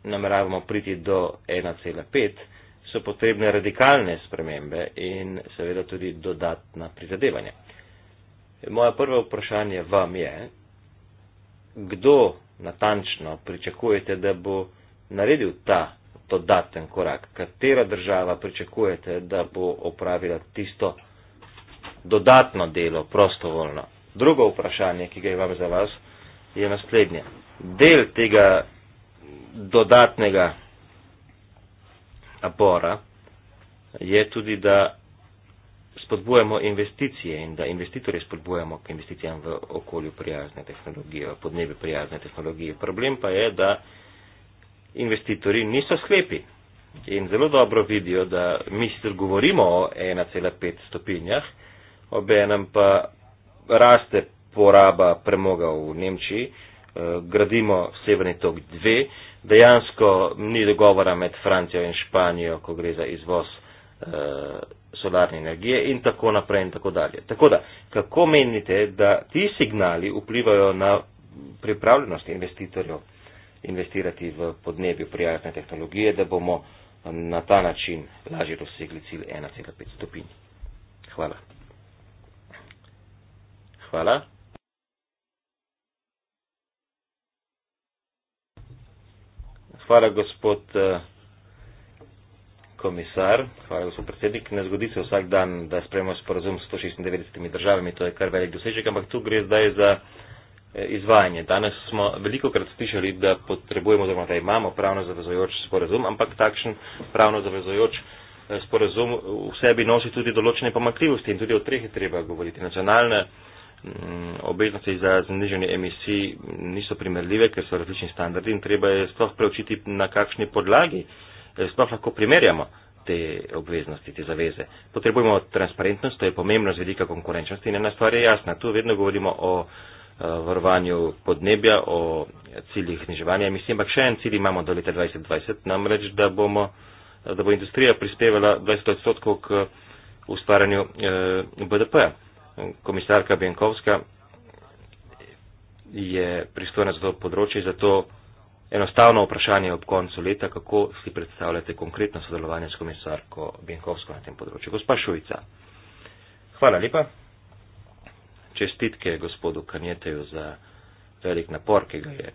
nameravamo priti do 1,5, so potrebne radikalne spremembe in seveda tudi dodatna prizadevanja. Moje prvo vprašanje vam je, kdo natančno pričakujete, da bo naredil ta dodaten korak? Katera država pričakujete, da bo opravila tisto dodatno delo prostovoljno? Drugo vprašanje, ki ga imam za vas, je naslednje. Del tega dodatnega napora je tudi, da spodbujamo investicije in da investitorje spodbujamo k investicijam v okolju prijazne tehnologije, v podnebi prijazne tehnologije. Problem pa je, da investitorji niso sklepi in zelo dobro vidijo, da mi sicer govorimo o 1,5 stopinjah, obenem pa raste poraba premoga v Nemčiji, eh, gradimo severni tok 2, dejansko ni dogovora med Francijo in Španijo, ko gre za izvoz eh, solarne energije in tako naprej in tako dalje. Tako da, kako menite, da ti signali vplivajo na pripravljenost investitorjev? investirati v podnebju prijazne tehnologije, da bomo um, na ta način lažje dosegli cilj 1,5 stopinj. Hvala. Hvala. Hvala, gospod uh, komisar, hvala, gospod predsednik. Ne zgodi se vsak dan, da sprejemamo sporozum s 196 državami, to je kar velik dosežek, ampak tu gre zdaj za. Eh, izvajanje. Danes smo veliko krat slišali, da potrebujemo, oziroma da imamo pravno zavezojoč sporazum, ampak takšen pravno zavezojoč eh, sporazum v sebi nosi tudi določene pomakljivosti in tudi o treh je treba govoriti. Nacionalne mm, obveznosti za zniženje emisij niso primerljive, ker so različni standardi in treba je sploh preučiti, na kakšni podlagi eh, sploh lahko primerjamo te obveznosti, te zaveze. Potrebujemo transparentnost, to je pomembno z velika konkurenčnosti in ena stvar je jasna. Tu vedno govorimo o Eh, varovanju podnebja, o ciljih zniževanja emisij, ampak še en cilj imamo do leta 2020, namreč, da, bomo, eh, da bo industrija prispevala 20 odstotkov k eh, ustvarjanju eh, BDP. Komisarka Bjankovska je pristojna za to področje, zato enostavno vprašanje ob koncu leta, kako si predstavljate konkretno sodelovanje s komisarko Bjankovsko na tem področju. Gospa Šujica, hvala lepa čestitke gospodu Kanjeteju za velik napor, ki ga je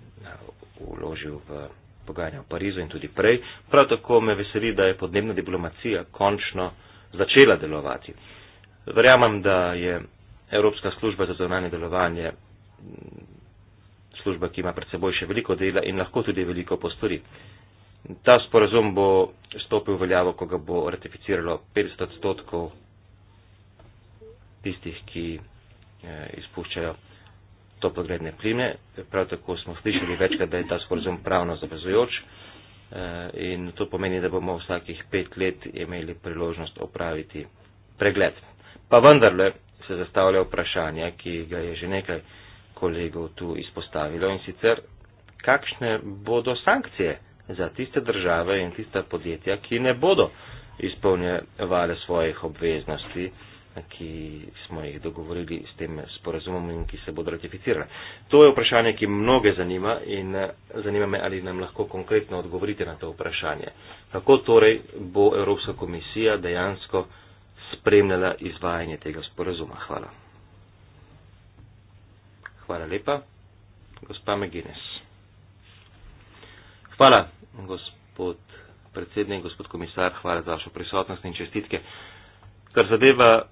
uložil v pogajanja v Parizu in tudi prej. Prav tako me veseli, da je podnebna diplomacija končno začela delovati. Verjamem, da je Evropska služba za zonanje delovanje mm, služba, ki ima pred seboj še veliko dela in lahko tudi veliko postori. Ta sporazum bo stopil v veljavo, ko ga bo ratificiralo 50 odstotkov tistih, ki Eh, izpuščajo toplogredne plime. Prav tako smo slišali večkrat, da je ta sporozum pravno zavezujoč eh, in to pomeni, da bomo vsakih pet let imeli priložnost opraviti pregled. Pa vendarle se zastavlja vprašanje, ki ga je že nekaj kolegov tu izpostavilo in sicer, kakšne bodo sankcije za tiste države in tista podjetja, ki ne bodo izpolnjevale svojih obveznosti ki smo jih dogovorili s tem sporazumom in ki se bodo ratificirali. To je vprašanje, ki mnoge zanima in eh, zanima me, ali nam lahko konkretno odgovorite na to vprašanje. Kako torej bo Evropska komisija dejansko spremljala izvajanje tega sporazuma? Hvala. Hvala lepa. Gospa Megines. Hvala, gospod predsednik, gospod komisar, hvala za vašo prisotnost in čestitke. Kar zadeva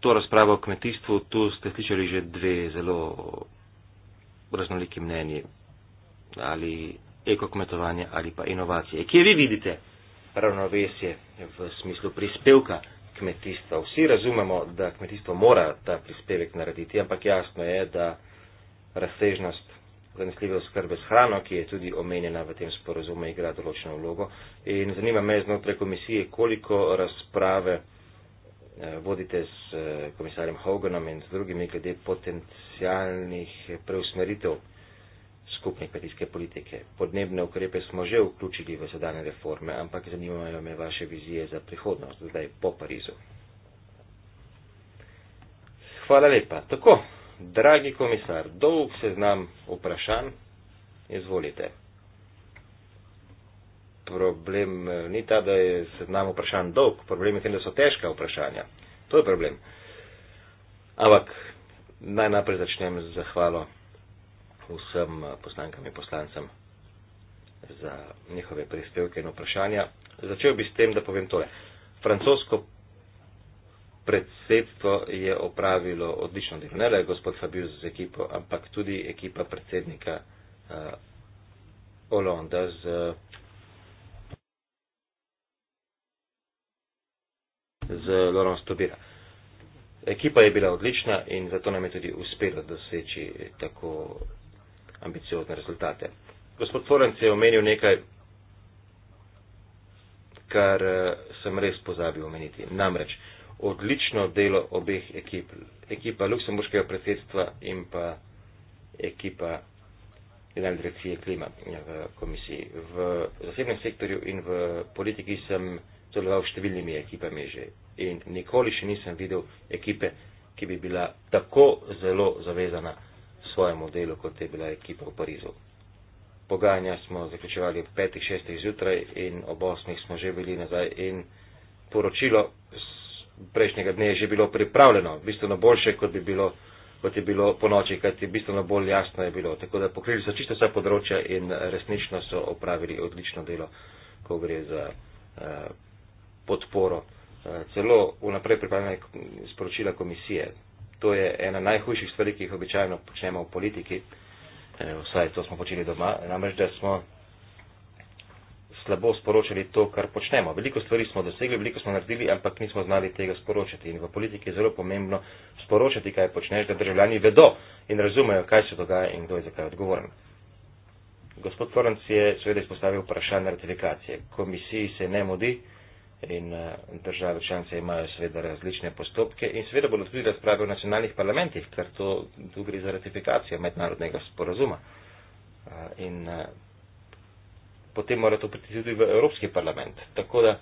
to razpravo o kmetijstvu, tu ste slišali že dve zelo raznoliki mnenji. Ali ekokmetovanje ali pa inovacije. Kje vi vidite ravnovesje v smislu prispevka kmetijstva? Vsi razumemo, da kmetijstvo mora ta prispevek narediti, ampak jasno je, da razsežnost zanesljive oskrbe s hrano, ki je tudi omenjena v tem sporozumu, igra določeno vlogo. In zanima me znotraj komisije, koliko razprave vodite s eh, komisarjem Hoganom in z drugimi glede potencijalnih preusmeritev skupne kmetijske politike. Podnebne ukrepe smo že vključili v sedanje reforme, ampak zanimajo me vaše vizije za prihodnost, zdaj po Parizu. Hvala lepa. Tako, dragi komisar, dolg seznam vprašanj, izvolite problem eh, ni ta, da je seznam vprašanj dolg, problem je tem, da so težka vprašanja. To je problem. Ampak naj najprej začnem z zahvalo vsem eh, poslankam in poslancem za njihove prispevke in vprašanja. Začel bi s tem, da povem tole. Francosko predsedstvo je opravilo odlično delo, ne le gospod Fabius z ekipo, ampak tudi ekipa predsednika uh, eh, Olanda z. Uh, z Lorenz Tobira. Ekipa je bila odlična in zato nam je tudi uspelo doseči tako ambiciozne rezultate. Gospod Florence je omenil nekaj, kar eh, sem res pozabil omeniti. Namreč odlično delo obeh ekip, ekipa Luksemburškega predsedstva in pa ekipa generalne direkcije klima eh, v komisiji. V zasebnem sektorju in v politiki sem sodeloval številnimi ekipami že. In nikoli še nisem videl ekipe, ki bi bila tako zelo zavezana svojemu delu, kot je bila ekipa v Parizu. Pogajanja smo zaključevali ob 5-6 zjutraj in ob 8 smo že bili nazaj in poročilo prejšnjega dne je že bilo pripravljeno, bistveno boljše, kot, bi bilo, kot je bilo po noči, kajti bistveno bolj jasno je bilo. Tako da pokrili so čisto vsa področja in resnično so opravili odlično delo, ko gre za uh, podporo, eh, celo vnaprej pripravljena sporočila komisije. To je ena najhujših stvari, ki jih običajno počnemo v politiki, eh, vsaj to smo počeli doma, namreč, da smo slabo sporočili to, kar počnemo. Veliko stvari smo dosegli, veliko smo naredili, ampak nismo znali tega sporočiti. In v politiki je zelo pomembno sporočiti, kaj počneš, da državljani vedo in razumejo, kaj se dogaja in kdo je za kaj odgovoren. Gospod Florenc je seveda izpostavil vprašanje ratifikacije. Komisiji se ne modi in eh, države članice imajo seveda različne postopke in seveda bodo tudi razprave v nacionalnih parlamentih, ker to tu gre za ratifikacijo mednarodnega sporazuma. Eh, in eh, potem mora to priti tudi v Evropski parlament. Tako da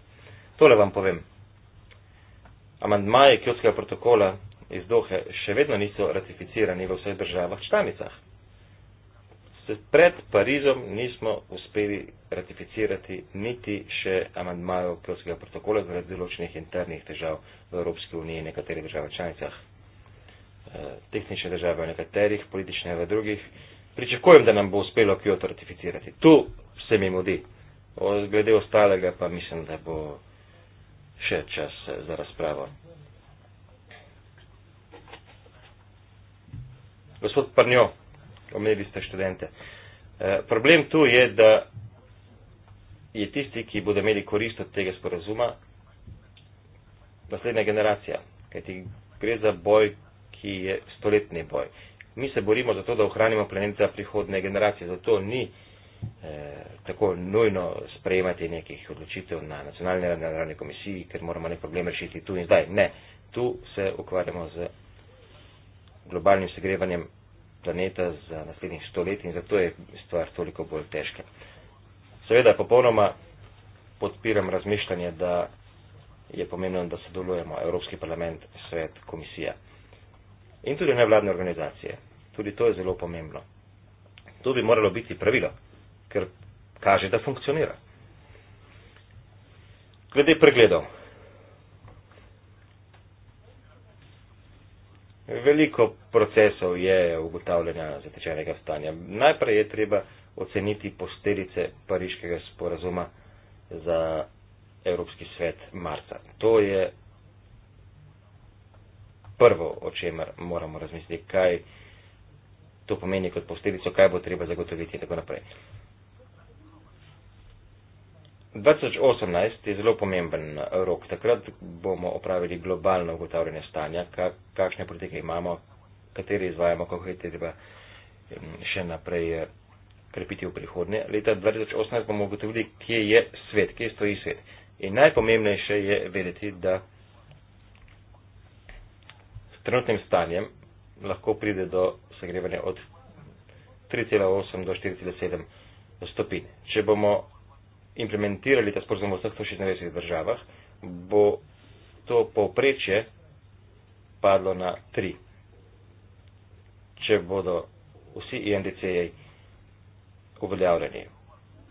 tole vam povem. Amandmaje Kjotskega protokola iz Dohe še vedno niso ratificirani v vseh državah članicah se pred Parizom nismo uspeli ratificirati niti še amandmajev Kjotskega protokola zaradi določenih internih težav v Evropski uniji in nekaterih državah članicah. Eh, tehnične države v nekaterih, politične v drugih. Pričakujem, da nam bo uspelo Kjoto ratificirati. Tu se mi mudi. Glede ostalega pa mislim, da bo še čas za razpravo. Gospod Parnjo omenili ste študente. E, problem tu je, da je tisti, ki bodo imeli korist od tega sporazuma, naslednja generacija. Kajti gre za boj, ki je stoletni boj. Mi se borimo za to, da ohranimo planet za prihodne generacije. Zato ni e, tako nujno sprejemati nekih odločitev na nacionalni ravni komisiji, ker moramo nek problem rešiti tu in zdaj. Ne, tu se ukvarjamo z globalnim segrevanjem planeta za naslednjih sto let in zato je stvar toliko bolj težka. Seveda popolnoma podpiram razmišljanje, da je pomembno, da sodelujemo Evropski parlament, svet, komisija in tudi nevladne organizacije. Tudi to je zelo pomembno. To bi moralo biti pravilo, ker kaže, da funkcionira. Glede pregledov. Veliko procesov je ugotavljanja zatečenega stanja. Najprej je treba oceniti posterice pariškega sporazuma za Evropski svet marca. To je prvo, o čemer moramo razmisliti, kaj to pomeni kot posterico, kaj bo treba zagotoviti in tako naprej. 2018 je zelo pomemben rok. Takrat bomo opravili globalno ugotavljanje stanja, kakšne politike imamo, katere izvajamo, kako je treba še naprej eh, krepiti v prihodnje. Leta 2018 bomo ugotovili, kje je svet, kje stoji svet. In najpomembnejše je vedeti, da s trenutnim stanjem lahko pride do segrevanja od 3,8 do 4,7 stopinj. Če bomo implementirali ta sporozum v vseh 196 državah, bo to povprečje padlo na 3. Če bodo vsi INDC-ji uveljavljeni.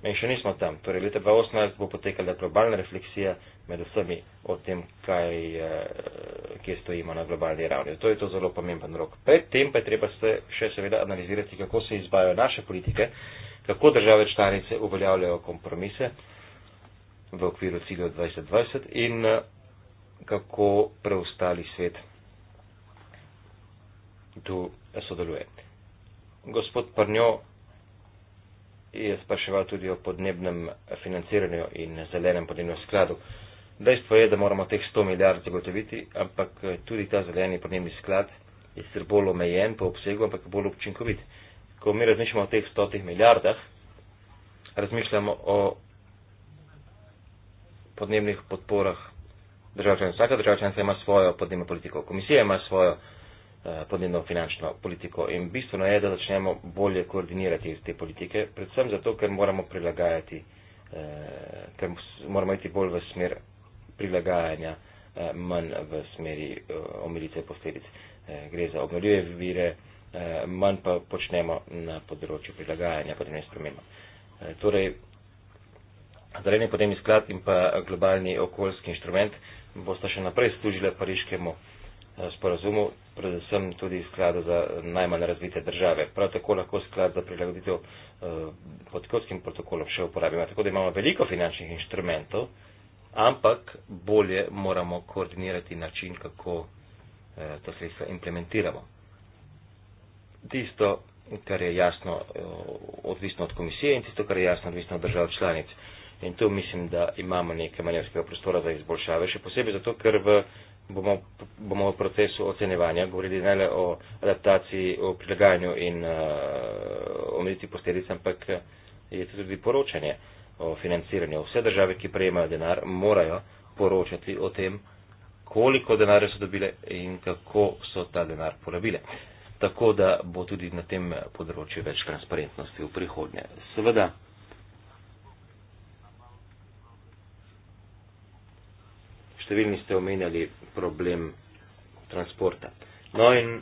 In še nismo tam. Torej, leta 2018 bo potekala globalna refleksija med vsemi o tem, kaj, eh, kje stojimo na globalni ravni. To je to zelo pomemben rok. Predtem pa je treba se še seveda analizirati, kako se izvajo naše politike, kako države članice uveljavljajo kompromise v okviru ciljev 2020 in eh, kako preostali svet tu sodeluje. Gospod Parnjo je spraševal tudi o podnebnem financiranju in zelenem podnebnem skladu. Dejstvo je, da moramo teh 100 milijard zagotoviti, ampak eh, tudi ta zeleni podnebni sklad je sicer bolj omejen po obsegu, ampak bolj učinkovit ko mi razmišljamo o teh stotih milijardah, razmišljamo o podnebnih podporah država članica. Vsaka država članica ima svojo podnebno politiko, komisija ima svojo eh, podnebno finančno politiko in bistveno je, da začnemo bolje koordinirati te politike, predvsem zato, ker moramo prilagajati, eh, ker moramo iti bolj v smer prilagajanja, eh, manj v smeri omilitve posledic. Gre za obnovljive vire, Eh, manj pa počnemo na področju prilagajanja podnebnim spremembam. Eh, torej, zeleni podnebni sklad in pa globalni okoljski inštrument bosta še naprej služile pariškemu eh, sporazumu, predvsem tudi skladu za najmanj razvite države. Prav tako lahko sklad za prilagoditev pod kotskim protokolom še uporabimo. Tako da imamo veliko finančnih inštrumentov, ampak bolje moramo koordinirati način, kako to sredstvo implementiramo tisto, kar je jasno eh, odvisno od komisije in tisto, kar je jasno odvisno od držav članic. In tu mislim, da imamo nekaj manjerskega prostora za izboljšave, še posebej zato, ker v, bomo, bomo v procesu ocenevanja govorili ne le o adaptaciji, o prilagajanju in uh, eh, omiliti posledic, ampak eh, je tudi poročanje o financiranju. Vse države, ki prejemajo denar, morajo poročati o tem, koliko denarja so dobile in kako so ta denar porabile. Uh, tako da bo tudi na tem področju več transparentnosti v prihodnje. Seveda. Številni ste omenjali problem transporta. No in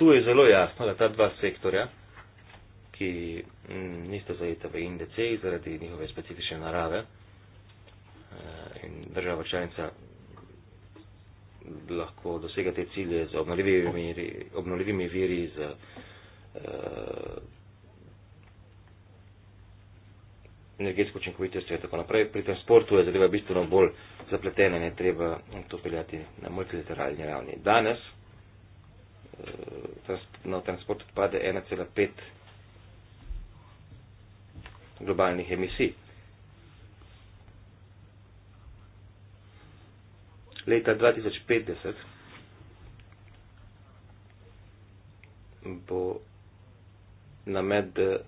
tu je zelo jasno, da ta dva sektorja, ki mm, nista zajeta v INDC e zaradi njihove specifične narave eh, in država članica lahko dosega te cilje z obnovljivimi, obnovljivimi viri, z uh, energetsko učinkovitostjo in tako naprej. Pri transportu je zadeva bistveno bolj zapletena in je treba to peljati na multilateralni ravni. Danes uh, na transport odpade 1,5 globalnih emisij. leta 2050 bo na med eh,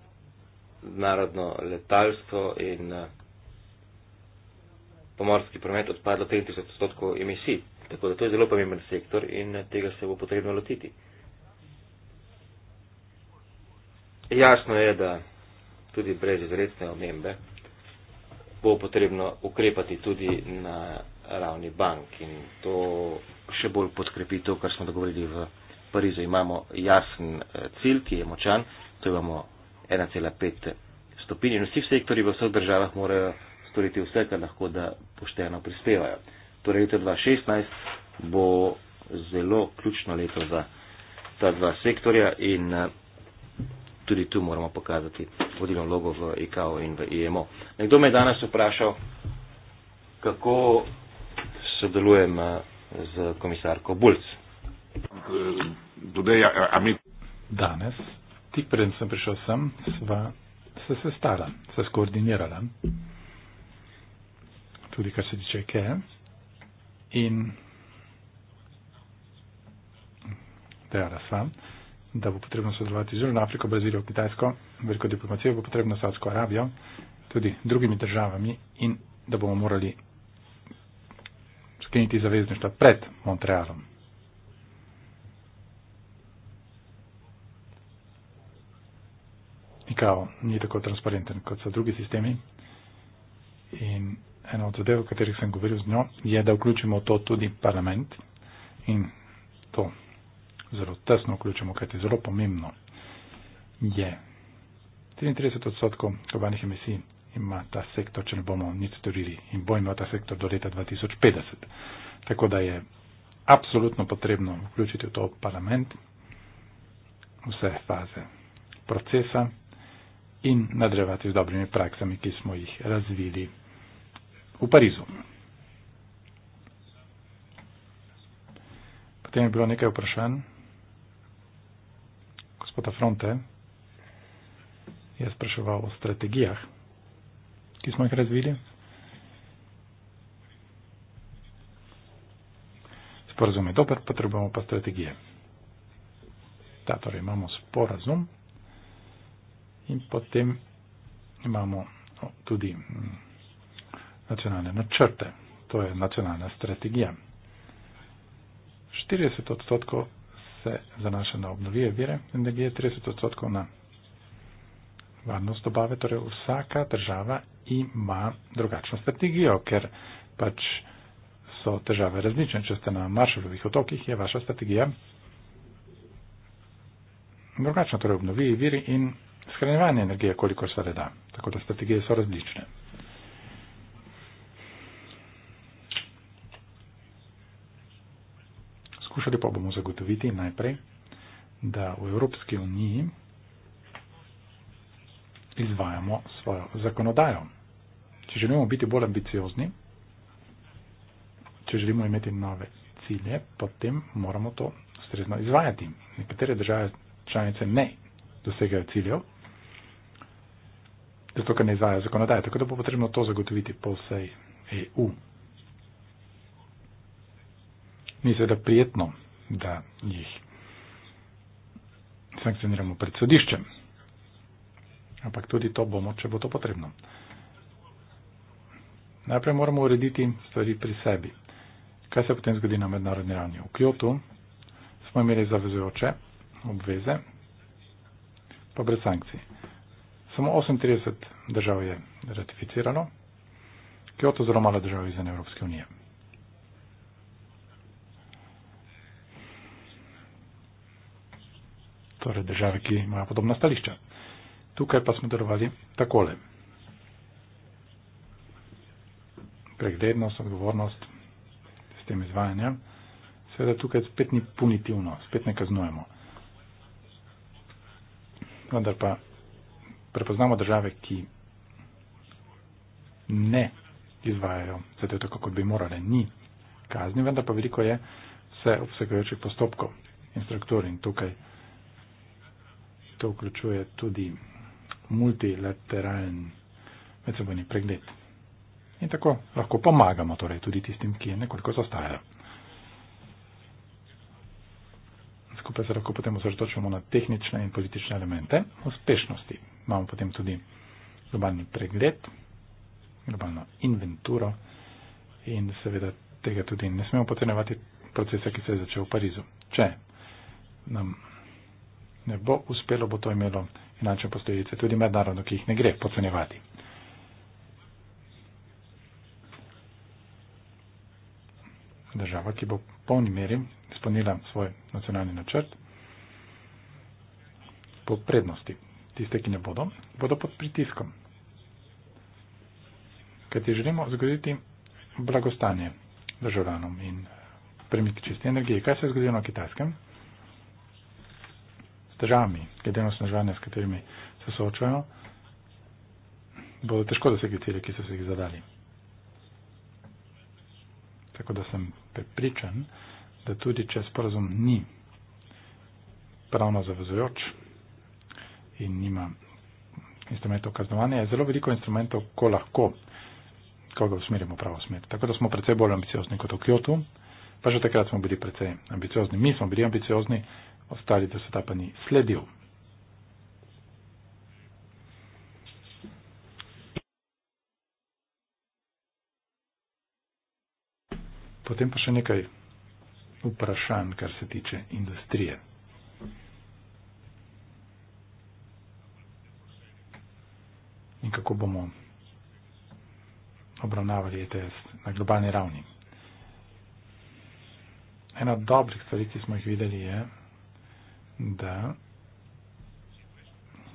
narodno letalstvo in eh, pomorski promet odpadlo 33 odstotkov emisij. Tako da to je zelo pomemben sektor in eh, tega se bo potrebno lotiti. Jasno je, da tudi brez izredne omembe bo potrebno ukrepati tudi na ravni bank. In to še bolj podkrepi to, kar smo dogovorili v Parizu. Imamo jasen eh, cilj, ki je močan, to imamo 1,5 stopinje in vsi sektori v vseh državah morajo storiti vse, kar lahko, da pošteno prispevajo. Torej, leto 2016 bo zelo ključno leto za ta dva sektorja in eh, tudi tu moramo pokazati vodilno vlogo v IKO in v IMO. Nekdo me je danes vprašal, kako sodelujem eh, z komisarko Bulc. Eh, eh, Danes, tik preden sem prišel sem, sva se sestala, se skoordinirala, tudi kar se tiče KE. In dejala sva, da bo potrebno sodelovati z Južno Afriko, Brazilijo, Kitajsko, veliko diplomacijo bo potrebno s Saudsko Arabijo, tudi drugimi državami in da bomo morali skleniti zavezništva pred Montrealom. Nikao ni tako transparenten, kot so drugi sistemi. In eno od zadev, o katerih sem govoril z njo, je, da vključimo to tudi parlament in to zelo tesno vključimo, kajti zelo pomembno je. 33 odstotkov globalnih emisij ima ta sektor, če ne bomo nič storili in bo imel ta sektor do leta 2050. Tako da je absolutno potrebno vključiti v to parlament vse faze procesa in nadrevati z dobrimi praksami, ki smo jih razvili v Parizu. Potem je bilo nekaj vprašanj. Gospoda Fronte je spraševal o strategijah ki smo jih razvili. Sporazum je dober, potrebujemo pa strategije. Da, torej imamo sporazum in potem imamo no, tudi mm, nacionalne načrte, to je nacionalna strategija. 40 odstotkov se zanaša na obnovljive vire energije, 30 odstotkov na varnost dobave, torej vsaka država ima drugačno strategijo, ker pač so težave različne. Če ste na Marshallovih otokih, je vaša strategija drugačna, torej obnovljivi viri in shranjevanje energije, kolikor se le da. Tako da strategije so različne. Skušali pa bomo zagotoviti najprej, da v Evropski uniji izvajamo svojo zakonodajo. Če želimo biti bolj ambiciozni, če želimo imeti nove cilje, potem moramo to strezno izvajati. Nekatere države članice ne dosegajo ciljev, zato ker ne izvajajo zakonodaje, tako da bo potrebno to zagotoviti po vsej EU. Ni seveda prijetno, da jih sankcioniramo pred sodiščem ampak tudi to bomo, če bo to potrebno. Najprej moramo urediti stvari pri sebi. Kaj se potem zgodi na mednarodni ravni? V Kyoto smo imeli zavezujoče obveze, pa brez sankcij. Samo 38 držav je ratificirano, Kyoto zelo malo držav izven Evropske unije. Torej države, ki imajo podobna stališča. Tukaj pa smo delovali takole. Preglednost, odgovornost s tem izvajanjem. Seveda tukaj spet ni punitivno, spet ne kaznujemo. Vendar pa prepoznamo države, ki ne izvajajo zadev tako, kot bi morale. Ni kazni, vendar pa veliko je vse obsegajočih postopkov in struktur in tukaj to vključuje tudi multilateralen medsebojni pregled. In tako lahko pomagamo torej, tudi tistim, ki nekoliko zaostajajo. Skupaj se lahko potem osredotočimo na tehnične in politične elemente uspešnosti. Imamo potem tudi globalni pregled, globalno inventuro in seveda tega tudi ne smemo potrebovati procesa, ki se je začel v Parizu. Če nam ne bo uspelo, bo to imelo finančne posledice, tudi mednarodno, ki jih ne gre pocenjevati. Država, ki bo v polni meri izpolnila svoj nacionalni načrt, po prednosti. Tiste, ki ne bodo, bodo pod pritiskom. Ker ti želimo zgoditi blagostanje državljanom in premik čiste energije. Kaj se je zgodilo na kitajskem? težavami, glede na osnaževanje, s katerimi se soočajo, bodo težko dosegli cilje, ki so se jih zadali. Tako da sem prepričan, da tudi če sporazum ni pravno zavezujoč in nima instrumentov kaznovanja, je zelo veliko instrumentov, ko lahko koga usmerimo v pravo smer. Tako da smo predvsej bolj ambiciozni kot v Kyoto, pa že takrat smo bili predvsej ambiciozni. Mi smo bili ambiciozni, Ostalite se ta pa ni sledil. Potem pa še nekaj vprašanj, kar se tiče industrije. In kako bomo obravnavali ETS na globalni ravni. Ena od dobrih stvari, ki smo jih videli, je, da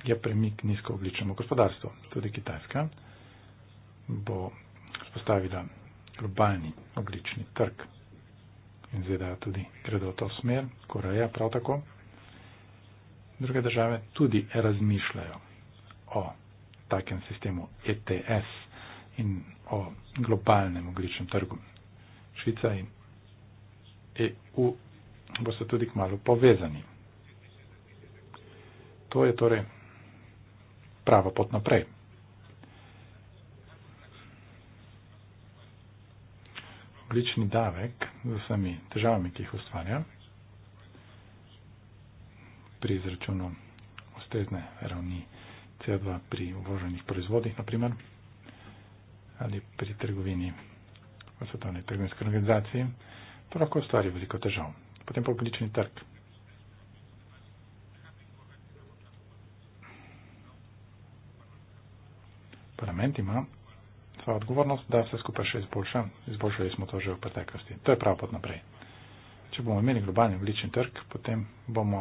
je premik nizkoogličnemu gospodarstvu. Tudi Kitajska bo spostavila globalni oglični trg in zvedajo tudi gredo v to smer, Koreja prav tako. Druge države tudi razmišljajo o takem sistemu ETS in o globalnem ogličnem trgu. Švica in EU bo se tudi kmalo povezani to je torej prava pot naprej. Oblični davek z vsemi težavami, ki jih ustvarja pri izračunu ustrezne ravni CO2 pri uvoženih proizvodih, naprimer, ali pri trgovini v svetovni trgovinski organizaciji, to lahko ustvari veliko težav. Potem pa oblični trg, parlament ima svojo odgovornost, da se skupaj še izboljša. Izboljšali smo to že v preteklosti. To je prav pot naprej. Če bomo imeli globalni oblični trg, potem bomo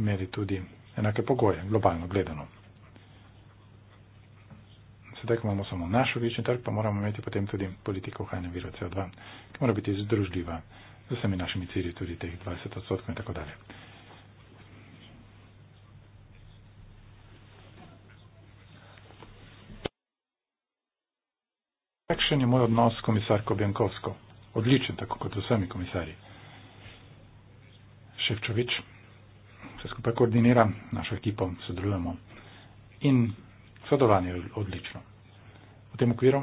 imeli tudi enake pogoje, globalno gledano. Sedaj, ko imamo samo naš oblični trg, pa moramo imeti potem tudi politiko ohranja virov CO2, ki mora biti združljiva z vsemi našimi cilji, tudi teh 20 odstotkov in tako dalje. Kakšen je moj odnos s komisarko Bjankovsko? Odličen, tako kot z vsemi komisarji. Ševčovič, vse skupaj koordinira, našo ekipo sodelujemo in sodelovanje je odlično. V tem okviru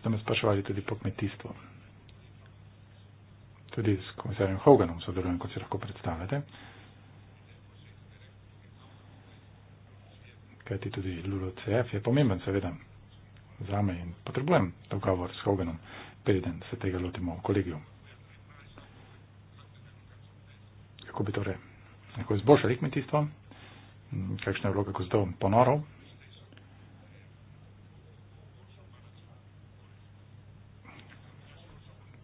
ste me spraševali tudi po kmetijstvu. Tudi s komisarjem Hoganom sodelujem, kot si lahko predstavljate. Kajti tudi LULOCF je pomemben, seveda, zame in potrebujem dogovor s Hoganom, preden se tega lotimo v kolegiju. Kako bi torej lahko izboljšali kmetijstvo, kakšna je vloga gozdov ponorov.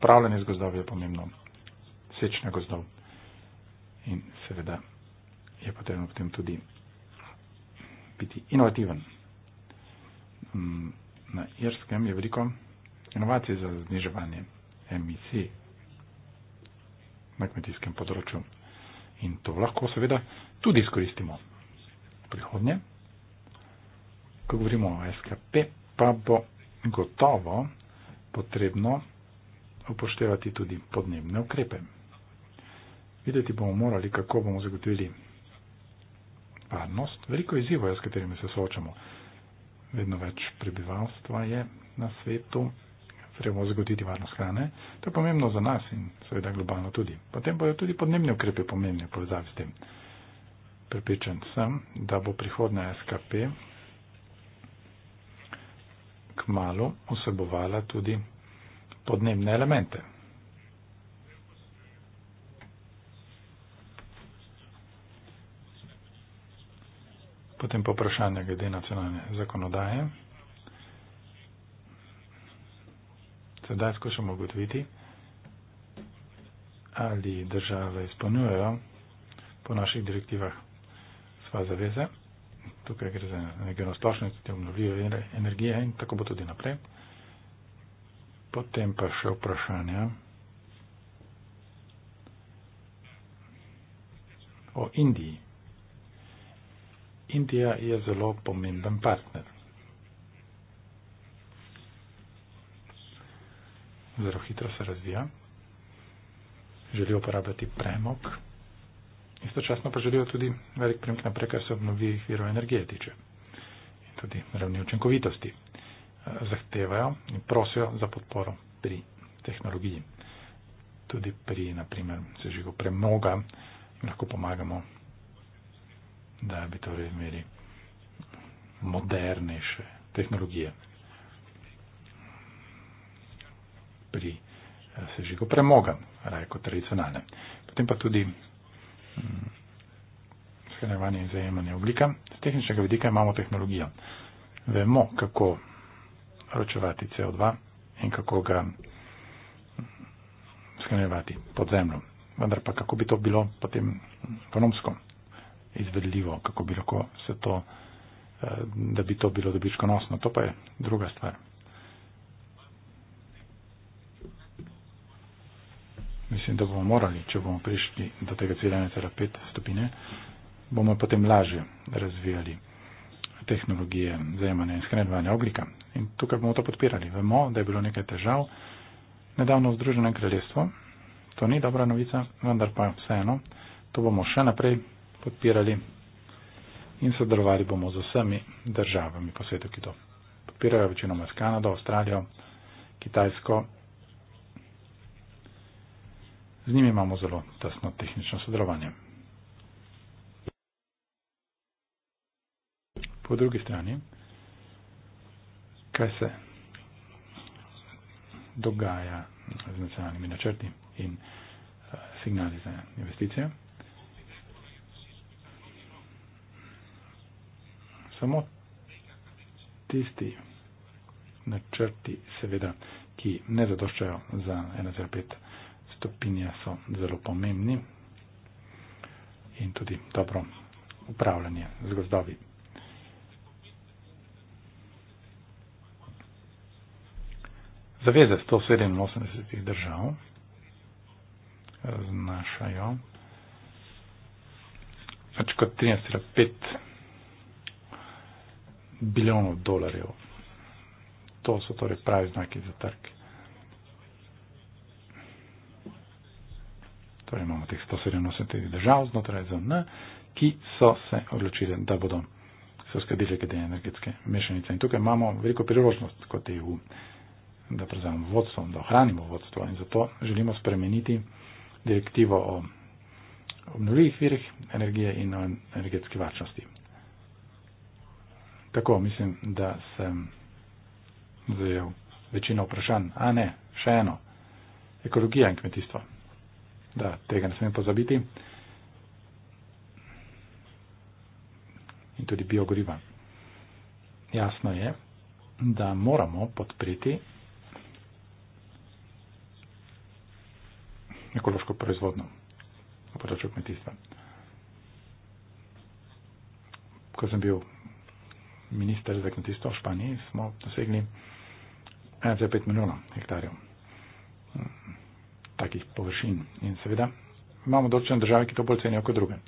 Pravljanje z gozdovi je pomembno, sečne gozdov in seveda je potrebno potem tudi biti inovativen. Mm, na Irskem je veliko inovacij za zniževanje emisij na kmetijskem področju. In to lahko seveda tudi izkoristimo v prihodnje. Ko govorimo o SKP, pa bo gotovo potrebno upoštevati tudi podnebne ukrepe. Videti bomo morali, kako bomo zagotovili varnost. Veliko izzivo je, s katerimi se soočamo vedno več prebivalstva je na svetu, treba zagotoviti varnost hrane. To je pomembno za nas in seveda globalno tudi. Potem bodo tudi podnebne ukrepe pomembne v povezavi s tem. Pripričan sem, da bo prihodna SKP k malu vsebovala tudi podnebne elemente. potem pa vprašanje glede nacionalne zakonodaje. Sedaj skušamo ugotoviti, ali države izpolnjujejo po naših direktivah sva zaveze. Tukaj gre za eno splošno in obnovljivo energije in tako bo tudi naprej. Potem pa še vprašanja o Indiji. Indija je zelo pomemben partner. Zelo hitro se razvija, želi uporabljati premog, istočasno pa želijo tudi velik premik naprej, kar se obnovljivih virov energije tiče in tudi ravni učinkovitosti. Zahtevajo in prosijo za podporo pri tehnologiji. Tudi pri, naprimer, sežigu premoga lahko pomagamo da bi torej imeli modernejše tehnologije pri eh, sežigu premoga, raje kot tradicionalne. Potem pa tudi mm, shranjevanje in zajemanje oblika. Z tehničnega vidika imamo tehnologijo. Vemo, kako ročevati CO2 in kako ga mm, shranjevati pod zemljo. Vendar pa kako bi to bilo potem ekonomsko izvedljivo, kako bi lahko se to, eh, da bi to bilo dobičkonosno. To pa je druga stvar. Mislim, da bomo morali, če bomo prišli do tega ciljane terapet stopine, bomo potem lažje razvijali tehnologije zajemanja in shranjevanja oglika. In tukaj bomo to podpirali. Vemo, da je bilo nekaj težav. Nedavno v Združenem kraljestvu, to ni dobra novica, vendar pa vseeno, to bomo še naprej podpirali in sodelovali bomo z vsemi državami po svetu, ki to podpirajo, večinoma s Kanado, Avstralijo, Kitajsko. Z njimi imamo zelo tesno tehnično sodelovanje. Po drugi strani, kaj se dogaja z nacionalnimi načrti in eh, signali za investicije. samo tisti na črti seveda, ki ne zadoščajo za 1,5 stopinja, so zelo pomembni in tudi dobro upravljanje z gozdovi. Zaveze 187 držav znašajo več kot 13,5 stopinja biljonov dolarjev. To so torej pravi znaki za trg. Torej imamo teh 187 držav znotraj ZN, ki so se odločili, da bodo se uskladili glede energetske mešanice. In tukaj imamo veliko priložnost kot EU, da prevzamemo vodstvo, da ohranimo vodstvo in zato želimo spremeniti direktivo o obnovljivih virih energije in o energetski varčnosti. Tako, mislim, da sem zajel večino vprašanj. A ne, še eno. Ekologija in kmetijstvo. Da, tega ne smem pozabiti. In tudi biogoriva. Jasno je, da moramo podpreti ekološko proizvodno v področju kmetijstva. Ko sem bil minister za kmetijstvo v Španiji, smo dosegli 1,5 milijona hektarjev mm, takih površin. In seveda imamo določene države, ki to bolj cenijo kot druge.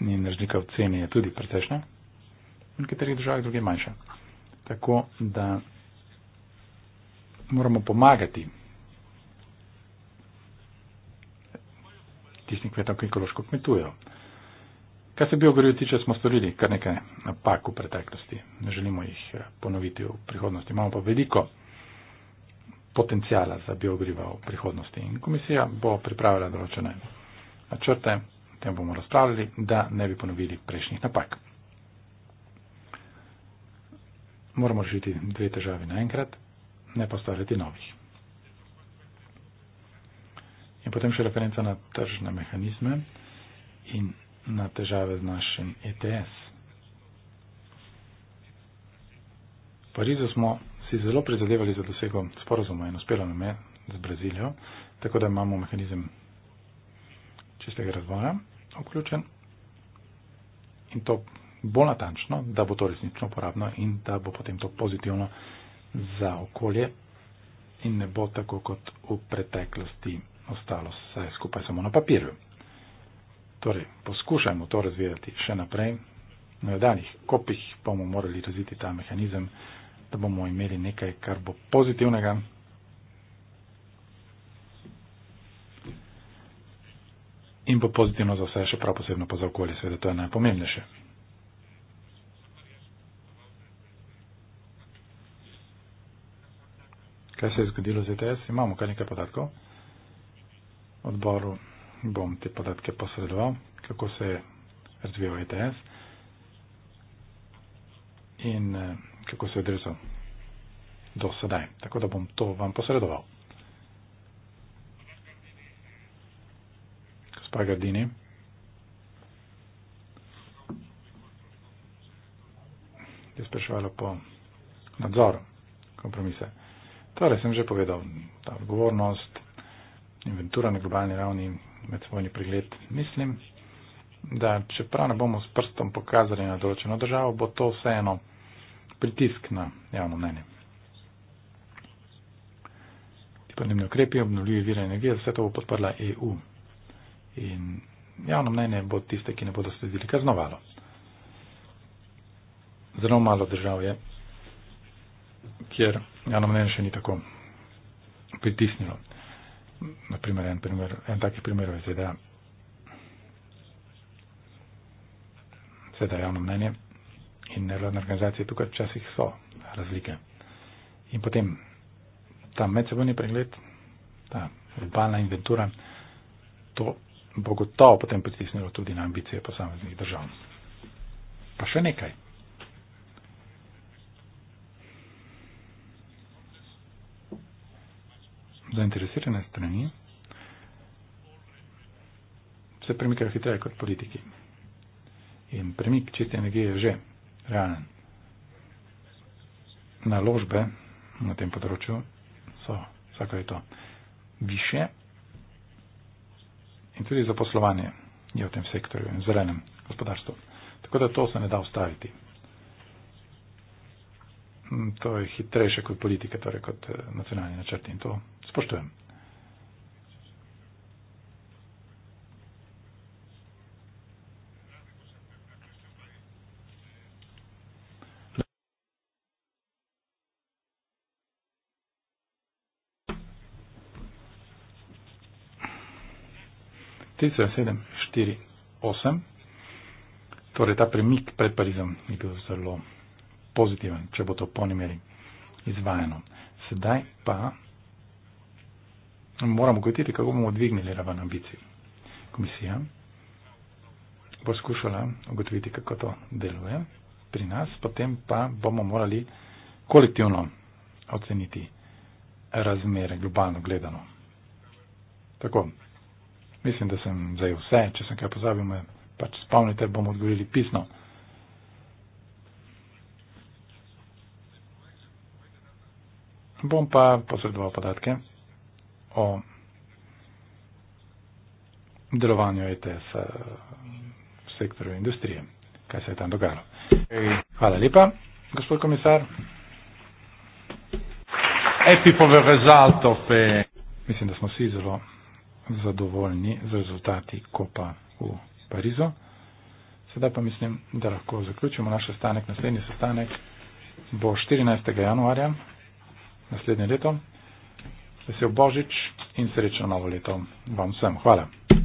In razlika v ceni je tudi precejšnja, v nekaterih državah druge manjša. Tako da moramo pomagati tistim kmetom, ki ekološko kmetujejo. Kar se biogorijo tiče, smo storili kar nekaj napak v preteklosti. Ne želimo jih eh, ponoviti v prihodnosti. Imamo pa veliko potencijala za biogoriva v prihodnosti. In komisija bo pripravila določene načrte, o tem bomo razpravljali, da ne bi ponovili prejšnjih napak. Moramo živeti dve težavi naenkrat, ne pa stvarjati novih. In potem še referenca na tržne mehanizme in na težave z našim ETS. V Parizu smo si zelo prizadevali za dosego sporozuma in uspelo nam je z Brazilijo, tako da imamo mehanizem čistega razvoja vključen in to bolj natančno, da bo to resnično uporabno in da bo potem to pozitivno za okolje in ne bo tako kot v preteklosti ostalo vse skupaj samo na papirju. Torej, poskušajmo to razvijati še naprej. Na danih kopih bomo morali razviti ta mehanizem, da bomo imeli nekaj, kar bo pozitivnega. In bo pozitivno za vse, še prav posebno pa za okolje, seveda to je najpomembnejše. Kaj se je zgodilo z ETS? Imamo kar nekaj podatkov odboru bom te podatke posredoval, kako se je razvijal ETS in eh, kako se je odrezal do sedaj. Tako da bom to vam posredoval. Gospa Gardini. je spraševalo po nadzoru kompromise. Torej, sem že povedal, ta odgovornost, inventura na globalni ravni, med svojni pregled. Mislim, da čeprav ne bomo s prstom pokazali na določeno državo, bo to vseeno pritisk na javno mnenje. Ti podnebni ukrepi, obnovljivi vire energije, vse to bo podprla EU. In javno mnenje bo tiste, ki ne bodo sledili, kaznovalo. Zelo malo držav je, kjer javno mnenje še ni tako pritisnilo na primer, en, primer, en taki primer je ZDA. Seveda javno mnenje in nevladne organizacije tukaj včasih so razlike. In potem ta medsebojni pregled, ta globalna inventura, to bo gotovo potem pritisnilo tudi na ambicije posameznih držav. Pa še nekaj. заинтересирани страни се примикаха хитрее като политики. И примик чиста енергия е же реален. На ложбе на тем подручу со всяко и то. Више и тоди за послование и в тем секторе, в зеленом господарство. Така да то се не да оставити. Mm, to je hitrejše kot politika, torej kot eh, nacionalni načrti in to spoštujem. Torej, ta premik pred Parizom je bil zelo pozitiven, če bo to po nemeri izvajano. Sedaj pa moramo gotiti, kako bomo dvignili raven ambicij. Komisija bo skušala ugotoviti, kako to deluje pri nas, potem pa bomo morali kolektivno oceniti razmere, globalno gledano. Tako, mislim, da sem zdaj vse, če sem kaj pozabil, me pač spomnite, bomo odgovorili pisno. bom pa posredoval podatke o delovanju ETS eh, v sektorju industrije, kaj se je tam dogajalo. Hvala lepa, gospod komisar. Mislim, da smo vsi zelo zadovoljni z rezultati kopa v Parizu. Sedaj pa mislim, da lahko zaključimo naš sestanek. Naslednji sestanek bo 14. januarja naslednje leto. Vesel Božič in srečno novo leto vam vsem. Hvala.